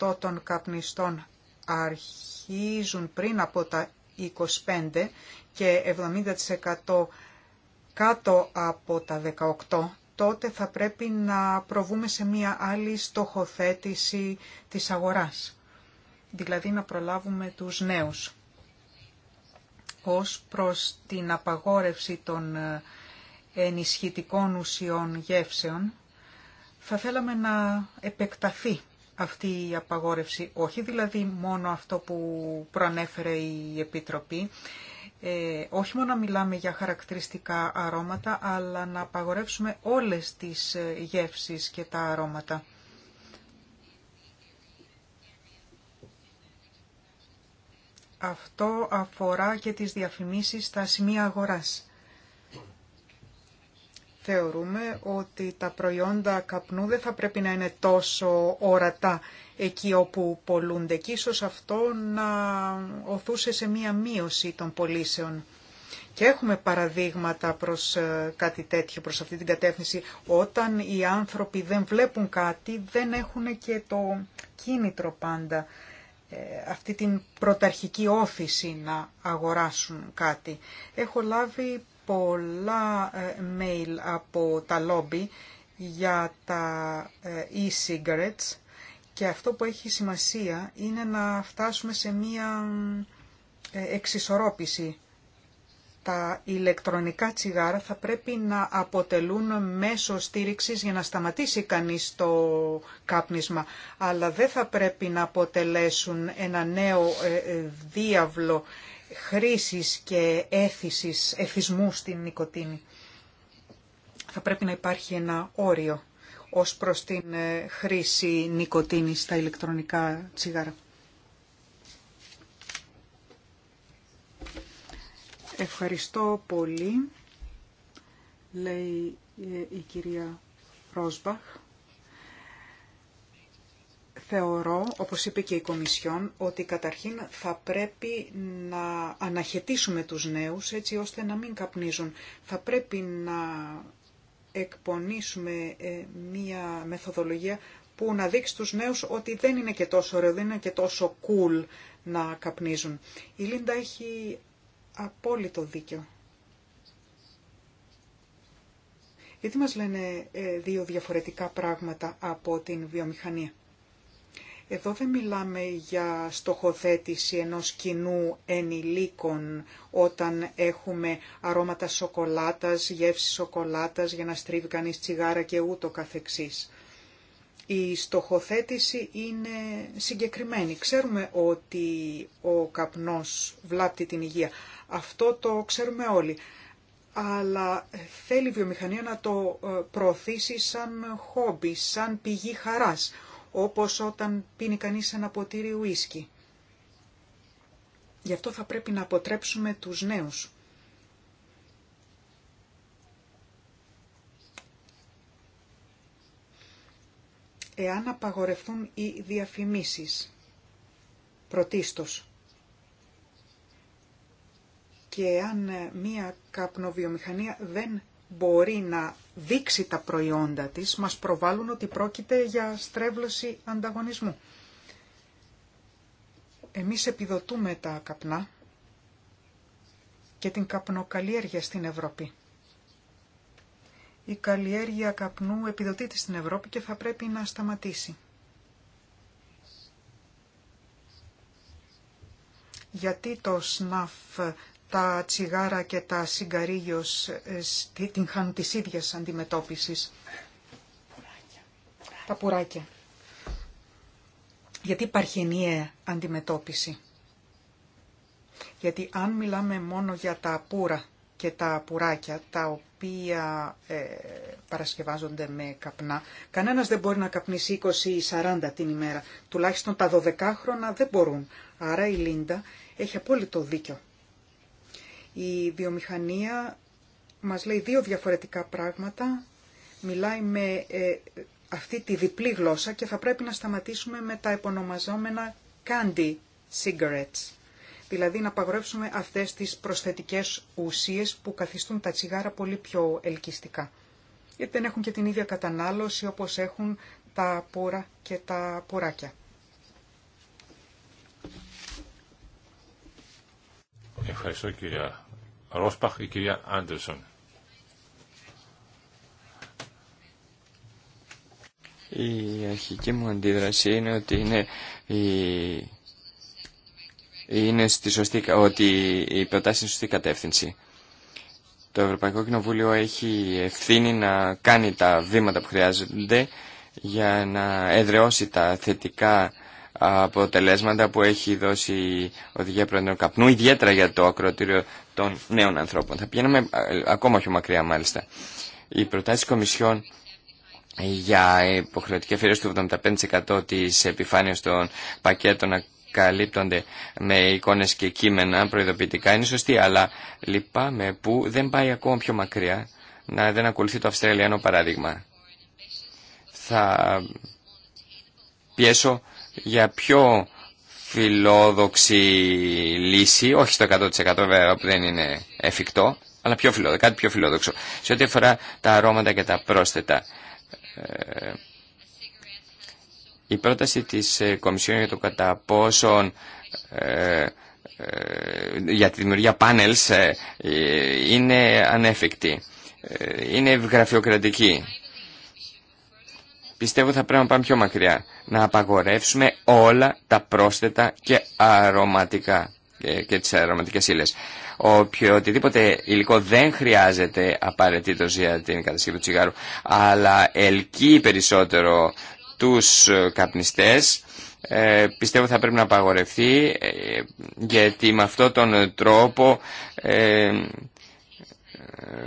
94% των καπνιστών αρχίζουν πριν από τα 25 και 70% κάτω από τα 18, τότε θα πρέπει να προβούμε σε μία άλλη στοχοθέτηση της αγοράς δηλαδή να προλάβουμε τους νέους ως προς την απαγόρευση των ε, ενισχυτικών ουσιών γεύσεων, θα θέλαμε να επεκταθεί αυτή η απαγόρευση, όχι δηλαδή μόνο αυτό που προανέφερε η Επιτροπή, ε, όχι μόνο να μιλάμε για χαρακτηριστικά αρώματα, αλλά να απαγορεύσουμε όλες τις ε, γεύσεις και τα αρώματα. Αυτό αφορά και τις διαφημίσεις στα σημεία αγοράς. Θεωρούμε ότι τα προϊόντα καπνού δεν θα πρέπει να είναι τόσο ορατά εκεί όπου πολλούνται και ίσως αυτό να οθούσε σε μία μείωση των πωλήσεων. Και έχουμε παραδείγματα προς ε, κάτι τέτοιο, προς αυτή την κατεύθυνση. Όταν οι άνθρωποι δεν βλέπουν κάτι, δεν έχουν και το κίνητρο πάντα ε, αυτή την πρωταρχική όθηση να αγοράσουν κάτι. Έχω λάβει πολλά ε, mail από τα lobby για τα ε, e-cigarettes και αυτό που έχει σημασία είναι να φτάσουμε σε μία εξισορρόπηση τα ηλεκτρονικά τσιγάρα θα πρέπει να αποτελούν μέσο στήριξης για να σταματήσει κανείς το κάπνισμα, αλλά δεν θα πρέπει να αποτελέσουν ένα νέο ε, ε, διάβλο χρήσης και έθισης, εθισμού στην νοικοτήνη. Θα πρέπει να υπάρχει ένα όριο ως προς την ε, χρήση νοικοτήνης στα ηλεκτρονικά τσιγάρα. Ευχαριστώ πολύ, λέει ε, η κυρία Ρόσμπαχ. Θεωρώ, όπως είπε και η Κομισιόν, ότι καταρχήν θα πρέπει να αναχαιτήσουμε τους νέους έτσι ώστε να μην καπνίζουν. Θα πρέπει να εκπονήσουμε ε, μία μεθοδολογία που να δείξει τους νέους ότι δεν είναι και τόσο ωραίο, δεν είναι και τόσο cool να καπνίζουν. Η Λίντα έχει απόλυτο δίκιο. Γιατί μας λένε ε, δύο διαφορετικά πράγματα από την βιομηχανία. Εδώ δεν μιλάμε για στοχοθέτηση ενός κοινού ενηλίκων όταν έχουμε αρώματα σοκολάτας, γεύση σοκολάτας για να στρίβει κανείς τσιγάρα και ούτω καθεξής. Η στοχοθέτηση είναι συγκεκριμένη. Ξέρουμε ότι ο καπνός βλάπτει την υγεία, αυτό το ξέρουμε όλοι. Αλλά θέλει η βιομηχανία να το ε, προωθήσει σαν χόμπι, σαν πηγή χαράς, όπως όταν πίνει κανείς ένα ποτήρι ουίσκι. Γι' αυτό θα πρέπει να αποτρέψουμε τους νέους. Εάν απαγορευτούν οι διαφημίσεις, πρωτίστως, και αν ε, μία καπνοβιομηχανία δεν μπορεί να δείξει τα προϊόντα της, μας προβάλλουν ότι πρόκειται για στρέβλωση ανταγωνισμού. Εμείς επιδοτούμε τα καπνά και την καπνοκαλλιέργεια στην Ευρώπη. Η καλλιέργεια καπνού επιδοτείται στην Ευρώπη και θα πρέπει να σταματήσει. Γιατί το σναφ τα τσιγάρα και τα συγκαρίγιος ε, την χάνουν της ίδιας αντιμετώπισης. Τα πουράκια. Γιατί υπάρχει ενιαία αντιμετώπιση. Γιατί αν μιλάμε μόνο για τα πουρα και τα πουράκια, τα οποία ε, παρασκευάζονται με καπνά, κανένας δεν μπορεί να καπνίσει 20 ή 40 την ημέρα. Τουλάχιστον τα 12 χρόνια δεν μπορούν. Άρα η Λίντα έχει απόλυτο δίκιο η βιομηχανία μας λέει δύο διαφορετικά πράγματα. Μιλάει με ε, αυτή τη διπλή γλώσσα και θα πρέπει να σταματήσουμε με τα επωνομαζόμενα candy cigarettes. Δηλαδή να απαγορεύσουμε αυτές τις προσθετικές ουσίες που καθιστούν τα τσιγάρα πολύ πιο ελκυστικά. Γιατί δεν έχουν και την ίδια κατανάλωση όπως έχουν τα πουρα και τα ποράκια. Ευχαριστώ κυρία Ρόσπαχ, η κυρία Άντερσον. Η αρχική μου αντίδραση είναι ότι είναι η... Είναι στη σωστή, ότι η προτάσει είναι σωστή κατεύθυνση. Το Ευρωπαϊκό Κοινοβούλιο έχει ευθύνη να κάνει τα βήματα που χρειάζονται για να εδραιώσει τα θετικά αποτελέσματα που έχει δώσει οδηγία προεδρών καπνού, ιδιαίτερα για το ακροτήριο των νέων ανθρώπων. Θα πηγαίνουμε ε, ακόμα πιο μακριά μάλιστα. Οι προτάσει Κομισιόν για υποχρεωτική αφαίρεση του 75% της επιφάνειας των πακέτων να καλύπτονται με εικόνες και κείμενα προειδοποιητικά είναι σωστή, αλλά λυπάμαι που δεν πάει ακόμα πιο μακριά να δεν ακολουθεί το Αυστραλιανό παράδειγμα. Θα πιέσω για πιο φιλόδοξη λύση, όχι στο 100% βέβαια που δεν είναι εφικτό, αλλά πιο φιλόδοξο, κάτι πιο φιλόδοξο. Σε ό,τι αφορά τα αρώματα και τα πρόσθετα, ε, η πρόταση της ε, Κομισιόν για το κατά πόσον ε, για τη δημιουργία πάνελς είναι ανέφικτη, είναι γραφειοκρατική πιστεύω θα πρέπει να πάμε πιο μακριά. Να απαγορεύσουμε όλα τα πρόσθετα και αρωματικά και τις αρωματικές ύλες. Οποιοδήποτε οτιδήποτε υλικό δεν χρειάζεται απαραίτητο για την κατασκευή του τσιγάρου, αλλά ελκύει περισσότερο τους καπνιστές, ε, πιστεύω θα πρέπει να απαγορευτεί, ε, γιατί με αυτόν τον τρόπο ε,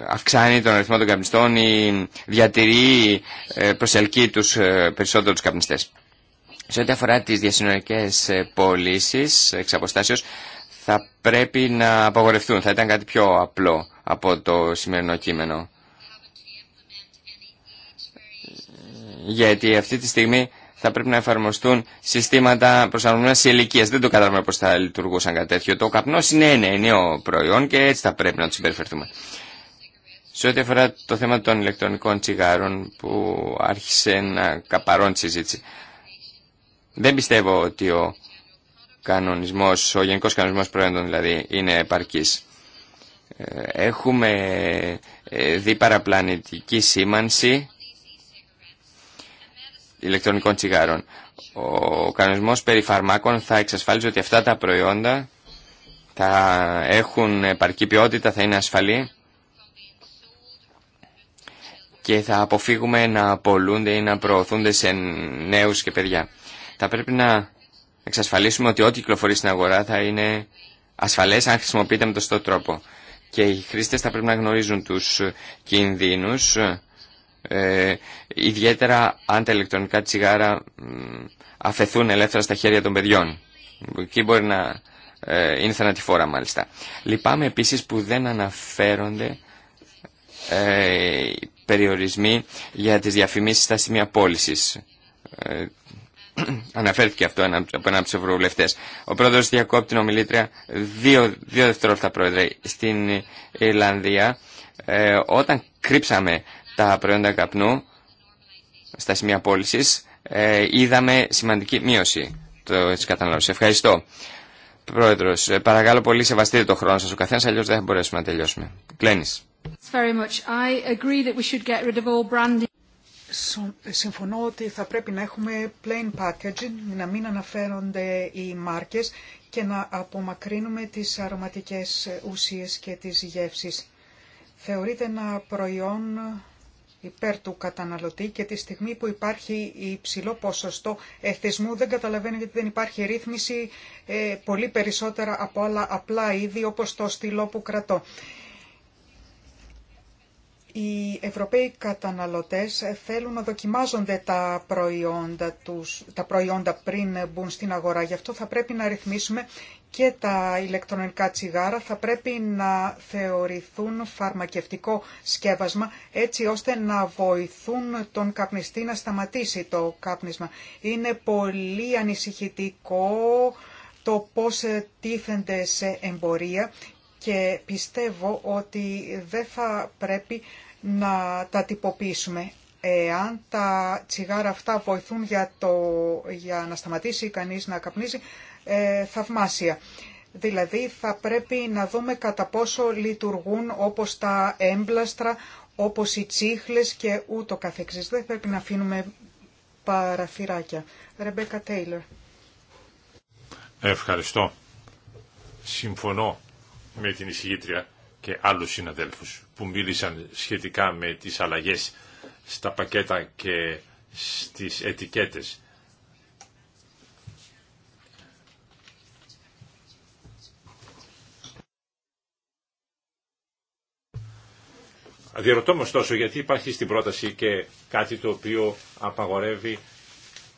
αυξάνει τον αριθμό των καπνιστών ή διατηρεί, ε, προσελκύει τους ε, περισσότερους καπνιστές. Σε ό,τι αφορά τις διασυνορικές ε, πωλήσει εξ αποστάσεως, θα πρέπει να απαγορευτούν. Θα ήταν κάτι πιο απλό από το σημερινό κείμενο. Γιατί αυτή τη στιγμή θα πρέπει να εφαρμοστούν συστήματα προσαρμοσμένα σε Δεν το κατάλαβα πώ θα λειτουργούσαν κάτι τέτοιο. Το καπνό είναι ένα νέο προϊόν και έτσι θα πρέπει να του συμπεριφερθούμε. Σε ό,τι αφορά το θέμα των ηλεκτρονικών τσιγάρων που άρχισε να καπαρώνει συζήτηση. Δεν πιστεύω ότι ο κανονισμός, ο γενικός κανονισμός προϊόντων δηλαδή είναι επαρκής. Ε, έχουμε ε, δει παραπλανητική σήμανση ηλεκτρονικών τσιγάρων. Ο κανονισμός περί φαρμάκων θα εξασφάλιζε ότι αυτά τα προϊόντα θα έχουν επαρκή ποιότητα, θα είναι ασφαλή και θα αποφύγουμε να απολούνται ή να προωθούνται σε νέους και παιδιά. Θα πρέπει να εξασφαλίσουμε ότι ό,τι κυκλοφορεί στην αγορά θα είναι ασφαλές αν χρησιμοποιείται με το σωστό τρόπο. Και οι χρήστες θα πρέπει να γνωρίζουν τους κινδύνους, ε, ιδιαίτερα αν τα ηλεκτρονικά τσιγάρα αφαιθούν ελεύθερα στα χέρια των παιδιών. Εκεί μπορεί να ε, είναι θανατηφόρα μάλιστα. Λυπάμαι επίσης που δεν αναφέρονται ε, περιορισμοί για τις διαφημίσεις στα σημεία πώλησης. Ε, αναφέρθηκε αυτό από έναν από τους ευρωβουλευτές. Ο πρόεδρος διακόπτει την ομιλήτρια δύο, δύο δευτερόλεπτα πρόεδρε στην Ιρλανδία. Ε, όταν κρύψαμε τα προϊόντα καπνού στα σημεία πώλησης ε, είδαμε σημαντική μείωση της κατανάλωση. Ευχαριστώ. Πρόεδρος, ε, παρακαλώ πολύ σεβαστείτε το χρόνο σας ο καθένας, αλλιώς δεν θα μπορέσουμε να τελειώσουμε. Κλαίνεις. Συμφωνώ ότι θα πρέπει να έχουμε plain packaging, να μην αναφέρονται οι μάρκες και να απομακρύνουμε τις αρωματικές ουσίες και τις γεύσεις. Θεωρείται ένα προϊόν υπέρ του καταναλωτή και τη στιγμή που υπάρχει υψηλό ποσοστό εθισμού δεν καταλαβαίνω γιατί δεν υπάρχει ρύθμιση ε, πολύ περισσότερα από άλλα απλά είδη όπως το στυλό που κρατώ οι Ευρωπαίοι καταναλωτές θέλουν να δοκιμάζονται τα προϊόντα, τους, τα προϊόντα πριν μπουν στην αγορά. Γι' αυτό θα πρέπει να ρυθμίσουμε και τα ηλεκτρονικά τσιγάρα θα πρέπει να θεωρηθούν φαρμακευτικό σκεύασμα έτσι ώστε να βοηθούν τον καπνιστή να σταματήσει το κάπνισμα. Είναι πολύ ανησυχητικό το πώς τίθενται σε εμπορία και πιστεύω ότι δεν θα πρέπει να τα τυποποιήσουμε. Εάν τα τσιγάρα αυτά βοηθούν για, το, για να σταματήσει κανείς να καπνίζει, ε, θαυμάσια. Δηλαδή θα πρέπει να δούμε κατά πόσο λειτουργούν όπως τα έμπλαστρα, όπως οι τσίχλες και ούτω καθεξής. Δεν πρέπει να αφήνουμε παραθυράκια. Ρεμπέκα Τέιλερ. Ευχαριστώ. Συμφωνώ με την εισηγήτρια και άλλους συναδέλφους που μίλησαν σχετικά με τις αλλαγές στα πακέτα και στις ετικέτες. Διερωτώ όμως ωστόσο γιατί υπάρχει στην πρόταση και κάτι το οποίο απαγορεύει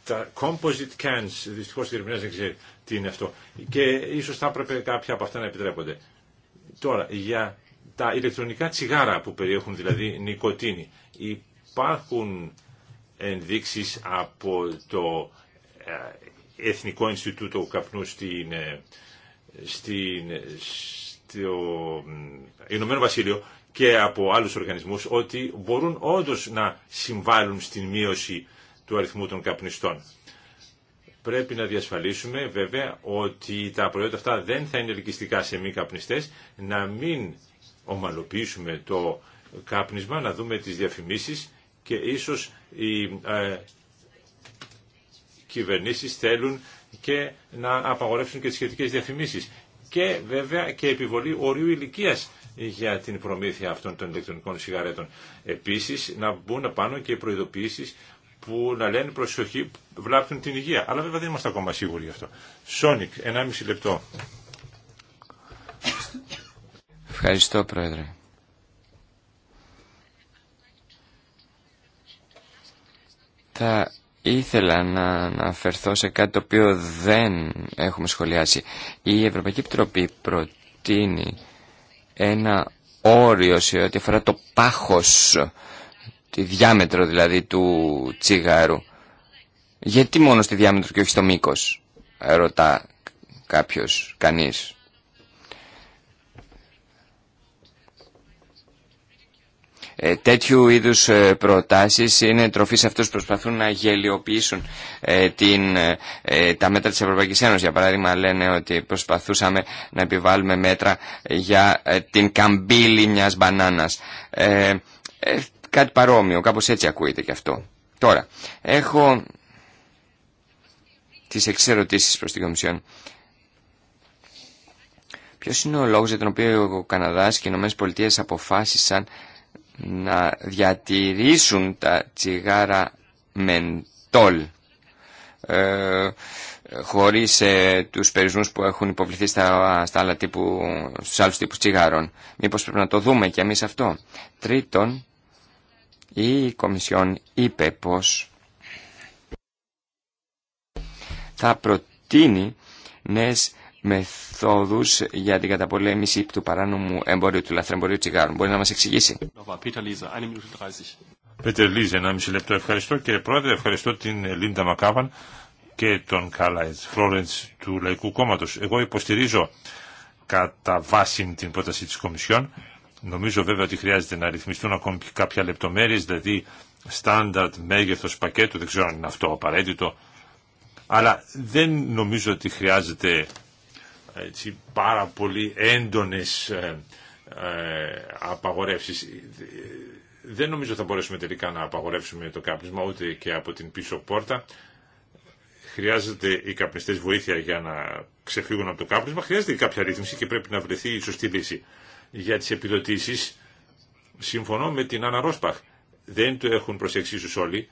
τα composite cans, δυστυχώς η δεν ξέρει τι είναι αυτό, και ίσως θα έπρεπε κάποια από αυτά να επιτρέπονται. Τώρα, για τα ηλεκτρονικά τσιγάρα που περιέχουν δηλαδή νικοτίνη, Υπάρχουν ενδείξεις από το ε, Εθνικό Ινστιτούτο Καπνού στην, ε, στην, στο ε, Ηνωμένο Βασίλειο και από άλλους οργανισμούς ότι μπορούν όντως να συμβάλλουν στην μείωση του αριθμού των καπνιστών. Πρέπει να διασφαλίσουμε βέβαια ότι τα προϊόντα αυτά δεν θα είναι ελκυστικά σε μη καπνιστές, να μην ομαλοποιήσουμε το κάπνισμα, να δούμε τις διαφημίσεις και ίσως οι ε, κυβερνήσεις θέλουν και να απαγορεύσουν και τις σχετικές διαφημίσεις. Και βέβαια και επιβολή ορίου ηλικίας για την προμήθεια αυτών των ηλεκτρονικών σιγαρέτων. Επίσης να μπουν πάνω και προειδοποιήσεις που να λένε προσοχή βλάπτουν την υγεία. Αλλά βέβαια δεν είμαστε ακόμα σίγουροι γι' αυτό. Σόνικ, 1,5 λεπτό. Ευχαριστώ Πρόεδρε. Θα ήθελα να αναφερθώ σε κάτι το οποίο δεν έχουμε σχολιάσει. Η Ευρωπαϊκή Επιτροπή προτείνει ένα όριο σε ό,τι αφορά το πάχος τη διάμετρο δηλαδή του τσιγάρου. Γιατί μόνο στη διάμετρο και όχι στο μήκος, ρωτά κάποιος, κανείς. Ε, τέτοιου είδους ε, προτάσεις είναι τροφή σε αυτούς που προσπαθούν να γελιοποιήσουν ε, την, ε, τα μέτρα της Ευρωπαϊκής Ένωσης. Για παράδειγμα λένε ότι προσπαθούσαμε να επιβάλλουμε μέτρα για την καμπύλη μιας μπανάνας. Κάτι παρόμοιο, κάπως έτσι ακούγεται και αυτό. Τώρα, έχω τις εξής προς την Κομισιόν. Ποιος είναι ο λόγος για τον οποίο ο Καναδάς και οι Ηνωμένες Πολιτείες αποφάσισαν να διατηρήσουν τα τσιγάρα μεντόλ ε, χωρίς ε, τους περισμούς που έχουν υποβληθεί στα, στα άλλα τύπου, στους άλλους τύπους τσιγάρων. Μήπως πρέπει να το δούμε κι εμείς αυτό. Τρίτον, η Κομισιόν είπε πως θα προτείνει νέες μεθόδους για την καταπολέμηση του παράνομου εμπορίου, του λαθρεμπορίου τσιγάρων. Μπορεί να μας εξηγήσει. Πέτερ Λίζε, ένα μισή λεπτό. Ευχαριστώ Και Πρόεδρε, ευχαριστώ την Λίντα Μακάβαν και τον Καλάιτ Φλόρεντς του Λαϊκού Κόμματος. Εγώ υποστηρίζω κατά βάση την πρόταση της Κομισιόν Νομίζω βέβαια ότι χρειάζεται να ρυθμιστούν ακόμη και κάποια λεπτομέρειε, δηλαδή στάνταρτ μέγεθος πακέτου, δεν ξέρω αν είναι αυτό απαραίτητο, αλλά δεν νομίζω ότι χρειάζεται έτσι, πάρα πολύ έντονες ε, ε απαγορεύσεις. Δεν νομίζω θα μπορέσουμε τελικά να απαγορεύσουμε το κάπνισμα ούτε και από την πίσω πόρτα. Χρειάζεται οι καπνιστές βοήθεια για να ξεφύγουν από το κάπνισμα. Χρειάζεται κάποια ρύθμιση και πρέπει να βρεθεί η σωστή λύση για τις επιδοτήσεις, συμφωνώ με την Άννα Ρόσπαχ. Δεν το έχουν προσέξει όλοι.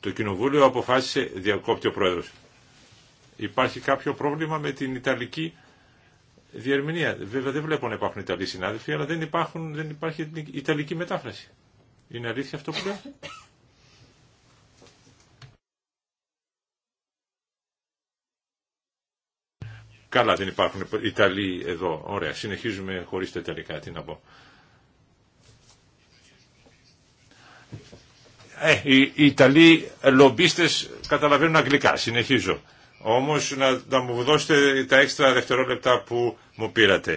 Το Κοινοβούλιο αποφάσισε, διακόπτει ο Πρόεδρος. Υπάρχει κάποιο πρόβλημα με την Ιταλική διερμηνία. Βέβαια δεν βλέπω να υπάρχουν Ιταλοί συνάδελφοι, αλλά δεν, υπάρχουν, δεν υπάρχει Ιταλική μετάφραση. Είναι αλήθεια αυτό που λέω. Καλά δεν υπάρχουν Ιταλοί εδώ. Ωραία, συνεχίζουμε χωρίς τα Ιταλικά, τι να πω. Ε, οι Ιταλοί λομπίστες καταλαβαίνουν αγγλικά, συνεχίζω. Όμως να, να μου δώσετε τα έξτρα δευτερόλεπτα που μου πήρατε.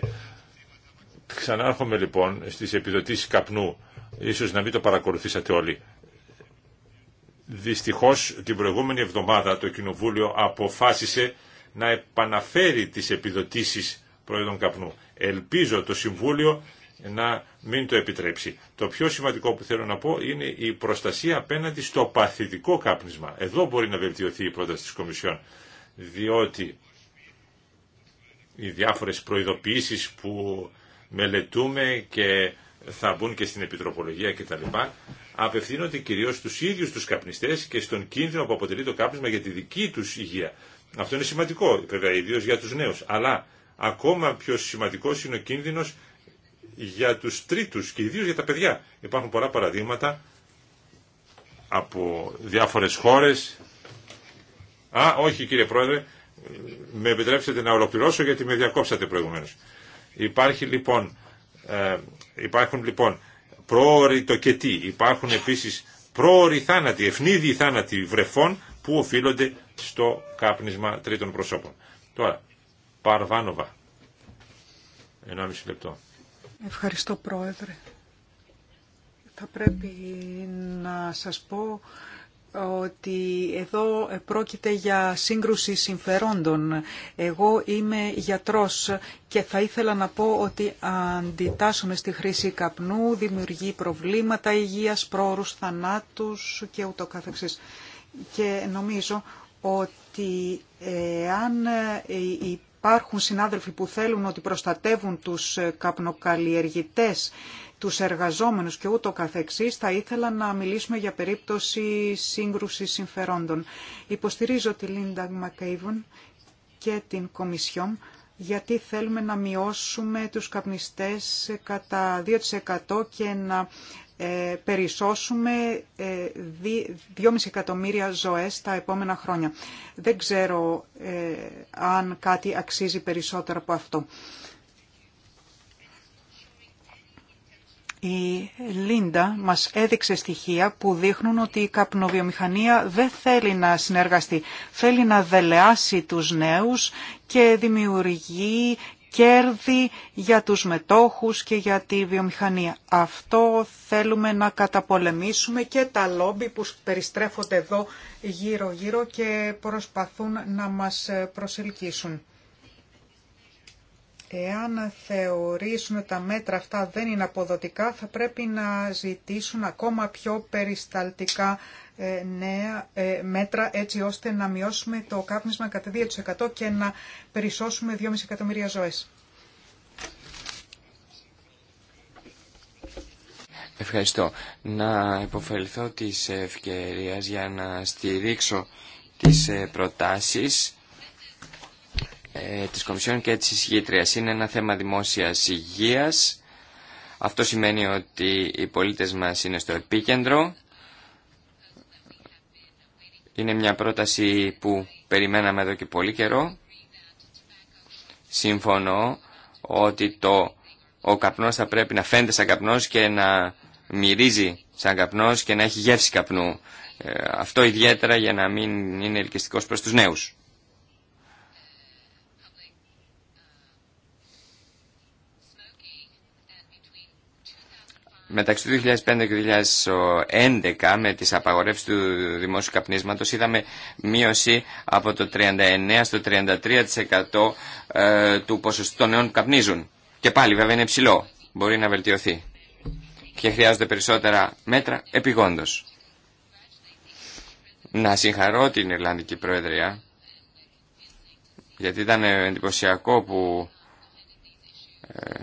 Ξανάρχομαι λοιπόν στις επιδοτήσεις καπνού. Ίσως να μην το παρακολουθήσατε όλοι. Δυστυχώς την προηγούμενη εβδομάδα το Κοινοβούλιο αποφάσισε να επαναφέρει τις επιδοτήσεις προϊόντων καπνού. Ελπίζω το Συμβούλιο να μην το επιτρέψει. Το πιο σημαντικό που θέλω να πω είναι η προστασία απέναντι στο παθητικό κάπνισμα. Εδώ μπορεί να βελτιωθεί η πρόταση της Κομισιόν, διότι οι διάφορες προειδοποιήσεις που μελετούμε και θα μπουν και στην επιτροπολογία κτλ. απευθύνονται κυρίως στους ίδιους τους καπνιστές και στον κίνδυνο που αποτελεί το κάπνισμα για τη δική τους υγεία. Αυτό είναι σημαντικό, βέβαια, ιδίω για τους νέους. Αλλά ακόμα πιο σημαντικός είναι ο κίνδυνος για τους τρίτους και ιδίω για τα παιδιά. Υπάρχουν πολλά παραδείγματα από διάφορες χώρες. Α, όχι κύριε Πρόεδρε, με επιτρέψετε να ολοκληρώσω γιατί με διακόψατε προηγουμένως. Υπάρχει λοιπόν, ε, υπάρχουν λοιπόν πρόοροι τοκετοί, υπάρχουν επίσης πρόοροι θάνατοι, ευνίδιοι θάνατοι βρεφών που οφείλονται στο κάπνισμα τρίτων προσώπων. Τώρα, Παρβάνοβα. 1,5 λεπτό. Ευχαριστώ Πρόεδρε. Θα πρέπει να σας πω ότι εδώ πρόκειται για σύγκρουση συμφερόντων. Εγώ είμαι γιατρός και θα ήθελα να πω ότι αντιτάσσουμε στη χρήση καπνού, δημιουργεί προβλήματα υγείας, πρόορους θανάτους και ούτω καθεξής. Και νομίζω ότι αν ε, υπάρχουν συνάδελφοι που θέλουν ότι προστατεύουν τους ε, καπνοκαλλιεργητές, τους εργαζόμενους και ούτω καθεξής, θα ήθελα να μιλήσουμε για περίπτωση σύγκρουση συμφερόντων. Υποστηρίζω τη Λίντα Μακέιβον και την Κομισιόν γιατί θέλουμε να μειώσουμε τους καπνιστές κατά 2% και να ε, περισσώσουμε 2,5 ε, εκατομμύρια ζωές τα επόμενα χρόνια. Δεν ξέρω ε, αν κάτι αξίζει περισσότερο από αυτό. Η Λίντα μας έδειξε στοιχεία που δείχνουν ότι η καπνοβιομηχανία δεν θέλει να συνεργαστεί. Θέλει να δελεάσει τους νέους και δημιουργεί κέρδη για τους μετόχους και για τη βιομηχανία. Αυτό θέλουμε να καταπολεμήσουμε και τα λόμπι που περιστρέφονται εδώ γύρω-γύρω και προσπαθούν να μας προσελκύσουν. Εάν θεωρήσουν ότι τα μέτρα αυτά δεν είναι αποδοτικά, θα πρέπει να ζητήσουν ακόμα πιο περισταλτικά ε, νέα ε, μέτρα, έτσι ώστε να μειώσουμε το κάπνισμα κατά 2% και να περισσώσουμε 2,5 εκατομμύρια ζωές. Ευχαριστώ. Να υποφεληθώ της ευκαιρίας για να στηρίξω τις ε, προτάσεις ε, της Κομισιόν και της Ισχύτριας Είναι ένα θέμα δημόσιας υγείας. Αυτό σημαίνει ότι οι πολίτες μας είναι στο επίκεντρο. Είναι μια πρόταση που περιμέναμε εδώ και πολύ καιρό. Συμφωνώ ότι το, ο καπνός θα πρέπει να φαίνεται σαν καπνός και να μυρίζει σαν καπνός και να έχει γεύση καπνού. Ε, αυτό ιδιαίτερα για να μην είναι ελκυστικός προς τους νέους. μεταξύ του 2005 και 2011 με τις απαγορεύσεις του δημόσιου καπνίσματος είδαμε μείωση από το 39% στο 33% ε, του ποσοστού των νέων που καπνίζουν. Και πάλι βέβαια είναι ψηλό, μπορεί να βελτιωθεί και χρειάζονται περισσότερα μέτρα επιγόντως. Να συγχαρώ την Ιρλανδική Προεδρία γιατί ήταν εντυπωσιακό που ε,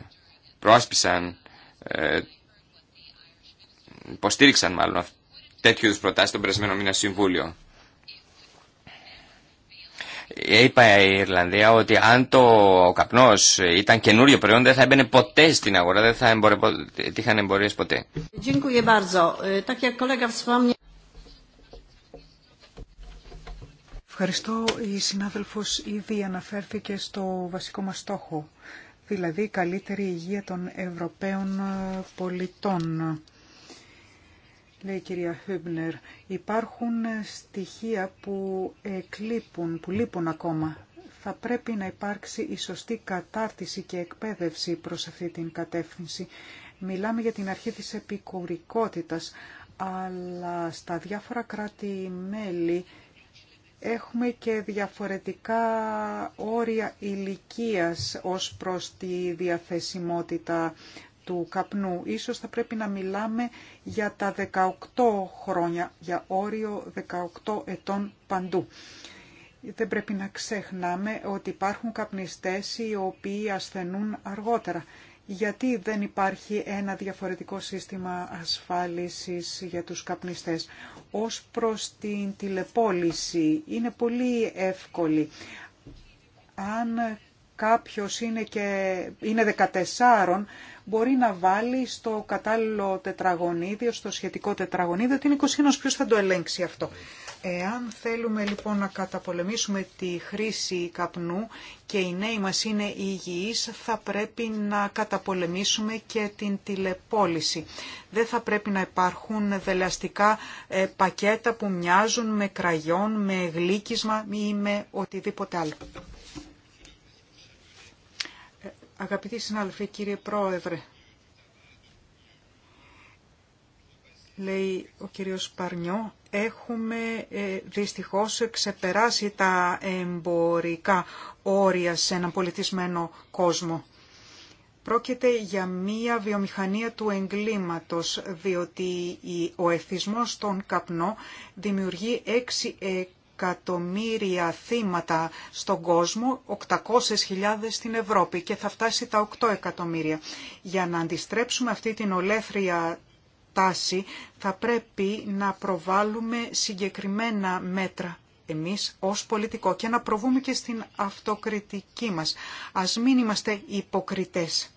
προάσπισαν ε, υποστήριξαν μάλλον τέτοιου είδου προτάσει τον περασμένο μήνα Συμβούλιο. Είπα η Ιρλανδία ότι αν το καπνό ήταν καινούριο προϊόν δεν θα έμπαινε ποτέ στην αγορά, δεν θα είχαν εμπορίε ποτέ. Ε, Ευχαριστώ. Η συνάδελφος ήδη αναφέρθηκε στο βασικό μας στόχο, δηλαδή καλύτερη υγεία των Ευρωπαίων ε, πολιτών. Λέει κυρία Χούμπνερ, υπάρχουν στοιχεία που εκλείπουν, που λείπουν ακόμα. Θα πρέπει να υπάρξει η σωστή κατάρτιση και εκπαίδευση προς αυτή την κατεύθυνση. Μιλάμε για την αρχή της επικουρικότητας, αλλά στα διάφορα κράτη-μέλη έχουμε και διαφορετικά όρια ηλικίας ως προς τη διαθεσιμότητα του καπνού. Ίσως θα πρέπει να μιλάμε για τα 18 χρόνια, για όριο 18 ετών παντού. Δεν πρέπει να ξεχνάμε ότι υπάρχουν καπνιστές οι οποίοι ασθενούν αργότερα. Γιατί δεν υπάρχει ένα διαφορετικό σύστημα ασφάλισης για τους καπνιστές. Ως προς την τηλεπόληση είναι πολύ εύκολη. Αν κάποιος είναι, και, είναι 14, μπορεί να βάλει στο κατάλληλο τετραγωνίδιο, στο σχετικό τετραγωνίδιο, την είναι 21, ποιος θα το ελέγξει αυτό. Εάν θέλουμε λοιπόν να καταπολεμήσουμε τη χρήση καπνού και οι νέοι μας είναι υγιείς, θα πρέπει να καταπολεμήσουμε και την τηλεπόληση. Δεν θα πρέπει να υπάρχουν δελαστικά ε, πακέτα που μοιάζουν με κραγιόν, με γλύκισμα ή με οτιδήποτε άλλο. Αγαπητοί συνάδελφοι, κύριε Πρόεδρε, λέει ο κύριος Παρνιό, έχουμε ε, δυστυχώς ξεπεράσει τα εμπορικά όρια σε έναν πολιτισμένο κόσμο. Πρόκειται για μία βιομηχανία του εγκλήματος, διότι ο εθισμός των καπνό δημιουργεί 6 εκατομμύρια θύματα στον κόσμο, 800.000 στην Ευρώπη και θα φτάσει τα 8 εκατομμύρια. Για να αντιστρέψουμε αυτή την ολέθρια τάση θα πρέπει να προβάλλουμε συγκεκριμένα μέτρα εμείς ως πολιτικό και να προβούμε και στην αυτοκριτική μας. Ας μην είμαστε υποκριτές.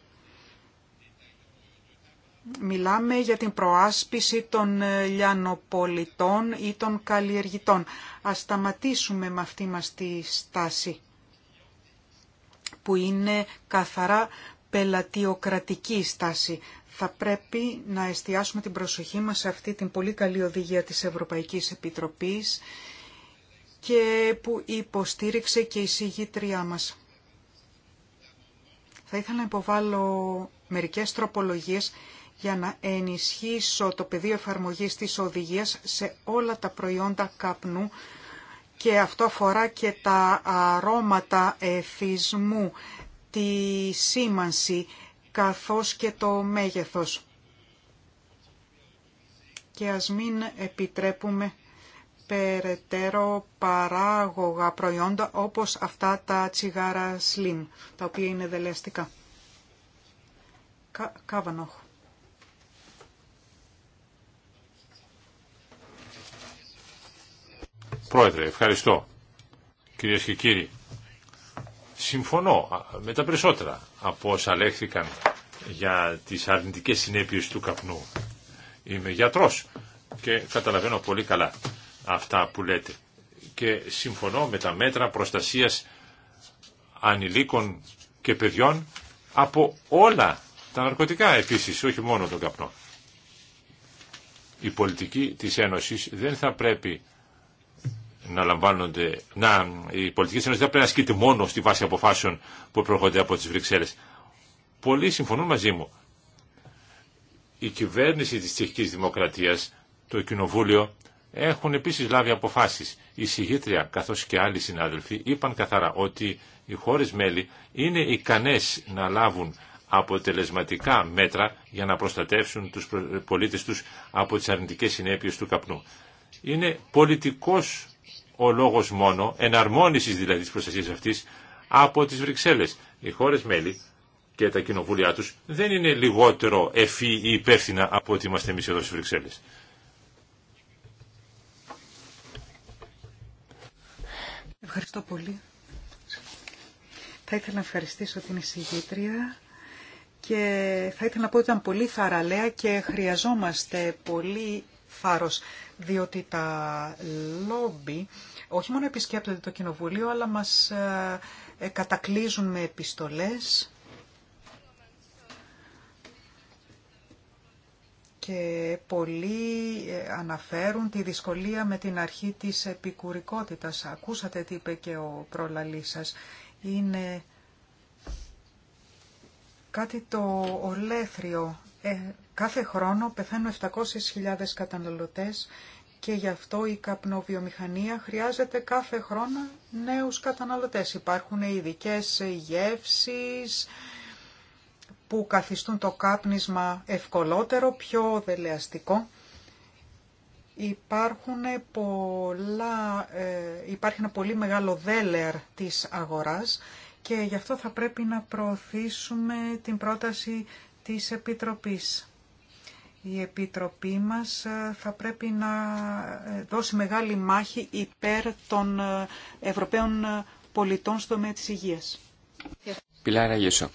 Μιλάμε για την προάσπιση των ε, λιανοπολιτών ή των καλλιεργητών. Ας σταματήσουμε με αυτή μας τη στάση που είναι καθαρά πελατιοκρατική στάση. Θα πρέπει να εστιάσουμε την προσοχή μας σε αυτή την πολύ καλή οδηγία της Ευρωπαϊκής Επιτροπής και που υποστήριξε και η συγγήτριά μας. Θα ήθελα να υποβάλω μερικές τροπολογίες για να ενισχύσω το πεδίο εφαρμογής της οδηγίας σε όλα τα προϊόντα καπνού και αυτό αφορά και τα αρώματα εθισμού, τη σήμανση καθώς και το μέγεθος. Και ας μην επιτρέπουμε περαιτέρω παράγωγα προϊόντα όπως αυτά τα τσιγάρα slim, τα οποία είναι δελεαστικά. Κα, Πρόεδρε, ευχαριστώ. κύριε και κύριοι, συμφωνώ με τα περισσότερα από όσα λέχθηκαν για τις αρνητικές συνέπειες του καπνού. Είμαι γιατρός και καταλαβαίνω πολύ καλά αυτά που λέτε. Και συμφωνώ με τα μέτρα προστασίας ανηλίκων και παιδιών από όλα τα ναρκωτικά επίσης, όχι μόνο τον καπνό. Η πολιτική της Ένωσης δεν θα πρέπει να λαμβάνονται, να, η πολιτική συνένωση δεν πρέπει να ασκείται μόνο στη βάση αποφάσεων που προέρχονται από τις Βρυξέλλες. Πολλοί συμφωνούν μαζί μου. Η κυβέρνηση της τσεχικής δημοκρατίας, το κοινοβούλιο, έχουν επίσης λάβει αποφάσεις. Η συγγήτρια, καθώς και άλλοι συνάδελφοι, είπαν καθαρά ότι οι χώρες μέλη είναι ικανές να λάβουν αποτελεσματικά μέτρα για να προστατεύσουν τους πολίτες τους από τις αρνητικές συνέπειε του καπνού. Είναι πολιτικός ο λόγος μόνο εναρμόνισης δηλαδή της προστασίας αυτής από τις Βρυξέλλες. Οι χώρες μέλη και τα κοινοβούλια τους δεν είναι λιγότερο ευφύ ή υπεύθυνα από ότι είμαστε εμείς εδώ στις Βρυξέλλες. Ευχαριστώ πολύ. Θα ήθελα να ευχαριστήσω την εισηγήτρια και θα ήθελα να πω ότι ήταν πολύ θαραλέα και χρειαζόμαστε πολύ φάρος διότι τα λόμπι όχι μόνο επισκέπτονται το Κοινοβουλίο, αλλά μας ε, ε, κατακλείζουν με επιστολές και πολλοί ε, αναφέρουν τη δυσκολία με την αρχή της επικουρικότητας. Ακούσατε τι είπε και ο προλαλής σας. Είναι κάτι το ολέθριο. Κάθε χρόνο πεθαίνουν 700.000 καταναλωτές και γι' αυτό η καπνοβιομηχανία χρειάζεται κάθε χρόνο νέους καταναλωτές. Υπάρχουν ειδικέ γεύσεις που καθιστούν το κάπνισμα ευκολότερο, πιο δελεαστικό. Υπάρχουν πολλά, ε, υπάρχει ένα πολύ μεγάλο δέλεαρ της αγοράς και γι' αυτό θα πρέπει να προωθήσουμε την πρόταση της Επιτροπής η Επιτροπή μας ε, θα πρέπει να ε, δώσει μεγάλη μάχη υπέρ των ε, Ευρωπαίων πολιτών στο τομέα της υγείας. Πιλάρα Γιώσο.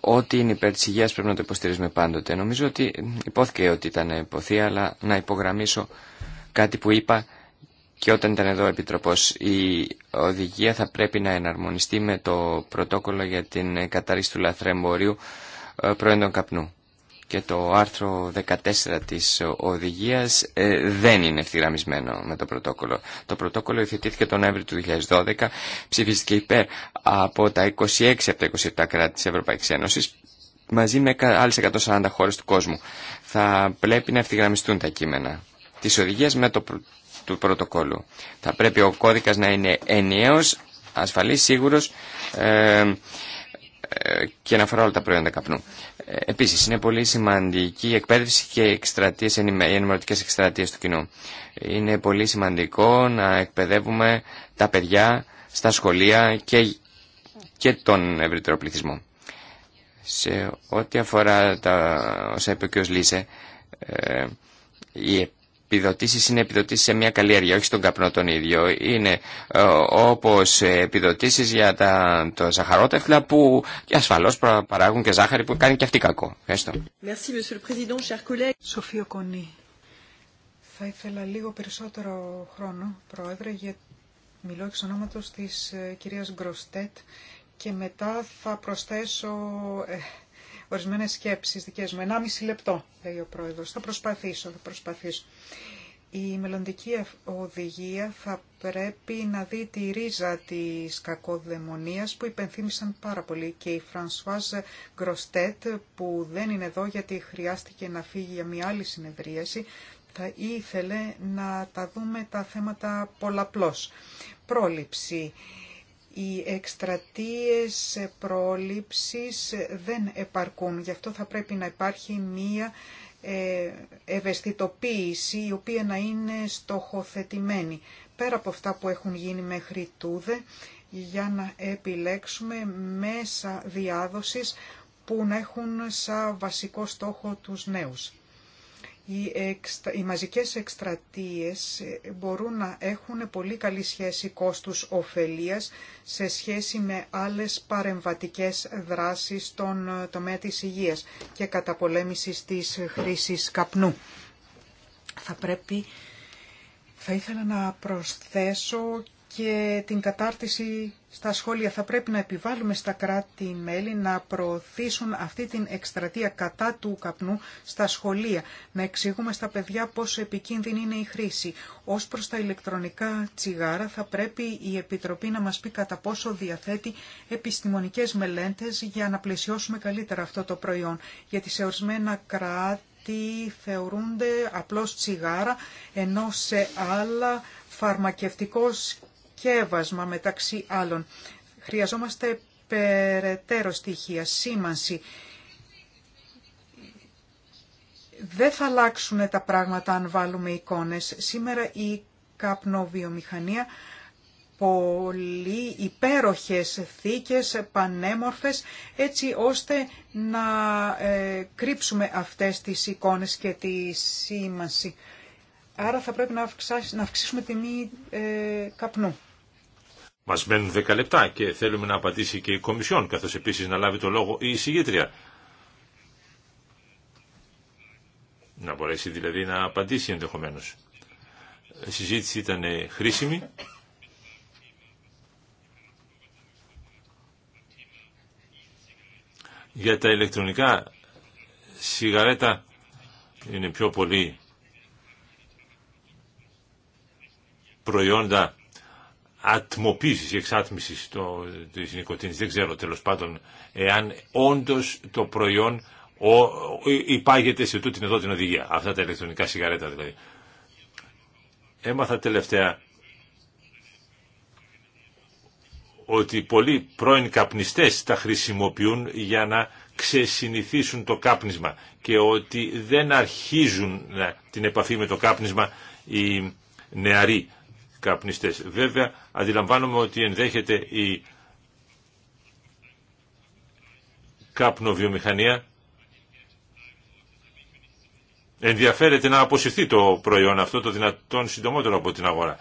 Ό,τι είναι υπέρ της υγείας πρέπει να το υποστηρίζουμε πάντοτε. Νομίζω ότι υπόθηκε ότι ήταν υποθεί, αλλά να υπογραμμίσω κάτι που είπα και όταν ήταν εδώ ο Επιτροπός. Η οδηγία θα πρέπει να εναρμονιστεί με το πρωτόκολλο για την κατάρριση του λαθρεμπορίου ε, προέντων καπνού. Και το άρθρο 14 της οδηγίας ε, δεν είναι ευθυγραμμισμένο με το πρωτόκολλο. Το πρωτόκολλο υιοθετήθηκε τον Νοέμβριο του 2012, ψηφίστηκε υπέρ από τα 26 από τα 27 κράτη της Ευρωπαϊκής Ένωσης, μαζί με άλλες 140 χώρες του κόσμου. Θα πρέπει να ευθυγραμμιστούν τα κείμενα της οδηγίας με το του πρωτοκόλου. Θα πρέπει ο κώδικας να είναι ενιαίος, ασφαλής, σίγουρος ε, ε και να αφορά όλα τα προϊόντα καπνού. Ε, επίσης, είναι πολύ σημαντική η εκπαίδευση και οι, οι ενημερωτικές εκστρατείες του κοινού. Είναι πολύ σημαντικό να εκπαιδεύουμε τα παιδιά στα σχολεία και, και τον ευρύτερο πληθυσμό. Σε ό,τι αφορά τα όσα είπε ο κ. Λίσε, ε, η επιδοτήσεις είναι επιδοτήσεις σε μια καλλιέργεια, όχι στον καπνό τον ίδιο. Είναι ε, όπως επιδοτήσεις για τα, το ζαχαρότευλα που και ασφαλώς παράγουν και ζάχαρη που κάνει και αυτή κακό. Ευχαριστώ. Σοφία Κονή. Θα ήθελα λίγο περισσότερο χρόνο, Πρόεδρε, γιατί μιλώ εξ ονόματος της ε, κυρίας Γκροστέτ και μετά θα προσθέσω ε, ορισμένες σκέψεις δικές μου. 1,5 λεπτό, λέει ο πρόεδρος. Θα προσπαθήσω, θα προσπαθήσω. Η μελλοντική οδηγία θα πρέπει να δει τη ρίζα της κακοδαιμονίας που υπενθύμησαν πάρα πολύ και η Φρανσουάζ Γκροστέτ που δεν είναι εδώ γιατί χρειάστηκε να φύγει για μια άλλη συνεδρίαση θα ήθελε να τα δούμε τα θέματα πολλαπλώς. Πρόληψη, οι εκστρατείες πρόληψης δεν επαρκούν. Γι' αυτό θα πρέπει να υπάρχει μία ε, ευαισθητοποίηση η οποία να είναι στοχοθετημένη. Πέρα από αυτά που έχουν γίνει μέχρι τούδε για να επιλέξουμε μέσα διάδοσης που να έχουν σαν βασικό στόχο τους νέους οι, μαζικέ οι μαζικές εκστρατείες ε, μπορούν να έχουν πολύ καλή σχέση κόστους ωφελίας σε σχέση με άλλες παρεμβατικές δράσεις στον ε, τομέα της υγείας και καταπολέμησης της χρήσης καπνού. Θα πρέπει... Θα ήθελα να προσθέσω και την κατάρτιση στα σχόλια. Θα πρέπει να επιβάλλουμε στα κράτη-μέλη να προωθήσουν αυτή την εκστρατεία κατά του καπνού στα σχολεία. Να εξηγούμε στα παιδιά πόσο επικίνδυνη είναι η χρήση. Ως προς τα ηλεκτρονικά τσιγάρα θα πρέπει η Επιτροπή να μας πει κατά πόσο διαθέτει επιστημονικές μελέτες για να πλαισιώσουμε καλύτερα αυτό το προϊόν. Γιατί σε ορισμένα κράτη θεωρούνται απλώς τσιγάρα, ενώ σε άλλα φαρμακευτικός σκεύασμα μεταξύ άλλων. Χρειαζόμαστε περαιτέρω στοιχεία, σήμανση. Δεν θα αλλάξουν τα πράγματα αν βάλουμε εικόνες. Σήμερα η καπνοβιομηχανία πολύ υπέροχες θήκες, πανέμορφες, έτσι ώστε να ε, κρύψουμε αυτές τις εικόνες και τη σήμανση. Άρα θα πρέπει να, αυξήσουμε τιμή ε, καπνού. Μα μένουν 10 λεπτά και θέλουμε να απαντήσει και η Κομισιόν, καθώ επίση να λάβει το λόγο η εισηγήτρια. Να μπορέσει δηλαδή να απαντήσει ενδεχομένω. Η συζήτηση ήταν χρήσιμη. Για τα ηλεκτρονικά σιγαρέτα είναι πιο πολύ προϊόντα ατμοποίησης ή εξάτμισης το, της νοικοτήνης. Δεν ξέρω τέλος πάντων εάν όντως το προϊόν ο, υπάγεται σε τούτην εδώ την οδηγία. Αυτά τα ηλεκτρονικά σιγαρέτα δηλαδή. Έμαθα τελευταία ότι πολλοί πρώην καπνιστές τα χρησιμοποιούν για να ξεσυνηθίσουν το κάπνισμα και ότι δεν αρχίζουν την επαφή με το κάπνισμα οι νεαροί καπνιστές. Βέβαια, αντιλαμβάνομαι ότι ενδέχεται η καπνοβιομηχανία ενδιαφέρεται να αποσυρθεί το προϊόν αυτό το δυνατόν συντομότερο από την αγορά.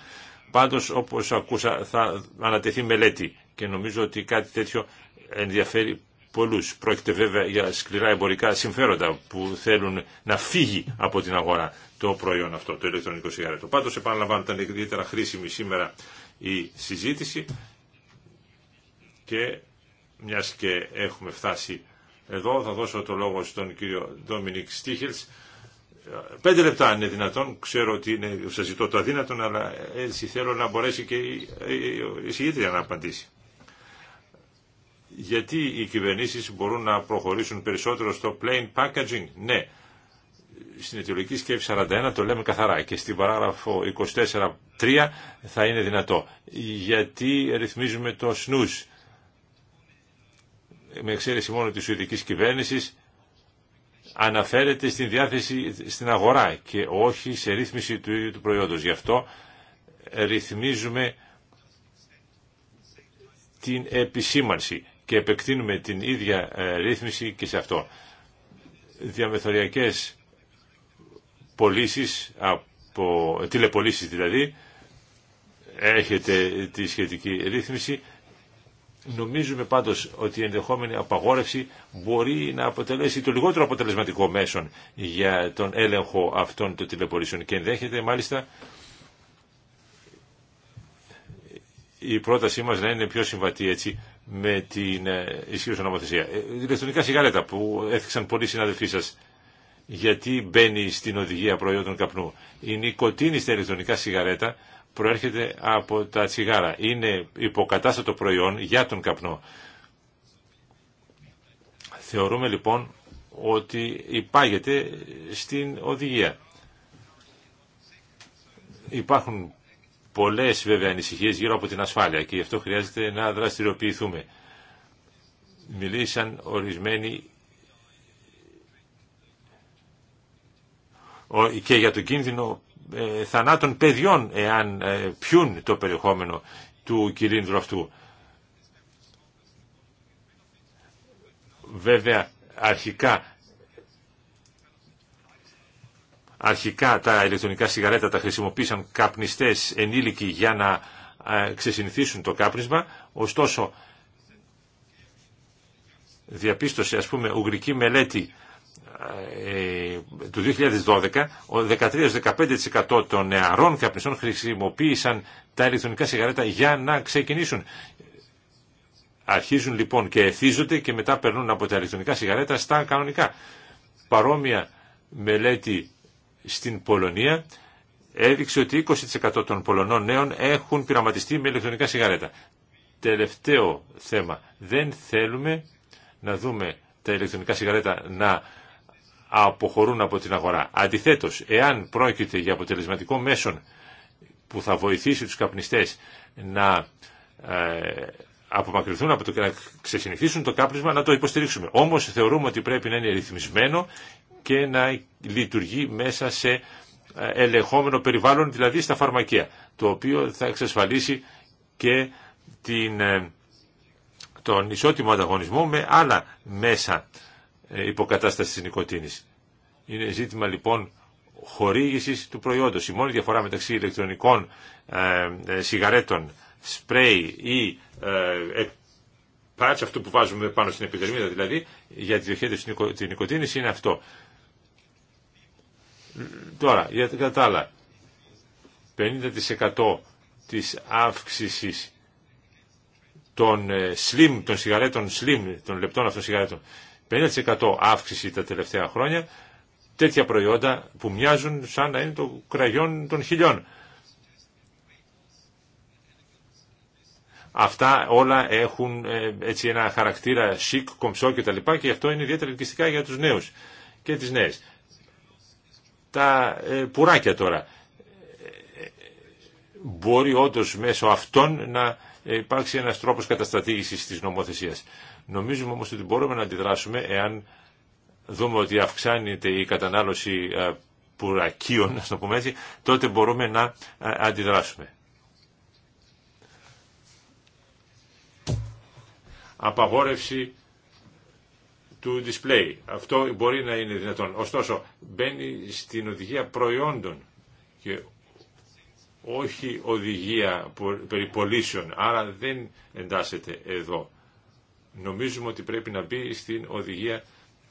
Πάντως, όπως ακούσα, θα ανατεθεί μελέτη και νομίζω ότι κάτι τέτοιο ενδιαφέρει πολλούς. Πρόκειται βέβαια για σκληρά εμπορικά συμφέροντα που θέλουν να φύγει από την αγορά το προϊόν αυτό, το ηλεκτρονικό σιγαρέτο. Πάντως επαναλαμβάνω ήταν ιδιαίτερα χρήσιμη σήμερα η συζήτηση και μια και έχουμε φτάσει εδώ θα δώσω το λόγο στον κύριο Ντόμινικ Στίχελ. Πέντε λεπτά είναι δυνατόν, ξέρω ότι είναι, σας ζητώ το αδύνατον, αλλά έτσι θέλω να μπορέσει και η εισηγήτρια να απαντήσει. Γιατί οι κυβερνήσεις μπορούν να προχωρήσουν περισσότερο στο plain packaging. Ναι, στην αιτιολογική σκέψη 41 το λέμε καθαρά και στην παράγραφο 24.3 θα είναι δυνατό. Γιατί ρυθμίζουμε το SNUS. Με εξαίρεση μόνο της Σουηδικής κυβέρνησης αναφέρεται στην διάθεση στην αγορά και όχι σε ρύθμιση του ίδιου του προϊόντος. Γι' αυτό ρυθμίζουμε την επισήμανση και επεκτείνουμε την ίδια ε, ρύθμιση και σε αυτό. Διαμεθοριακές πωλήσει, από, τηλεπολίσεις δηλαδή, έχετε τη σχετική ρύθμιση. Νομίζουμε πάντως ότι η ενδεχόμενη απαγόρευση μπορεί να αποτελέσει το λιγότερο αποτελεσματικό μέσον για τον έλεγχο αυτών των τηλεπολίσεων και ενδέχεται μάλιστα η πρότασή μας να είναι πιο συμβατή έτσι με την ε, ισχύουσα νομοθεσία. Ε, ηλεκτρονικά σιγάρετα που έφτιαξαν πολλοί συναδελφοί σα γιατί μπαίνει στην οδηγία προϊόντων καπνού. Η νοικοτήνη στα ηλεκτρονικά σιγαρέτα προέρχεται από τα τσιγάρα. Είναι υποκατάστατο προϊόν για τον καπνό. Θεωρούμε λοιπόν ότι υπάγεται στην οδηγία. Υπάρχουν Πολλέ βέβαια ανησυχίε γύρω από την ασφάλεια και γι' αυτό χρειάζεται να δραστηριοποιηθούμε. Μιλήσαν ορισμένοι και για το κίνδυνο ε, θανάτων παιδιών εάν ε, πιούν το περιεχόμενο του κυλίνδρου αυτού. Βέβαια αρχικά Αρχικά τα ηλεκτρονικά σιγαρέτα τα χρησιμοποίησαν καπνιστές ενήλικοι για να ε, ξεσυνηθίσουν το κάπνισμα, ωστόσο διαπίστωσε ας πούμε ουγγρική μελέτη ε, ε, του 2012 ο 13-15% των νεαρών καπνιστών χρησιμοποίησαν τα ηλεκτρονικά σιγαρέτα για να ξεκινήσουν. Αρχίζουν λοιπόν και εθίζονται και μετά περνούν από τα ηλεκτρονικά σιγαρέτα στα κανονικά. Παρόμοια μελέτη στην Πολωνία έδειξε ότι 20% των Πολωνών νέων έχουν πειραματιστεί με ηλεκτρονικά σιγαρέτα. Τελευταίο θέμα. Δεν θέλουμε να δούμε τα ηλεκτρονικά σιγαρέτα να αποχωρούν από την αγορά. Αντιθέτως, εάν πρόκειται για αποτελεσματικό μέσο που θα βοηθήσει τους καπνιστές να ε, απομακρυνθούν από το να ξεσυνηθίσουν το κάπνισμα, να το υποστηρίξουμε. Όμως θεωρούμε ότι πρέπει να είναι ρυθμισμένο και να λειτουργεί μέσα σε ε, ελεγχόμενο περιβάλλον, δηλαδή στα φαρμακεία, το οποίο θα εξασφαλίσει και την, ε, τον ισότιμο ανταγωνισμό με άλλα μέσα ε, υποκατάστασης της νοικοτήνης. Είναι ζήτημα λοιπόν χορήγησης του προϊόντος. Η μόνη διαφορά μεταξύ ηλεκτρονικών ε, σιγαρέτων, σπρέι ή ε, αυτού αυτό που βάζουμε πάνω στην επιδερμίδα δηλαδή, για τη διοχέτευση της νοικοτήνης είναι αυτό. Τώρα, για τα άλλα, 50% της αύξησης των ε, slim, των σιγαρέτων slim, των λεπτών αυτών σιγαρέτων, 50% αύξηση τα τελευταία χρόνια, τέτοια προϊόντα που μοιάζουν σαν να είναι το κραγιόν των χιλιών. Αυτά όλα έχουν ε, έτσι ένα χαρακτήρα chic, κομψό κτλ. Και, και αυτό είναι ιδιαίτερα ελκυστικά για τους νέους και τις νέες τα ε, πουράκια τώρα. Μπορεί όντω μέσω αυτών να υπάρξει ένας τρόπος καταστατήγησης της νομοθεσίας. Νομίζουμε όμως ότι μπορούμε να αντιδράσουμε εάν δούμε ότι αυξάνεται η κατανάλωση ε, πουρακίων, να πούμε έτσι, τότε μπορούμε να ε, αντιδράσουμε. Απαγόρευση του display. Αυτό μπορεί να είναι δυνατόν. Ωστόσο, μπαίνει στην οδηγία προϊόντων και όχι οδηγία περί Άρα δεν εντάσσεται εδώ. Νομίζουμε ότι πρέπει να μπει στην οδηγία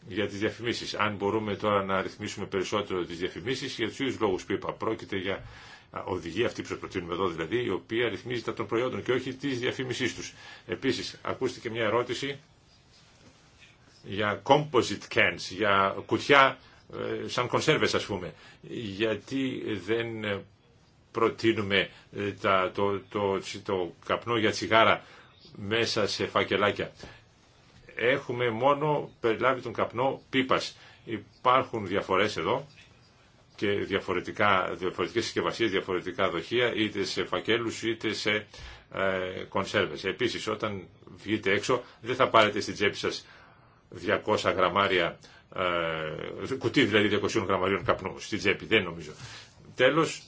για τις διαφημίσεις. Αν μπορούμε τώρα να ρυθμίσουμε περισσότερο τις διαφημίσεις, για τους ίδιους λόγους που είπα, πρόκειται για οδηγία αυτή που σας προτείνουμε εδώ δηλαδή, η οποία ρυθμίζεται από των προϊόντων και όχι τις διαφημίσεις τους. Επίσης, ακούστηκε μια ερώτηση για composite cans, για κουτιά ε, σαν κονσέρβες ας πούμε. Γιατί δεν προτείνουμε ε, τα, το, το, το καπνό για τσιγάρα μέσα σε φακελάκια. Έχουμε μόνο περιλάβει τον καπνό πίπας. Υπάρχουν διαφορές εδώ και διαφορετικά, διαφορετικές συσκευασίες, διαφορετικά δοχεία, είτε σε φακέλους είτε σε ε, κονσέρβες. Επίσης, όταν βγείτε έξω, δεν θα πάρετε στην τσέπη σας 200 γραμμάρια, ε, κουτί δηλαδή 200 γραμμαρίων καπνού στη τσέπη, δεν νομίζω. Τέλος,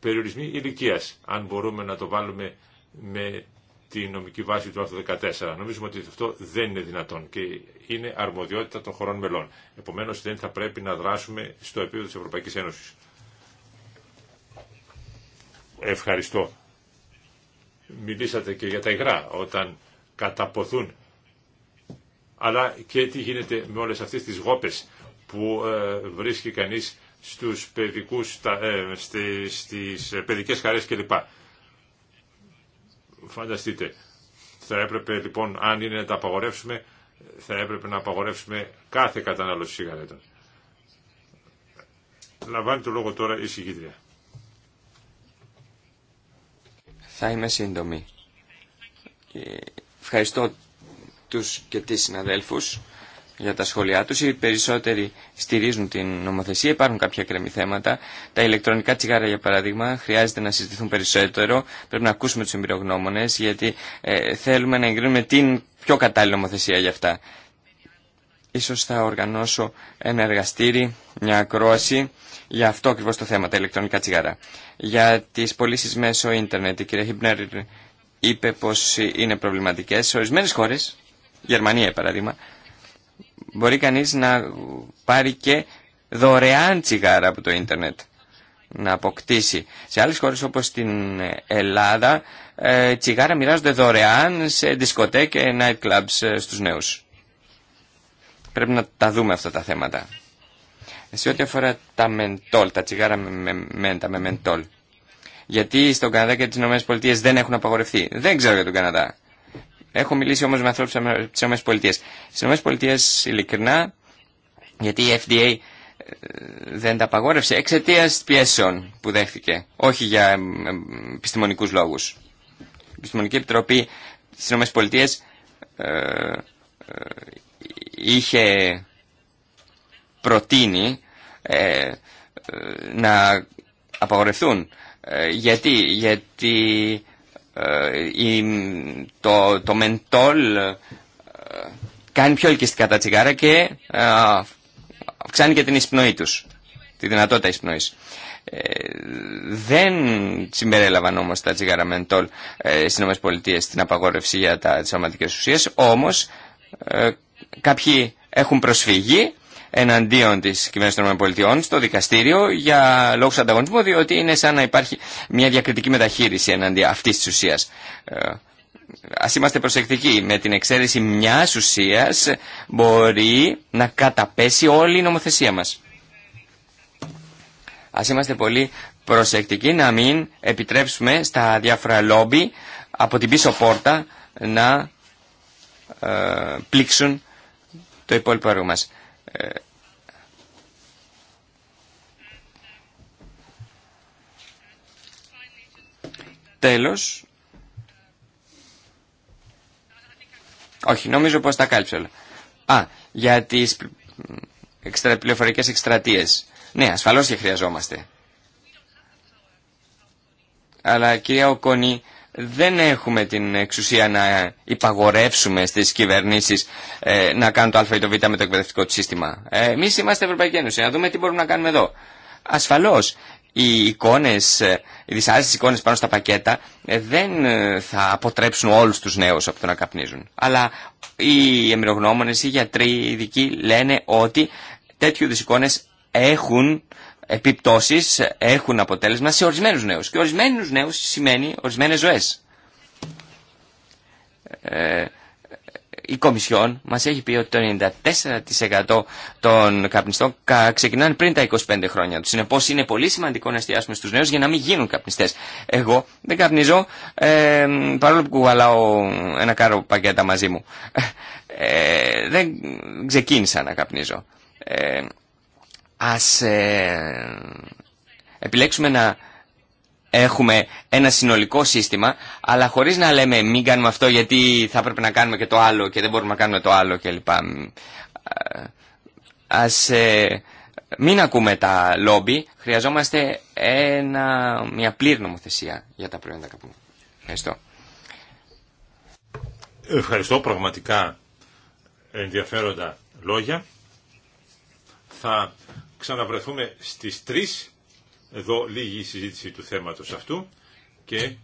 περιορισμοί ηλικίας, αν μπορούμε να το βάλουμε με τη νομική βάση του άρθρου 14. Νομίζουμε ότι αυτό δεν είναι δυνατόν και είναι αρμοδιότητα των χωρών μελών. Επομένως δεν θα πρέπει να δράσουμε στο επίπεδο της Ευρωπαϊκής Ένωσης. Ευχαριστώ. Μιλήσατε και για τα υγρά όταν καταποθούν αλλά και τι γίνεται με όλες αυτές τις γόπες που ε, βρίσκει κανείς στους παιδικούς, ε, στις ε, παιδικές χαρές κλπ. Φανταστείτε, θα έπρεπε λοιπόν αν είναι να τα απαγορεύσουμε, θα έπρεπε να απαγορεύσουμε κάθε κατανάλωση σιγαρέτων. Λαμβάνει το λόγο τώρα η συγκίτρια. Θα είμαι σύντομη. Ευχαριστώ τους και τις συναδέλφους για τα σχόλιά τους. Οι περισσότεροι στηρίζουν την νομοθεσία, υπάρχουν κάποια κρεμή θέματα. Τα ηλεκτρονικά τσιγάρα, για παράδειγμα, χρειάζεται να συζητηθούν περισσότερο. Πρέπει να ακούσουμε τους εμπειρογνώμονες, γιατί ε, θέλουμε να εγκρίνουμε την πιο κατάλληλη νομοθεσία για αυτά. Ίσως θα οργανώσω ένα εργαστήρι, μια ακρόαση, για αυτό ακριβώ το θέμα, τα ηλεκτρονικά τσιγάρα. Για τις πωλήσει μέσω ίντερνετ, η κυρία Χίμπνερ είπε πω είναι προβληματικές σε ορισμένες χώρες Γερμανία παράδειγμα, μπορεί κανείς να πάρει και δωρεάν τσιγάρα από το ίντερνετ να αποκτήσει. Σε άλλες χώρες όπως την Ελλάδα ε, τσιγάρα μοιράζονται δωρεάν σε δισκοτέ και nightclubs ε, στους νέους. Πρέπει να τα δούμε αυτά τα θέματα. Σε ό,τι αφορά τα μεντόλ, τα τσιγάρα με, μέντα, με μεντόλ. Γιατί στον Καναδά και τις ΗΠΑ δεν έχουν απαγορευτεί. Δεν ξέρω για τον Καναδά. Έχω μιλήσει όμως με ανθρώπους της ΗΠΑ. Στις Πολιτεία ειλικρινά, γιατί η FDA ε, δεν τα απαγόρευσε εξαιτία πιέσεων που δέχθηκε, όχι για επιστημονικούς λόγους. Η Επιστημονική Επιτροπή στι ΗΠΑ ε, ε, είχε προτείνει ε, ε να απαγορευτούν. γιατί, γιατί ε, το, το μεντόλ κάνει πιο ελκυστικά τα τσιγάρα και ε, αυξάνει και την εισπνοή τους, τη δυνατότητα εισπνοής. Ε, δεν συμπερέλαβαν όμως τα τσιγάρα μεντόλ ε, στις ΗΠΑ στην απαγόρευση για τα, τις ουσίες, όμως ε, κάποιοι έχουν προσφύγει εναντίον τη Κυβέρνησης των ΗΠΑ στο δικαστήριο για λόγους ανταγωνισμού, διότι είναι σαν να υπάρχει μια διακριτική μεταχείριση εναντίον αυτής τη ουσία. Ε, ας είμαστε προσεκτικοί, με την εξαίρεση μιας ουσίας μπορεί να καταπέσει όλη η νομοθεσία μας. Ας είμαστε πολύ προσεκτικοί να μην επιτρέψουμε στα διάφορα λόμπι από την πίσω πόρτα να ε, πλήξουν το υπόλοιπο έργο μας. Τέλος. Όχι, νομίζω πως τα κάλυψε όλα. Α, για τις εξτρα, πληροφορικές εκστρατείες. Ναι, ασφαλώς και χρειαζόμαστε. Αλλά κυρία Οκόνη, δεν έχουμε την εξουσία να υπαγορεύσουμε στις κυβερνήσεις ε, να κάνουν το α ή το β με το εκπαιδευτικό του σύστημα. Ε, εμείς είμαστε Ευρωπαϊκή Ένωση, να δούμε τι μπορούμε να κάνουμε εδώ. Ασφαλώς, οι εικόνες, ε, οι εικόνες πάνω στα πακέτα ε, δεν θα αποτρέψουν όλους τους νέους από το να καπνίζουν. Αλλά οι εμπειρογνώμονες, οι γιατροί, ειδικοί λένε ότι τέτοιου είδους εικόνες έχουν επιπτώσεις έχουν αποτέλεσμα σε ορισμένους νέους. Και ορισμένους νέους σημαίνει ορισμένες ζωές. Ε, η Κομισιόν μας έχει πει ότι το 94% των καπνιστών ξεκινάνε πριν τα 25 χρόνια τους. Συνεπώς είναι πολύ σημαντικό να εστιάσουμε στους νέους για να μην γίνουν καπνιστές. Εγώ δεν καπνίζω ε, παρόλο που κουβαλάω ένα κάρο πακέτα μαζί μου. Ε, δεν ξεκίνησα να καπνίζω. Ε, ας ε, επιλέξουμε να έχουμε ένα συνολικό σύστημα, αλλά χωρίς να λέμε μην κάνουμε αυτό γιατί θα πρέπει να κάνουμε και το άλλο και δεν μπορούμε να κάνουμε το άλλο κλπ. Ας ε, μην ακούμε τα λόμπι, χρειαζόμαστε ένα, μια πλήρη νομοθεσία για τα προϊόντα καπνού. Ευχαριστώ. Ευχαριστώ πραγματικά ενδιαφέροντα λόγια. Θα ξαναβρεθούμε στις 3. Εδώ λίγη συζήτηση του θέματος αυτού και